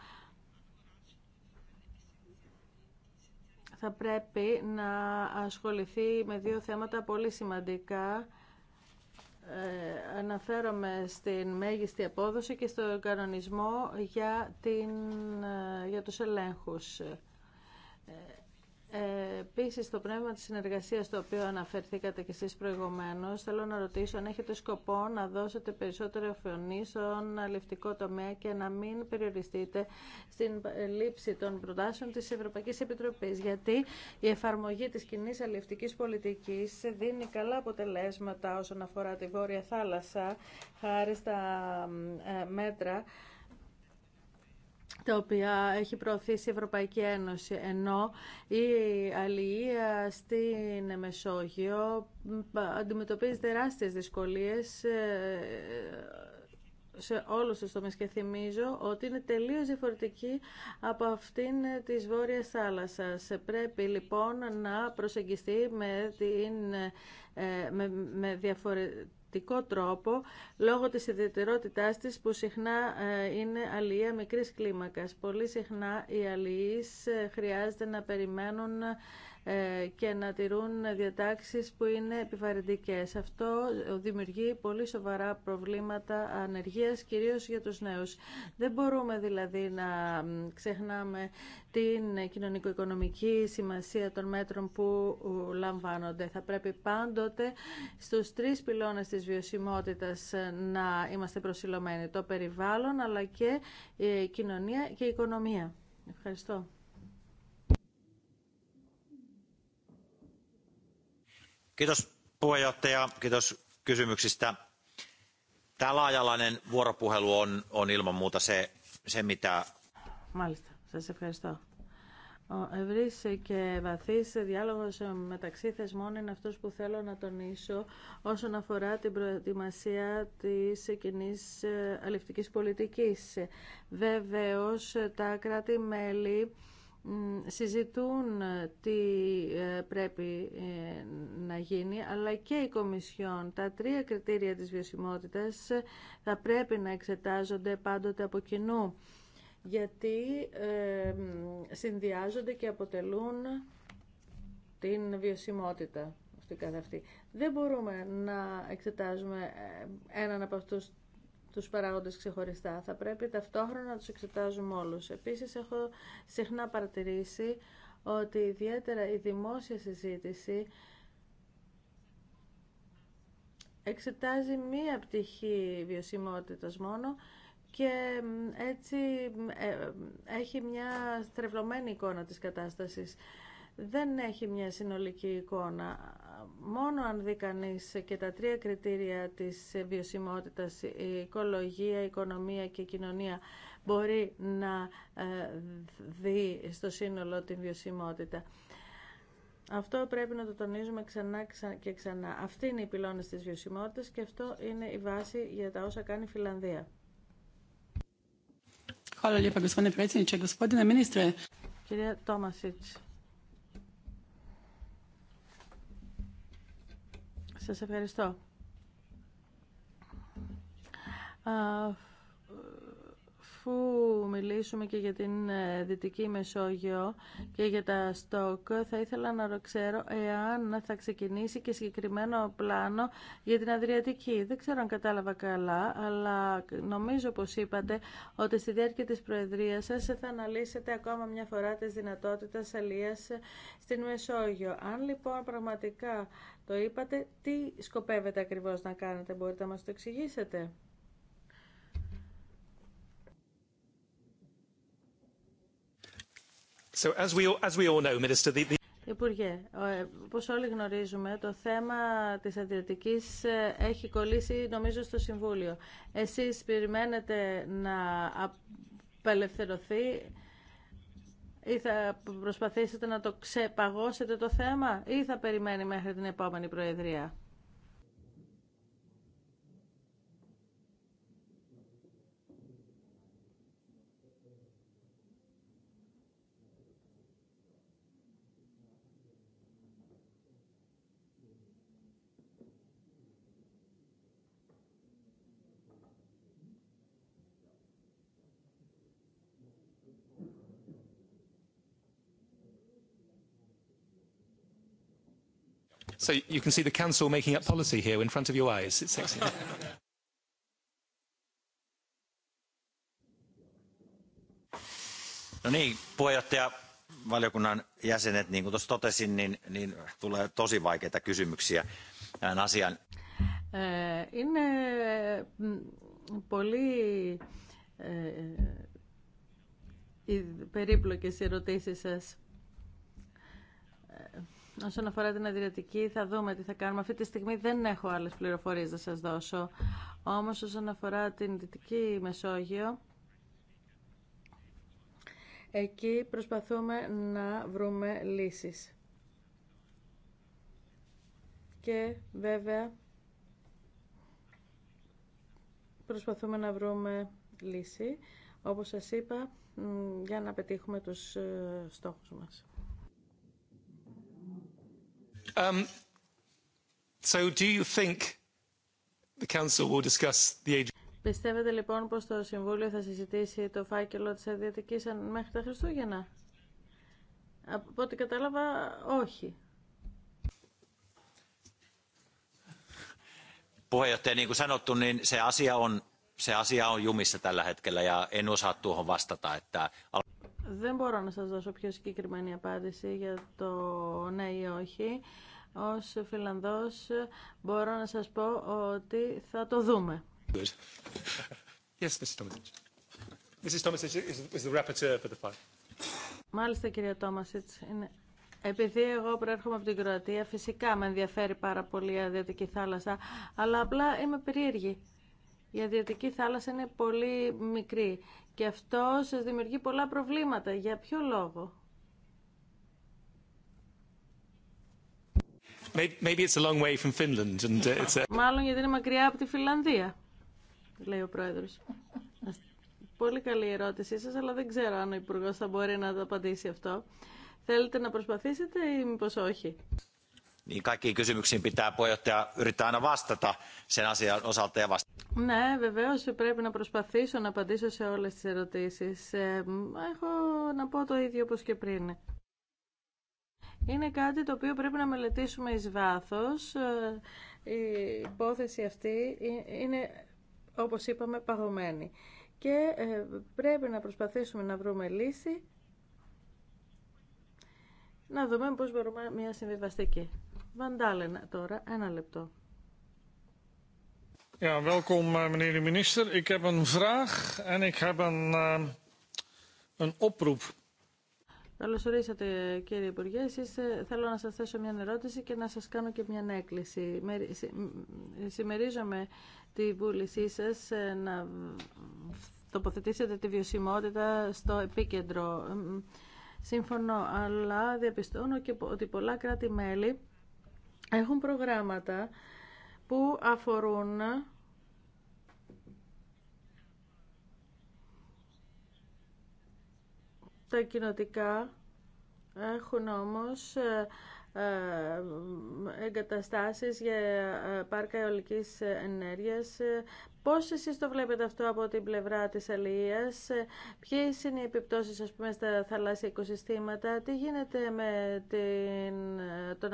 θα πρέπει να ασχοληθεί με δύο θέματα πολύ σημαντικά. Ε, αναφέρομαι στην μέγιστη απόδοση και στον κανονισμό για, την, ε, για τους ελέγχους. Ε, Επίση, στο πνεύμα τη συνεργασία, στο οποίο αναφερθήκατε και εσεί προηγουμένω, θέλω να ρωτήσω αν έχετε σκοπό να δώσετε περισσότερο φωνή στον αλευτικό τομέα και να μην περιοριστείτε στην λήψη των προτάσεων τη Ευρωπαϊκή Επιτροπή. Γιατί η εφαρμογή τη κοινή αλευτική πολιτική δίνει καλά αποτελέσματα όσον αφορά τη Βόρεια Θάλασσα, χάρη στα ε, μέτρα τα οποία έχει προωθήσει η Ευρωπαϊκή Ένωση, ενώ η αλληλεία στην Μεσόγειο αντιμετωπίζει τεράστιες δυσκολίες ε, σε όλους τους τομείς και θυμίζω ότι είναι τελείως διαφορετική από αυτήν της Βόρειας Θάλασσας. Πρέπει λοιπόν να προσεγγιστεί με, την, ε, με, τρόπο λόγω της ιδιαιτερότητάς της που συχνά ε, είναι αλληλεία μικρής κλίμακας. Πολύ συχνά οι αλληλείς ε, χρειάζεται να περιμένουν ε, και να τηρούν διατάξεις που είναι επιβαρυντικές. Αυτό δημιουργεί πολύ σοβαρά προβλήματα ανεργίας, κυρίως για τους νέους. Δεν μπορούμε δηλαδή να ξεχνάμε την κοινωνικο-οικονομική σημασία των μέτρων που λαμβάνονται. Θα πρέπει πάντοτε στους τρεις πυλώνες της βιωσιμότητας ε, να είμαστε προσιλωμένοι. Το περιβάλλον αλλά και η ε, κοινωνία και η οικονομία. Ευχαριστώ. Kiitos puheenjohtaja, kiitos kysymyksistä. Tämä laajalainen vuoropuhelu on, on ilman muuta se, se, mitä... Μάλιστα, σα ευχαριστώ. Ο ευρύς και βαθύς διάλογος μεταξύ θεσμών είναι αυτός που θέλω να τονίσω όσον αφορά την προετοιμασία της κοινή αλευτικής πολιτικής. Βεβαίως, τα κράτη-μέλη συζητούν ε, τι ε, πρέπει ε, να γίνει, αλλά και η Κομισιόν. Τα τρία κριτήρια της βιωσιμότητας θα πρέπει να εξετάζονται πάντοτε από κοινού, γιατί συνδυάζονται και αποτελούν την βιωσιμότητα αυτή καθ' αυτή. Δεν μπορούμε να εξετάζουμε έναν από αυτούς τους παράγοντες ξεχωριστά. Θα πρέπει ταυτόχρονα να τους εξετάζουμε όλους. Επίσης, έχω συχνά παρατηρήσει ότι ιδιαίτερα η δημόσια συζήτηση εξετάζει μία πτυχή βιωσιμότητας μόνο και έτσι ε, έχει μια στρεβλωμένη εικόνα της κατάστασης. Δεν έχει μια συνολική εικόνα μόνο αν δει κανεί και τα τρία κριτήρια της βιωσιμότητας, η οικολογία, η οικονομία και η κοινωνία, μπορεί να ε, δει στο σύνολο την βιωσιμότητα. Αυτό πρέπει να το τονίζουμε ξανά και ξανά. Αυτή είναι η πυλώνες της βιωσιμότητας και αυτό είναι η βάση για τα όσα κάνει η Φιλανδία. Κυρία Τόμασιτς. Σας ευχαριστώ. Αφού μιλήσουμε και για την ε, Δυτική Μεσόγειο και για τα στόκ, θα ήθελα να ξέρω εάν θα ξεκινήσει και συγκεκριμένο πλάνο για την Αδριατική. Δεν ξέρω αν κατάλαβα καλά, αλλά νομίζω, όπως είπατε, ότι στη διάρκεια της Προεδρίας σας θα αναλύσετε ακόμα μια φορά τις δυνατότητες αλίας στην Μεσόγειο. Αν λοιπόν πραγματικά το είπατε. Τι σκοπεύετε ακριβώς να κάνετε, μπορείτε να μας το εξηγήσετε. So, as Υπουργέ, όπως όλοι γνωρίζουμε, το θέμα της αντιρρητικής ε, έχει κολλήσει νομίζω στο Συμβούλιο. Εσείς περιμένετε να απελευθερωθεί ή θα προσπαθήσετε να το ξεπαγώσετε το θέμα ή θα περιμένει μέχρι την επόμενη Προεδρία. So you can see the council making up policy here in front of your eyes. It's sexy. No niin, puheenjohtaja, valiokunnan jäsenet, niin kuin tuossa totesin, niin, niin tulee tosi vaikeita kysymyksiä tämän asian. Είναι πολύ περίπλοκες ερωτήσεις σας. Όσον αφορά την Αντιρρετική, θα δούμε τι θα κάνουμε. Αυτή τη στιγμή δεν έχω άλλες πληροφορίες να σας δώσω. Όμως όσον αφορά την Δυτική Μεσόγειο, εκεί προσπαθούμε να βρούμε λύσεις. Και βέβαια προσπαθούμε να βρούμε λύση, όπως σας είπα, για να πετύχουμε τους ε, στόχους μας. Um, So do you think the Council will discuss the age? Πιστεύετε λοιπόν πως το Συμβούλιο θα συζητήσει το φάκελο της αδιατικής μέχρι τα Χριστούγεννα. Από ό,τι κατάλαβα, όχι. Puheenjohtaja, niin kuin sanottu, niin se asia on, se asia on jumissa tällä hetkellä ja en osaa tuohon vastata. Että... Δεν μπορώ να σας δώσω πιο συγκεκριμένη απάντηση για το ναι ή όχι. Ως Φιλανδός μπορώ να σας πω ότι θα το δούμε. Μάλιστα, κύριε Τόμασιτς, επειδή εγώ προέρχομαι από την Κροατία, φυσικά με ενδιαφέρει πάρα πολύ η Αδιατική θάλασσα, αλλά απλά είμαι περίεργη. Η Αδιατική θάλασσα είναι πολύ μικρή και αυτό σας δημιουργεί πολλά προβλήματα. Για ποιο λόγο? Μάλλον γιατί είναι μακριά από τη Φιλανδία, λέει ο πρόεδρος. Πολύ καλή ερώτησή σας, αλλά δεν ξέρω αν ο Υπουργός θα μπορεί να το απαντήσει αυτό. Θέλετε να προσπαθήσετε ή μήπως όχι niin kaikkiin kysymyksiin pitää puheenjohtaja yrittää aina vastata sen asian osalta ja Ναι, βεβαίω πρέπει να προσπαθήσω να απαντήσω σε όλες τις ερωτήσεις. Ε, έχω να πω το ίδιο όπως και πριν. Είναι κάτι το οποίο πρέπει να μελετήσουμε εις βάθος. Ε, η υπόθεση αυτή είναι, όπως είπαμε, παγωμένη. Και ε, πρέπει να προσπαθήσουμε να βρούμε λύση να δούμε πώς μπορούμε μια συμβιβαστική. Βαντάλεν τώρα, ένα λεπτό. Ja, welkom eh, meneer de minister. Ik heb een vraag en ik heb een, eh, een oproep. Καλώς ορίσατε κύριε Υπουργέ. Εσείς, ε, θέλω να σας θέσω μια ερώτηση και να σας κάνω και μια έκκληση. Συμμερίζομαι τη βούλησή σας ε, να τοποθετήσετε τη βιωσιμότητα στο επίκεντρο. Σύμφωνο, αλλά διαπιστώνω και ότι πολλά κράτη-μέλη έχουν προγράμματα που αφορούν τα κοινοτικά έχουν όμως ε, ε, εγκαταστάσεις για ε, πάρκα αιωλικής ενέργειας. Πώς εσείς το βλέπετε αυτό από την πλευρά της αλληλείας, ποιες είναι οι επιπτώσεις ας πούμε στα θαλάσσια οικοσυστήματα, τι γίνεται με τον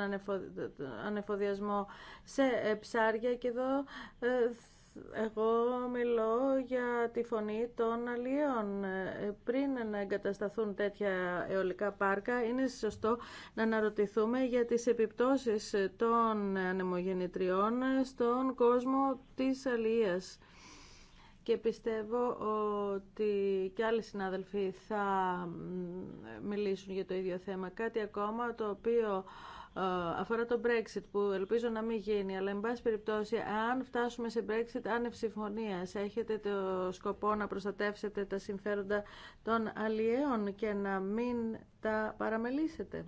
ανεφοδιασμό σε ψάρια και εδώ ε, εγώ μιλώ για τη φωνή των αλλιών. Ε, πριν να εγκατασταθούν τέτοια αιωλικά πάρκα, είναι σωστό να αναρωτηθούμε για τις επιπτώσεις των ανεμογεννητριών στον κόσμο της αλλίας. Και πιστεύω ότι και άλλοι συνάδελφοι θα μιλήσουν για το ίδιο θέμα. Κάτι ακόμα το οποίο αφορά το Brexit που ελπίζω να μην γίνει, αλλά εν πάση περιπτώσει αν φτάσουμε σε Brexit άνευ συμφωνίας, έχετε το σκοπό να προστατεύσετε τα συμφέροντα των αλλιέων και να μην τα παραμελήσετε.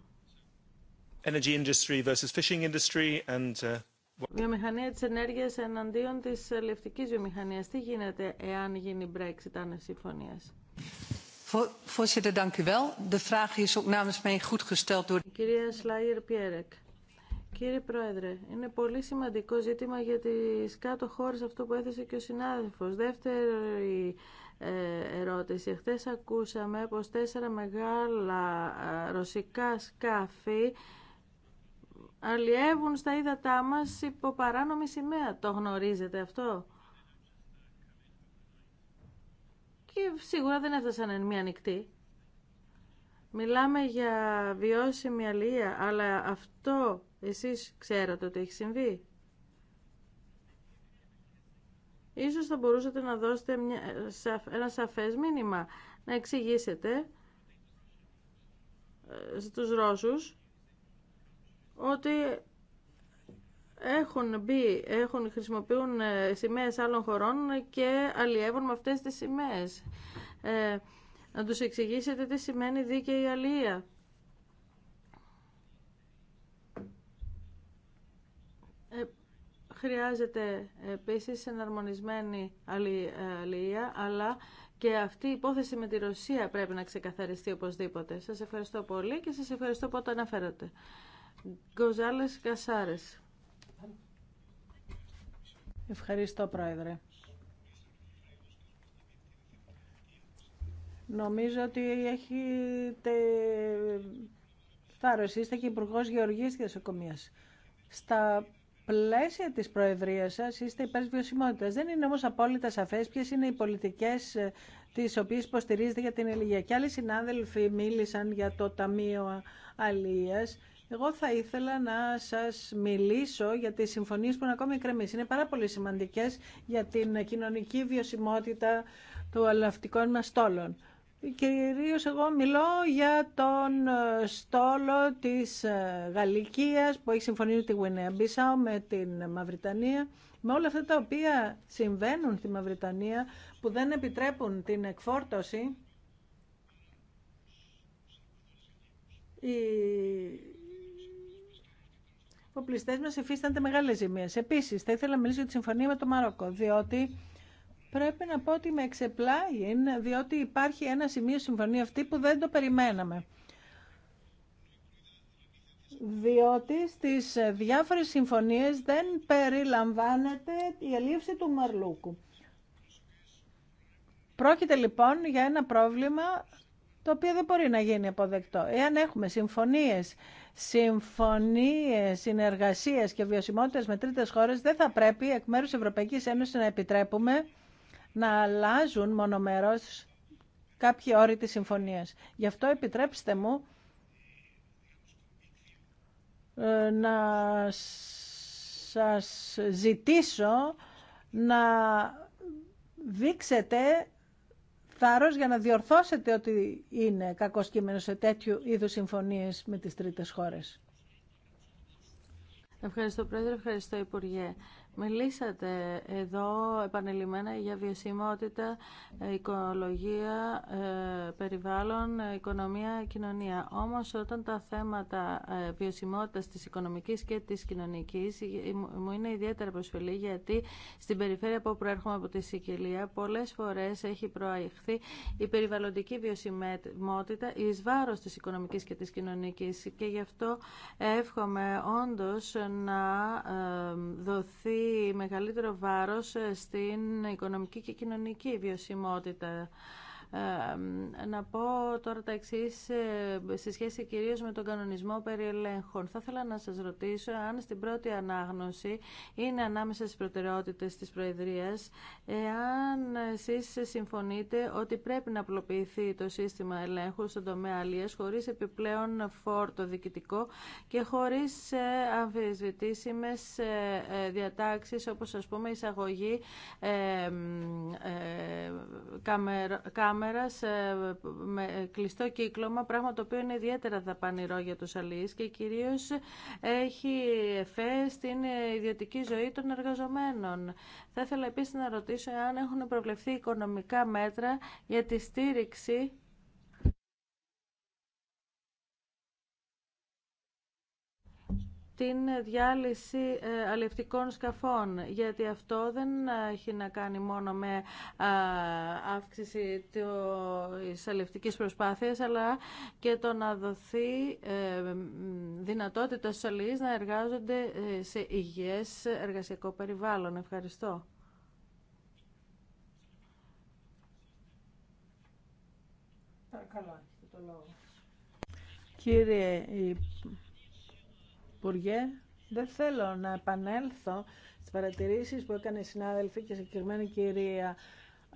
Energy industry versus fishing industry and uh... Βιομηχανία της ενέργειας εναντίον της λευτικής βιομηχανίας. Τι γίνεται εάν γίνει Brexit άνευ συμφωνίας. Κυρία Σλάιερ Πιέρεκ. Κύριε Πρόεδρε, είναι πολύ σημαντικό ζήτημα για τις κάτω χώρες αυτό που έθεσε και ο συνάδελφος. Δεύτερη ε, ερώτηση. χθε ακούσαμε πως τέσσερα μεγάλα ε, ρωσικά σκάφη αλλιεύουν στα ύδατά μας υπό παράνομη σημαία. Το γνωρίζετε αυτό. και σίγουρα δεν έφτασαν εν μία νυχτή. Μιλάμε για βιώσιμη αλληλεία, αλλά αυτό εσείς ξέρατε ότι έχει συμβεί. Ίσως θα μπορούσατε να δώσετε μια, ένα σαφές μήνυμα, να δωσετε ενα σαφες μηνυμα να εξηγησετε στους Ρώσους ότι έχουν μπει, έχουν, χρησιμοποιούν ε, σημαίες άλλων χωρών και αλλιεύουν με αυτές τις σημαίες. Ε, να τους εξηγήσετε τι σημαίνει δίκαιη αλληλεία. Ε, χρειάζεται επίσης εναρμονισμένη ε, αλληλεία, αλλά και αυτή η υπόθεση με τη Ρωσία πρέπει να ξεκαθαριστεί οπωσδήποτε. Σας ευχαριστώ πολύ και σας ευχαριστώ που το αναφέρατε. Γκοζάλες Κασάρες. Ευχαριστώ, Πρόεδρε. Νομίζω ότι έχετε θάρρος. Είστε και υπουργό Γεωργίας και Στα πλαίσια της Προεδρίας σας είστε υπέρ Δεν είναι όμως απόλυτα σαφές ποιες είναι οι πολιτικές ε, τις οποίες υποστηρίζετε για την ηλικία. Και άλλοι συνάδελφοι μίλησαν για το Ταμείο Αλίας εγώ θα ήθελα να σας μιλήσω για τις συμφωνίες που είναι ακόμη εκκρεμίσει. Είναι πάρα πολύ σημαντικές για την κοινωνική βιωσιμότητα του αλλαυτικών μας στόλων. Κυρίως εγώ μιλώ για τον στόλο της Γαλλικίας που έχει συμφωνήσει τη Γουινέα Μπισάου με την Μαυριτανία. Με όλα αυτά τα οποία συμβαίνουν στη Μαυριτανία που δεν επιτρέπουν την εκφόρτωση οπλιστές μας υφίστανται μεγάλες ζημίες. Επίσης, θα ήθελα να μιλήσω για τη συμφωνία με το Μαρόκο, διότι πρέπει να πω ότι με εξεπλάγει, διότι υπάρχει ένα σημείο συμφωνία αυτή που δεν το περιμέναμε. Διότι στις διάφορες συμφωνίες δεν περιλαμβάνεται η ελίψη του Μαρλούκου. Πρόκειται λοιπόν για ένα πρόβλημα το οποίο δεν μπορεί να γίνει αποδεκτό. Εάν έχουμε συμφωνίες συμφωνίες, συνεργασίες και βιωσιμότητε με τρίτε χώρες δεν θα πρέπει εκ μέρους τη Ευρωπαϊκής Ένωσης να επιτρέπουμε να αλλάζουν μονομερώς κάποιοι όροι της συμφωνίας. Γι' αυτό επιτρέψτε μου ε, να σας ζητήσω να δείξετε θάρρος για να διορθώσετε ότι είναι κακό κείμενο σε τέτοιου είδους συμφωνίες με τις τρίτες χώρες. Ευχαριστώ Πρόεδρε, ευχαριστώ Υπουργέ. Μιλήσατε εδώ επανελειμμένα για βιωσιμότητα, οικολογία, ε, περιβάλλον, οικονομία, κοινωνία. Όμως όταν τα θέματα ε, βιωσιμότητας της οικονομικής και της κοινωνικής ε, μου είναι ιδιαίτερα προσφυλή γιατί στην περιφέρεια που προέρχομαι από τη Σικελία πολλές φορές έχει προαγηθεί η περιβαλλοντική βιωσιμότητα εις βάρος της οικονομικής και της κοινωνικής και γι' αυτό εύχομαι όντως να δοθεί μεγαλύτερο βάρος ε, στην οικονομική και κοινωνική βιωσιμότητα ε, να πω τώρα τα εξή ε, σε σχέση κυρίως με τον κανονισμό περί ελέγχων. Θα ήθελα να σας ρωτήσω αν στην πρώτη ανάγνωση είναι ανάμεσα στις προτεραιότητες της Προεδρίας εάν εσείς συμφωνείτε ότι πρέπει να απλοποιηθεί το σύστημα ελέγχου στον τομέα αλίας χωρίς επιπλέον φόρτο διοικητικό και χωρίς ε, αμφισβητήσιμες διατάξεις όπως ας πούμε εισαγωγή ε, κάμερα ε, με κλειστό κύκλωμα, πράγμα το οποίο είναι ιδιαίτερα δαπανηρό για τους αλληλείς και κυρίως έχει εφέ στην ιδιωτική ζωή των εργαζομένων. Θα ήθελα επίσης να ρωτήσω αν έχουν προβλεφθεί οικονομικά μέτρα για τη στήριξη την διάλυση ε, αλευτικών σκαφών, γιατί αυτό δεν έχει να κάνει μόνο με αύξηση της αλληλευτικής προσπάθειας, αλλά και το να δοθεί ε, δυνατότητα στους αλληλείς να εργάζονται ε, σε υγιές εργασιακό περιβάλλον. Ευχαριστώ. το Κύριε Υπουργέ, δεν θέλω να επανέλθω στις παρατηρήσεις που έκανε η συνάδελφη και συγκεκριμένη κυρία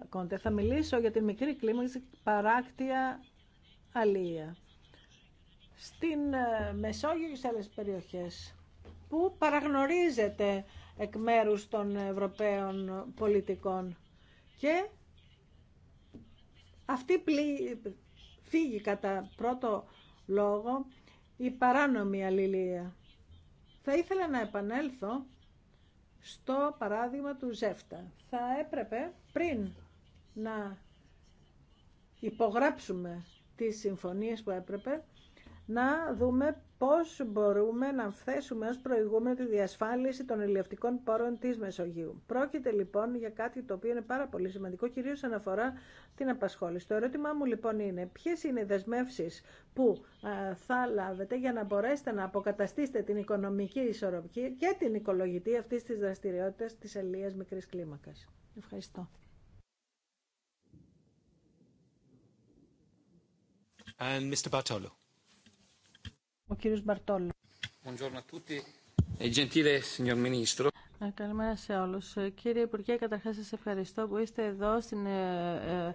Κόντε. Θα μιλήσω για την μικρή κλίμαξη παράκτια αλία. Στην ε, Μεσόγειο και σε άλλες περιοχές που παραγνωρίζεται εκ μέρους των Ευρωπαίων πολιτικών και αυτή πλή... φύγει κατά πρώτο λόγο η παράνομη αλληλεία. Θα ήθελα να επανέλθω στο παράδειγμα του Ζεύτα. Θα έπρεπε πριν να υπογράψουμε τις συμφωνίες που έπρεπε να δούμε πώς μπορούμε να θέσουμε ως προηγούμενο τη διασφάλιση των ελευτικών πόρων της Μεσογείου. Πρόκειται λοιπόν για κάτι το οποίο είναι πάρα πολύ σημαντικό, κυρίως αναφορά την απασχόληση. Το ερώτημά μου λοιπόν είναι ποιες είναι οι δεσμεύσεις που θα λάβετε για να μπορέσετε να αποκαταστήσετε την οικονομική ισορροπία και την οικολογητή αυτή τη δραστηριότητα τη αλληλείας μικρής κλίμακας. Ευχαριστώ. And Mr. Bartolo. Ο κύριος Μπαρτόλο. Ε, καλημέρα σε όλους. Ε, κύριε Υπουργέ, καταρχάς σας ευχαριστώ που είστε εδώ στην ε,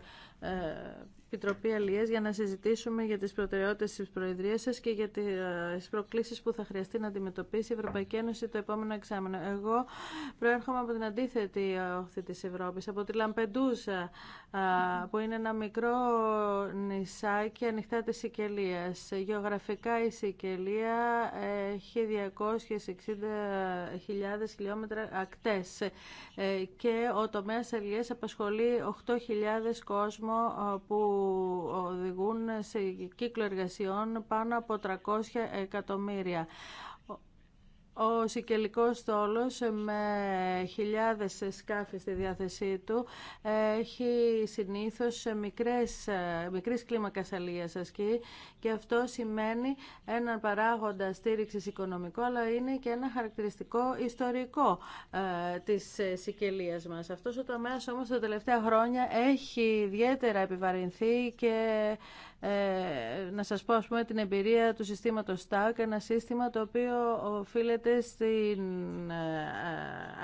Επιτροπή Αλλιές για να συζητήσουμε για τις προτεραιότητες της Προεδρίας σας και για τις προκλήσεις που θα χρειαστεί να αντιμετωπίσει η Ευρωπαϊκή Ένωση το επόμενο εξάμεινο. Εγώ προέρχομαι από την αντίθετη όχθη της Ευρώπης, από τη Λαμπεντούσα, που είναι ένα μικρό νησάκι ανοιχτά της Σικελίας. Γεωγραφικά η Σικελία έχει 260.000 χιλιόμετρα ακτές ε, και ο τομέας Αλλιές απασχολεί 8.000 κόσμο ε, που οδηγούν σε κύκλο εργασιών πάνω από 300 εκατομμύρια ο Σικελικός στόλος με χιλιάδες σκάφη στη διάθεσή του έχει συνήθως μικρές, μικρής κλίμακας ασκή και αυτό σημαίνει έναν παράγοντα στήριξης οικονομικό αλλά είναι και ένα χαρακτηριστικό ιστορικό ε, της Σικελίας μας. Αυτός ο τομέας όμως τα τελευταία χρόνια έχει ιδιαίτερα επιβαρυνθεί και ε, να σας πω την εμπειρία του συστήματος ΣΤΑΚ, ένα σύστημα το οποίο οφείλεται στην ε,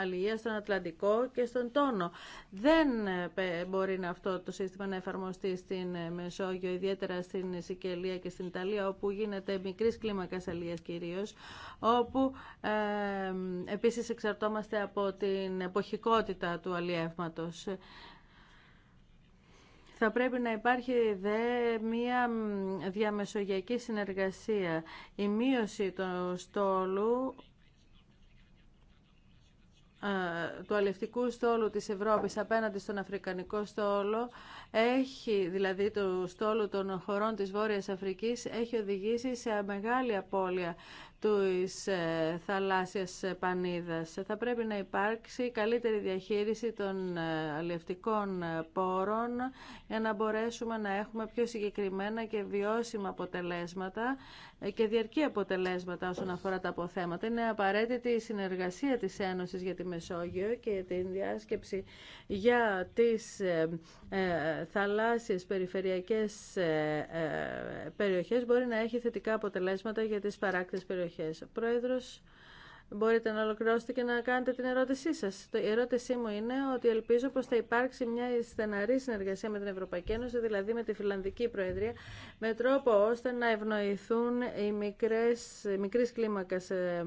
αλληλεία στον Ατλαντικό και στον Τόνο. Δεν ε, μπορεί να αυτό το σύστημα να εφαρμοστεί στην Μεσόγειο, ιδιαίτερα στην Σικελία και στην Ιταλία, όπου γίνεται μικρής κλίμακας αλληλείας κυρίως, όπου ε, επίσης εξαρτώμαστε από την εποχικότητα του αλλιεύματος. Θα πρέπει να υπάρχει δε μία διαμεσογειακή συνεργασία. Η μείωση του στόλου ε, του αλευτικού στόλου της Ευρώπης απέναντι στον Αφρικανικό στόλο έχει, δηλαδή το στόλο των χωρών της Βόρειας Αφρικής έχει οδηγήσει σε μεγάλη απώλεια της ε, θαλάσσιας πανίδας. Θα πρέπει να υπάρξει καλύτερη διαχείριση των ε, αλλιευτικών ε, πόρων για να μπορέσουμε να έχουμε πιο συγκεκριμένα και βιώσιμα αποτελέσματα και διαρκή αποτελέσματα όσον αφορά τα αποθέματα. Είναι απαραίτητη η συνεργασία της Ένωσης για τη Μεσόγειο και την διάσκεψη για τις θαλάσσιες περιφερειακές περιοχές μπορεί να έχει θετικά αποτελέσματα για τις παράκτες περιοχές περιοχές. Πρόεδρος, μπορείτε να ολοκληρώσετε και να κάνετε την ερώτησή σας. Η ερώτησή μου είναι ότι ελπίζω πως θα υπάρξει μια στεναρή συνεργασία με την Ευρωπαϊκή Ένωση, δηλαδή με τη Φιλανδική Προεδρία, με τρόπο ώστε να ευνοηθούν οι μικρές, μικρής κλίμακας ε,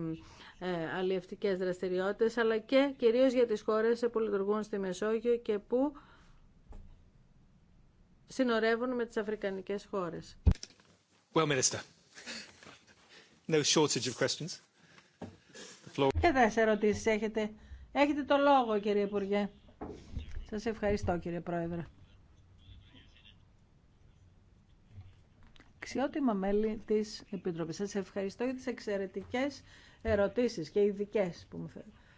ε, αλλιευτικές δραστηριότητες, αλλά και κυρίως για τις χώρες που λειτουργούν στη Μεσόγειο και που συνορεύουν με τις αφρικανικές χώρες. Well, No shortage of questions. ερωτήσεις έχετε. Έχετε το λόγο κύριε Υπουργέ. Σας ευχαριστώ κύριε Πρόεδρε. Ξιότιμα μέλη της Επιτροπής. Σας ευχαριστώ για τις εξαιρετικές ερωτήσεις και ειδικέ που μου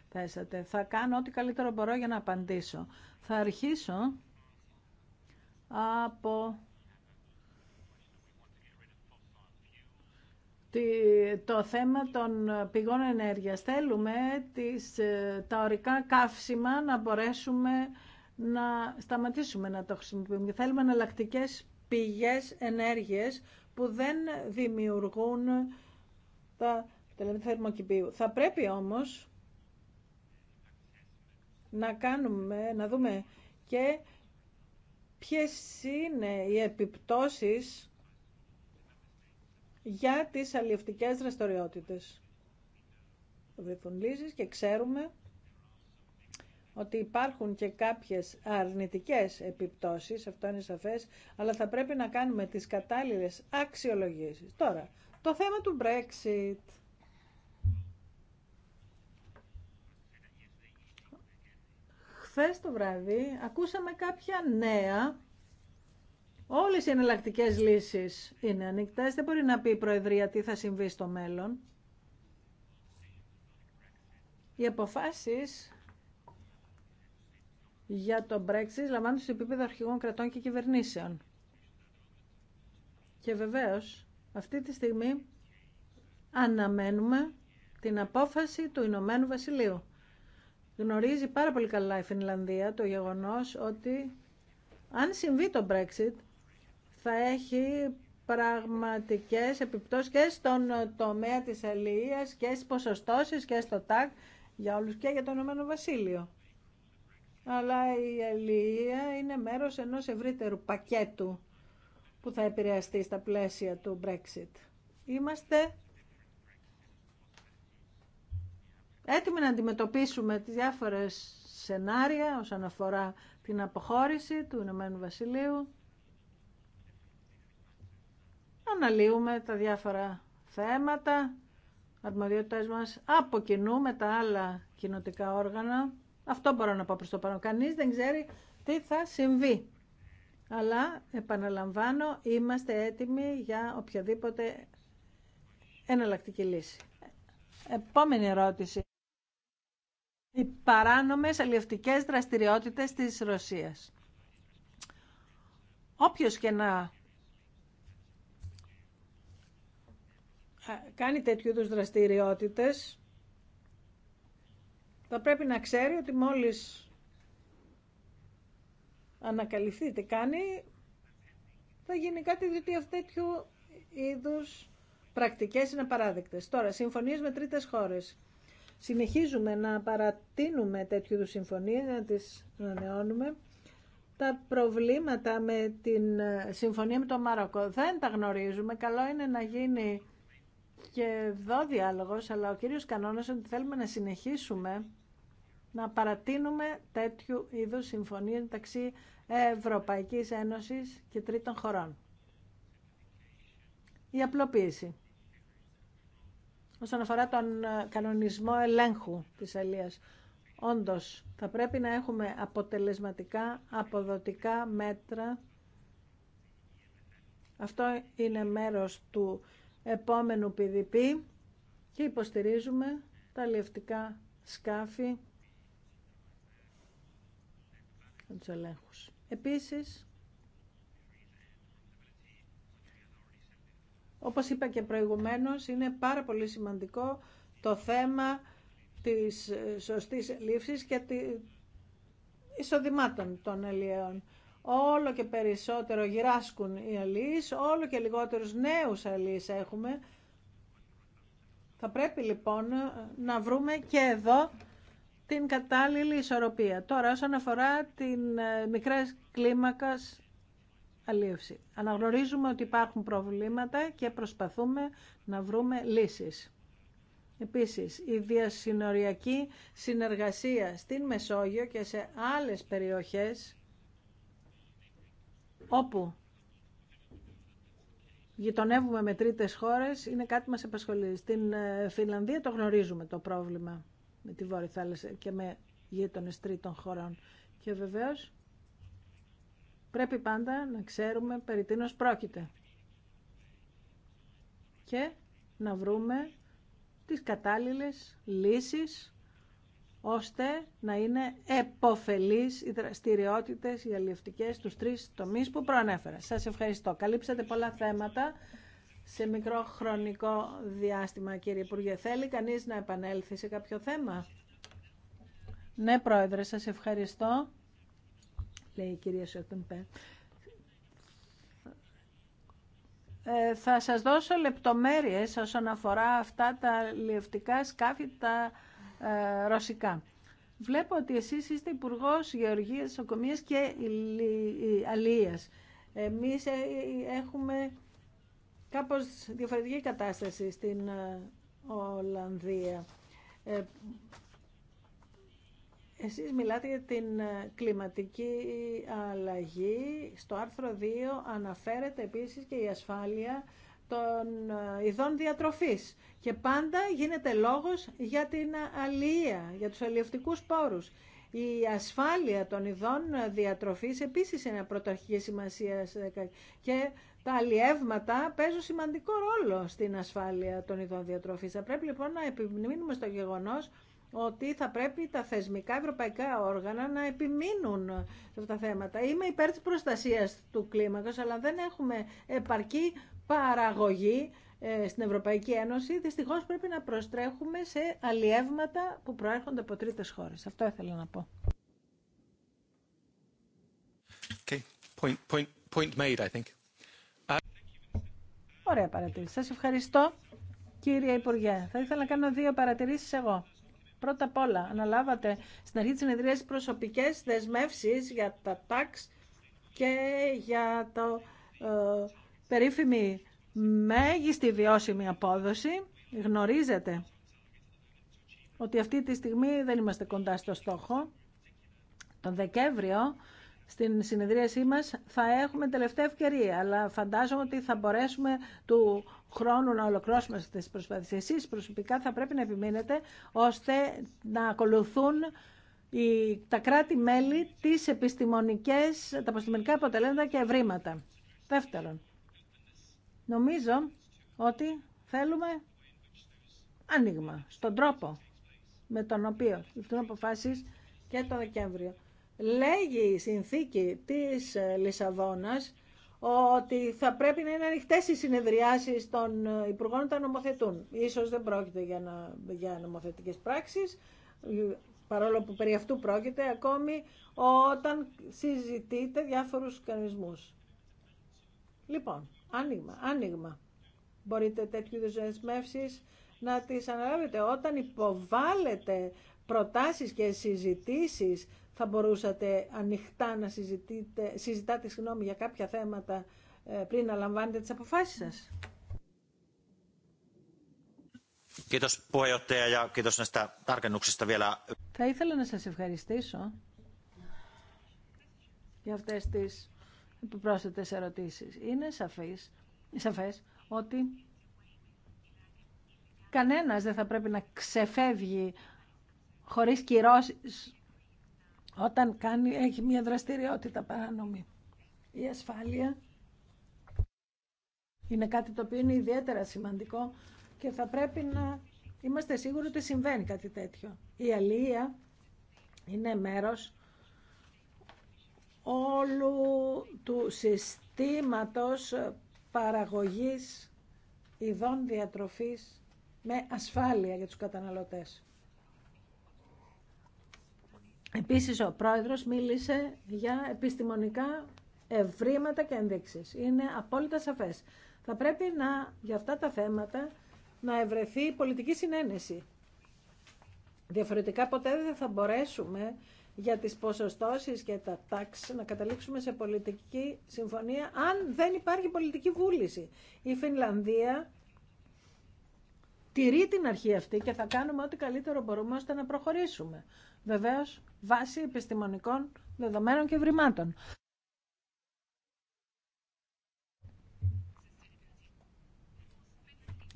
θέσατε. Θα κάνω ό,τι καλύτερο μπορώ για να απαντήσω. Θα αρχίσω από το θέμα των πηγών ενέργειας. Θέλουμε τις, ε, τα ορικά καύσιμα να μπορέσουμε να σταματήσουμε να το χρησιμοποιούμε. Θέλουμε εναλλακτικέ πηγές ενέργειας που δεν δημιουργούν τα τελευταία θερμοκηπίου. Θα πρέπει όμως να κάνουμε, να δούμε και ποιες είναι οι επιπτώσεις για τις αλληλευτικές δραστηριότητες. Βρεθούν λύσεις και ξέρουμε ότι υπάρχουν και κάποιες αρνητικές επιπτώσεις, αυτό είναι σαφές, αλλά θα πρέπει να κάνουμε τις κατάλληλες αξιολογήσεις. Τώρα, το θέμα του Brexit. Χθες το βράδυ ακούσαμε κάποια νέα Όλε οι εναλλακτικέ λύσει είναι ανοιχτέ. Δεν μπορεί να πει η Προεδρία τι θα συμβεί στο μέλλον. Οι αποφάσει για το Brexit λαμβάνονται σε επίπεδο αρχηγών κρατών και κυβερνήσεων. Και βεβαίω, αυτή τη στιγμή αναμένουμε την απόφαση του Ηνωμένου Βασιλείου. Γνωρίζει πάρα πολύ καλά η Φινλανδία το γεγονός ότι αν συμβεί το Brexit θα έχει πραγματικές επιπτώσεις και στον τομέα της αλληλείας και στις ποσοστώσεις και στο ΤΑΚ για όλους και για το Ηνωμένο Βασίλειο. Αλλά η αλληλεία είναι μέρος ενός ευρύτερου πακέτου που θα επηρεαστεί στα πλαίσια του Brexit. Είμαστε έτοιμοι να αντιμετωπίσουμε τις διάφορες σενάρια όσον αφορά την αποχώρηση του Ηνωμένου Βασιλείου αναλύουμε τα διάφορα θέματα, αρμοδιότητες μας, από κοινού με τα άλλα κοινοτικά όργανα. Αυτό μπορώ να πω προς το πάνω. Κανείς δεν ξέρει τι θα συμβεί. Αλλά, επαναλαμβάνω, είμαστε έτοιμοι για οποιαδήποτε εναλλακτική λύση. Επόμενη ερώτηση. Οι παράνομες αλληλευτικές δραστηριότητες της Ρωσίας. Όποιος και να κάνει τέτοιου είδους δραστηριότητες θα πρέπει να ξέρει ότι μόλις ανακαλυφθεί τι κάνει θα γίνει κάτι διότι αυτού τέτοιου είδους πρακτικές είναι παράδεκτες. Τώρα, συμφωνίες με τρίτες χώρες. Συνεχίζουμε να παρατείνουμε τέτοιου είδους συμφωνίες, να τις ανανεώνουμε. Τα προβλήματα με την ε, συμφωνία με το Μαροκό δεν τα γνωρίζουμε. Καλό είναι να γίνει και εδώ διάλογος, αλλά ο κύριος κανόνας ότι θέλουμε να συνεχίσουμε να παρατείνουμε τέτοιου είδους συμφωνίες μεταξύ Ευρωπαϊκής Ένωσης και τρίτων χωρών. Η απλοποίηση. Όσον αφορά τον κανονισμό ελέγχου της Αλίας, όντως θα πρέπει να έχουμε αποτελεσματικά, αποδοτικά μέτρα. Αυτό είναι μέρος του επόμενου PDP και υποστηρίζουμε τα λευτικά σκάφη και τους ελέγχους. Επίσης, όπως είπα και προηγουμένως, είναι πάρα πολύ σημαντικό το θέμα της σωστής λήψης και τη εισοδημάτων των ελιαίων όλο και περισσότερο γυράσκουν οι αλείς, όλο και λιγότερους νέους αλείς έχουμε. Θα πρέπει λοιπόν να βρούμε και εδώ την κατάλληλη ισορροπία. Τώρα όσον αφορά την ε, μικρές κλίμακας αλίευση. Αναγνωρίζουμε ότι υπάρχουν προβλήματα και προσπαθούμε να βρούμε λύσεις. Επίσης, η διασυνοριακή συνεργασία στην Μεσόγειο και σε άλλες περιοχές όπου γειτονεύουμε με τρίτες χώρες είναι κάτι που μας απασχολεί. Στην ε, Φιλανδία το γνωρίζουμε το πρόβλημα με τη Βόρεια Θάλασσα και με γείτονες τρίτων χωρών. Και βεβαίως πρέπει πάντα να ξέρουμε περί τίνος πρόκειται. Και να βρούμε τις κατάλληλες λύσεις ώστε να είναι εποφελείς οι δραστηριότητες, οι αλληλευτικές τους τρεις τομείς που προανέφερα. Σας ευχαριστώ. Καλύψατε πολλά θέματα σε μικρό χρονικό διάστημα, κύριε Υπουργέ. Θέλει κανείς να επανέλθει σε κάποιο θέμα. Ναι, Πρόεδρε, σας ευχαριστώ, λέει η κυρία ε, θα σας δώσω λεπτομέρειες όσον αφορά αυτά τα λιευτικά σκάφη, ε, ρωσικά. Βλέπω ότι εσείς είστε υπουργό Γεωργίας, Οκομίας και Αλίας. Εμείς ε, έχουμε κάπως διαφορετική κατάσταση στην ε, Ολλανδία. Εσείς μιλάτε για την κλιματική αλλαγή. Στο άρθρο 2 αναφέρεται επίσης και η ασφάλεια των ε, ειδών διατροφής και πάντα γίνεται λόγος για την αλληλεία, για τους αλλιευτικούς πόρους. Η ασφάλεια των ειδών ε, διατροφής επίσης είναι πρωταρχική σημασία και τα αλλιεύματα παίζουν σημαντικό ρόλο στην ασφάλεια των ειδών διατροφής. Θα πρέπει λοιπόν να επιμείνουμε στο γεγονός ότι θα πρέπει τα θεσμικά ευρωπαϊκά όργανα να επιμείνουν σε αυτά τα θέματα. Είμαι υπέρ της προστασίας του κλίματος αλλά δεν έχουμε επαρκή παραγωγή ε, στην Ευρωπαϊκή Ένωση, δυστυχώς πρέπει να προστρέχουμε σε αλλιεύματα που προέρχονται από τρίτες χώρες. Αυτό ήθελα να πω. Okay. Point, point, point made, I think. Uh, Ωραία παρατήρηση. Σας ευχαριστώ, κύριε Υπουργέ. Θα ήθελα να κάνω δύο παρατηρήσεις εγώ. Πρώτα απ' όλα, αναλάβατε στην αρχή της συνεδρίας προσωπικές δεσμεύσεις για τα τάξ και για το... Ε, περίφημη μέγιστη βιώσιμη απόδοση. Γνωρίζετε ότι αυτή τη στιγμή δεν είμαστε κοντά στο στόχο. Τον Δεκέμβριο στην συνεδρίασή μας θα έχουμε τελευταία ευκαιρία, αλλά φαντάζομαι ότι θα μπορέσουμε του χρόνου να ολοκληρώσουμε αυτές τις προσπάθειες. Εσείς προσωπικά θα πρέπει να επιμείνετε ώστε να ακολουθούν οι, τα κράτη-μέλη τις επιστημονικές, τα επιστημονικά αποτελέσματα και ευρήματα. Δεύτερον, Νομίζω ότι θέλουμε άνοιγμα στον τρόπο με τον οποίο ληφθούν αποφάσεις και το Δεκέμβριο. Λέγει η συνθήκη της ε, Λισαβόνας ότι θα πρέπει να είναι ανοιχτέ οι συνεδριάσει των ε, Υπουργών όταν νομοθετούν. Ίσως δεν πρόκειται για, να, για νομοθετικές πράξεις, ε, παρόλο που περί αυτού πρόκειται ακόμη όταν συζητείτε διάφορους κανονισμού. Λοιπόν, άνοιγμα, άνοιγμα. Μπορείτε τέτοιου δεσμεύσεις να τις αναλάβετε. Όταν υποβάλλετε προτάσεις και συζητήσεις θα μπορούσατε ανοιχτά να συζητείτε, συζητάτε συγγνώμη, για κάποια θέματα ε, πριν να λαμβάνετε τις αποφάσεις σας. Θα ήθελα να σας ευχαριστήσω για αυτές τις πρόσθετες ερωτήσεις. Είναι σαφέ σαφές ότι κανένας δεν θα πρέπει να ξεφεύγει χωρίς κυρώσεις όταν κάνει, έχει μια δραστηριότητα παράνομη. Η ασφάλεια είναι κάτι το οποίο είναι ιδιαίτερα σημαντικό και θα πρέπει να είμαστε σίγουροι ότι συμβαίνει κάτι τέτοιο. Η αλληλεία είναι μέρος όλου του συστήματος παραγωγής ειδών διατροφής με ασφάλεια για τους καταναλωτές. Επίσης ο πρόεδρος μίλησε για επιστημονικά ευρήματα και ενδείξεις. Είναι απόλυτα σαφές. Θα πρέπει να, για αυτά τα θέματα να ευρεθεί πολιτική συνένεση. Διαφορετικά ποτέ δεν θα μπορέσουμε για τις ποσοστώσεις και τα τάξη να καταλήξουμε σε πολιτική συμφωνία, αν δεν υπάρχει πολιτική βούληση. Η Φινλανδία τηρεί την αρχή αυτή και θα κάνουμε ό,τι καλύτερο μπορούμε ώστε να προχωρήσουμε. Βεβαίως, βάσει επιστημονικών δεδομένων και βρημάτων.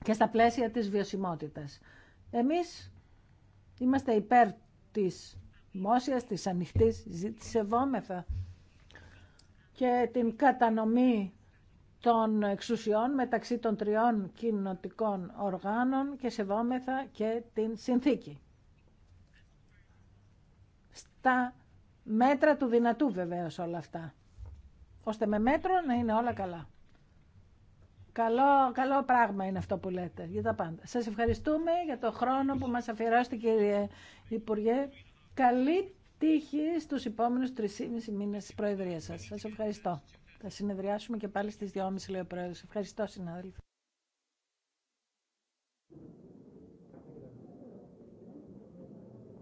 Και στα πλαίσια της βιωσιμότητας. Εμείς είμαστε υπέρ της τη της ανοιχτής σεβόμεθα και την κατανομή των εξουσιών μεταξύ των τριών κοινοτικών οργάνων και σεβόμεθα και την συνθήκη. Στα μέτρα του δυνατού βεβαίως όλα αυτά, ώστε με μέτρο να είναι όλα καλά. Καλό, καλό πράγμα είναι αυτό που λέτε για τα πάντα. Σας ευχαριστούμε για το χρόνο που μας αφιερώσετε κύριε Υπουργέ. Καλή τύχη στους επόμενους 3,5 μήνες της Προεδρίας σας. Σας ευχαριστώ. Θα συνεδριάσουμε και πάλι στις 2,5 λέει ο Πρόεδρος. Ευχαριστώ συνάδελφοι.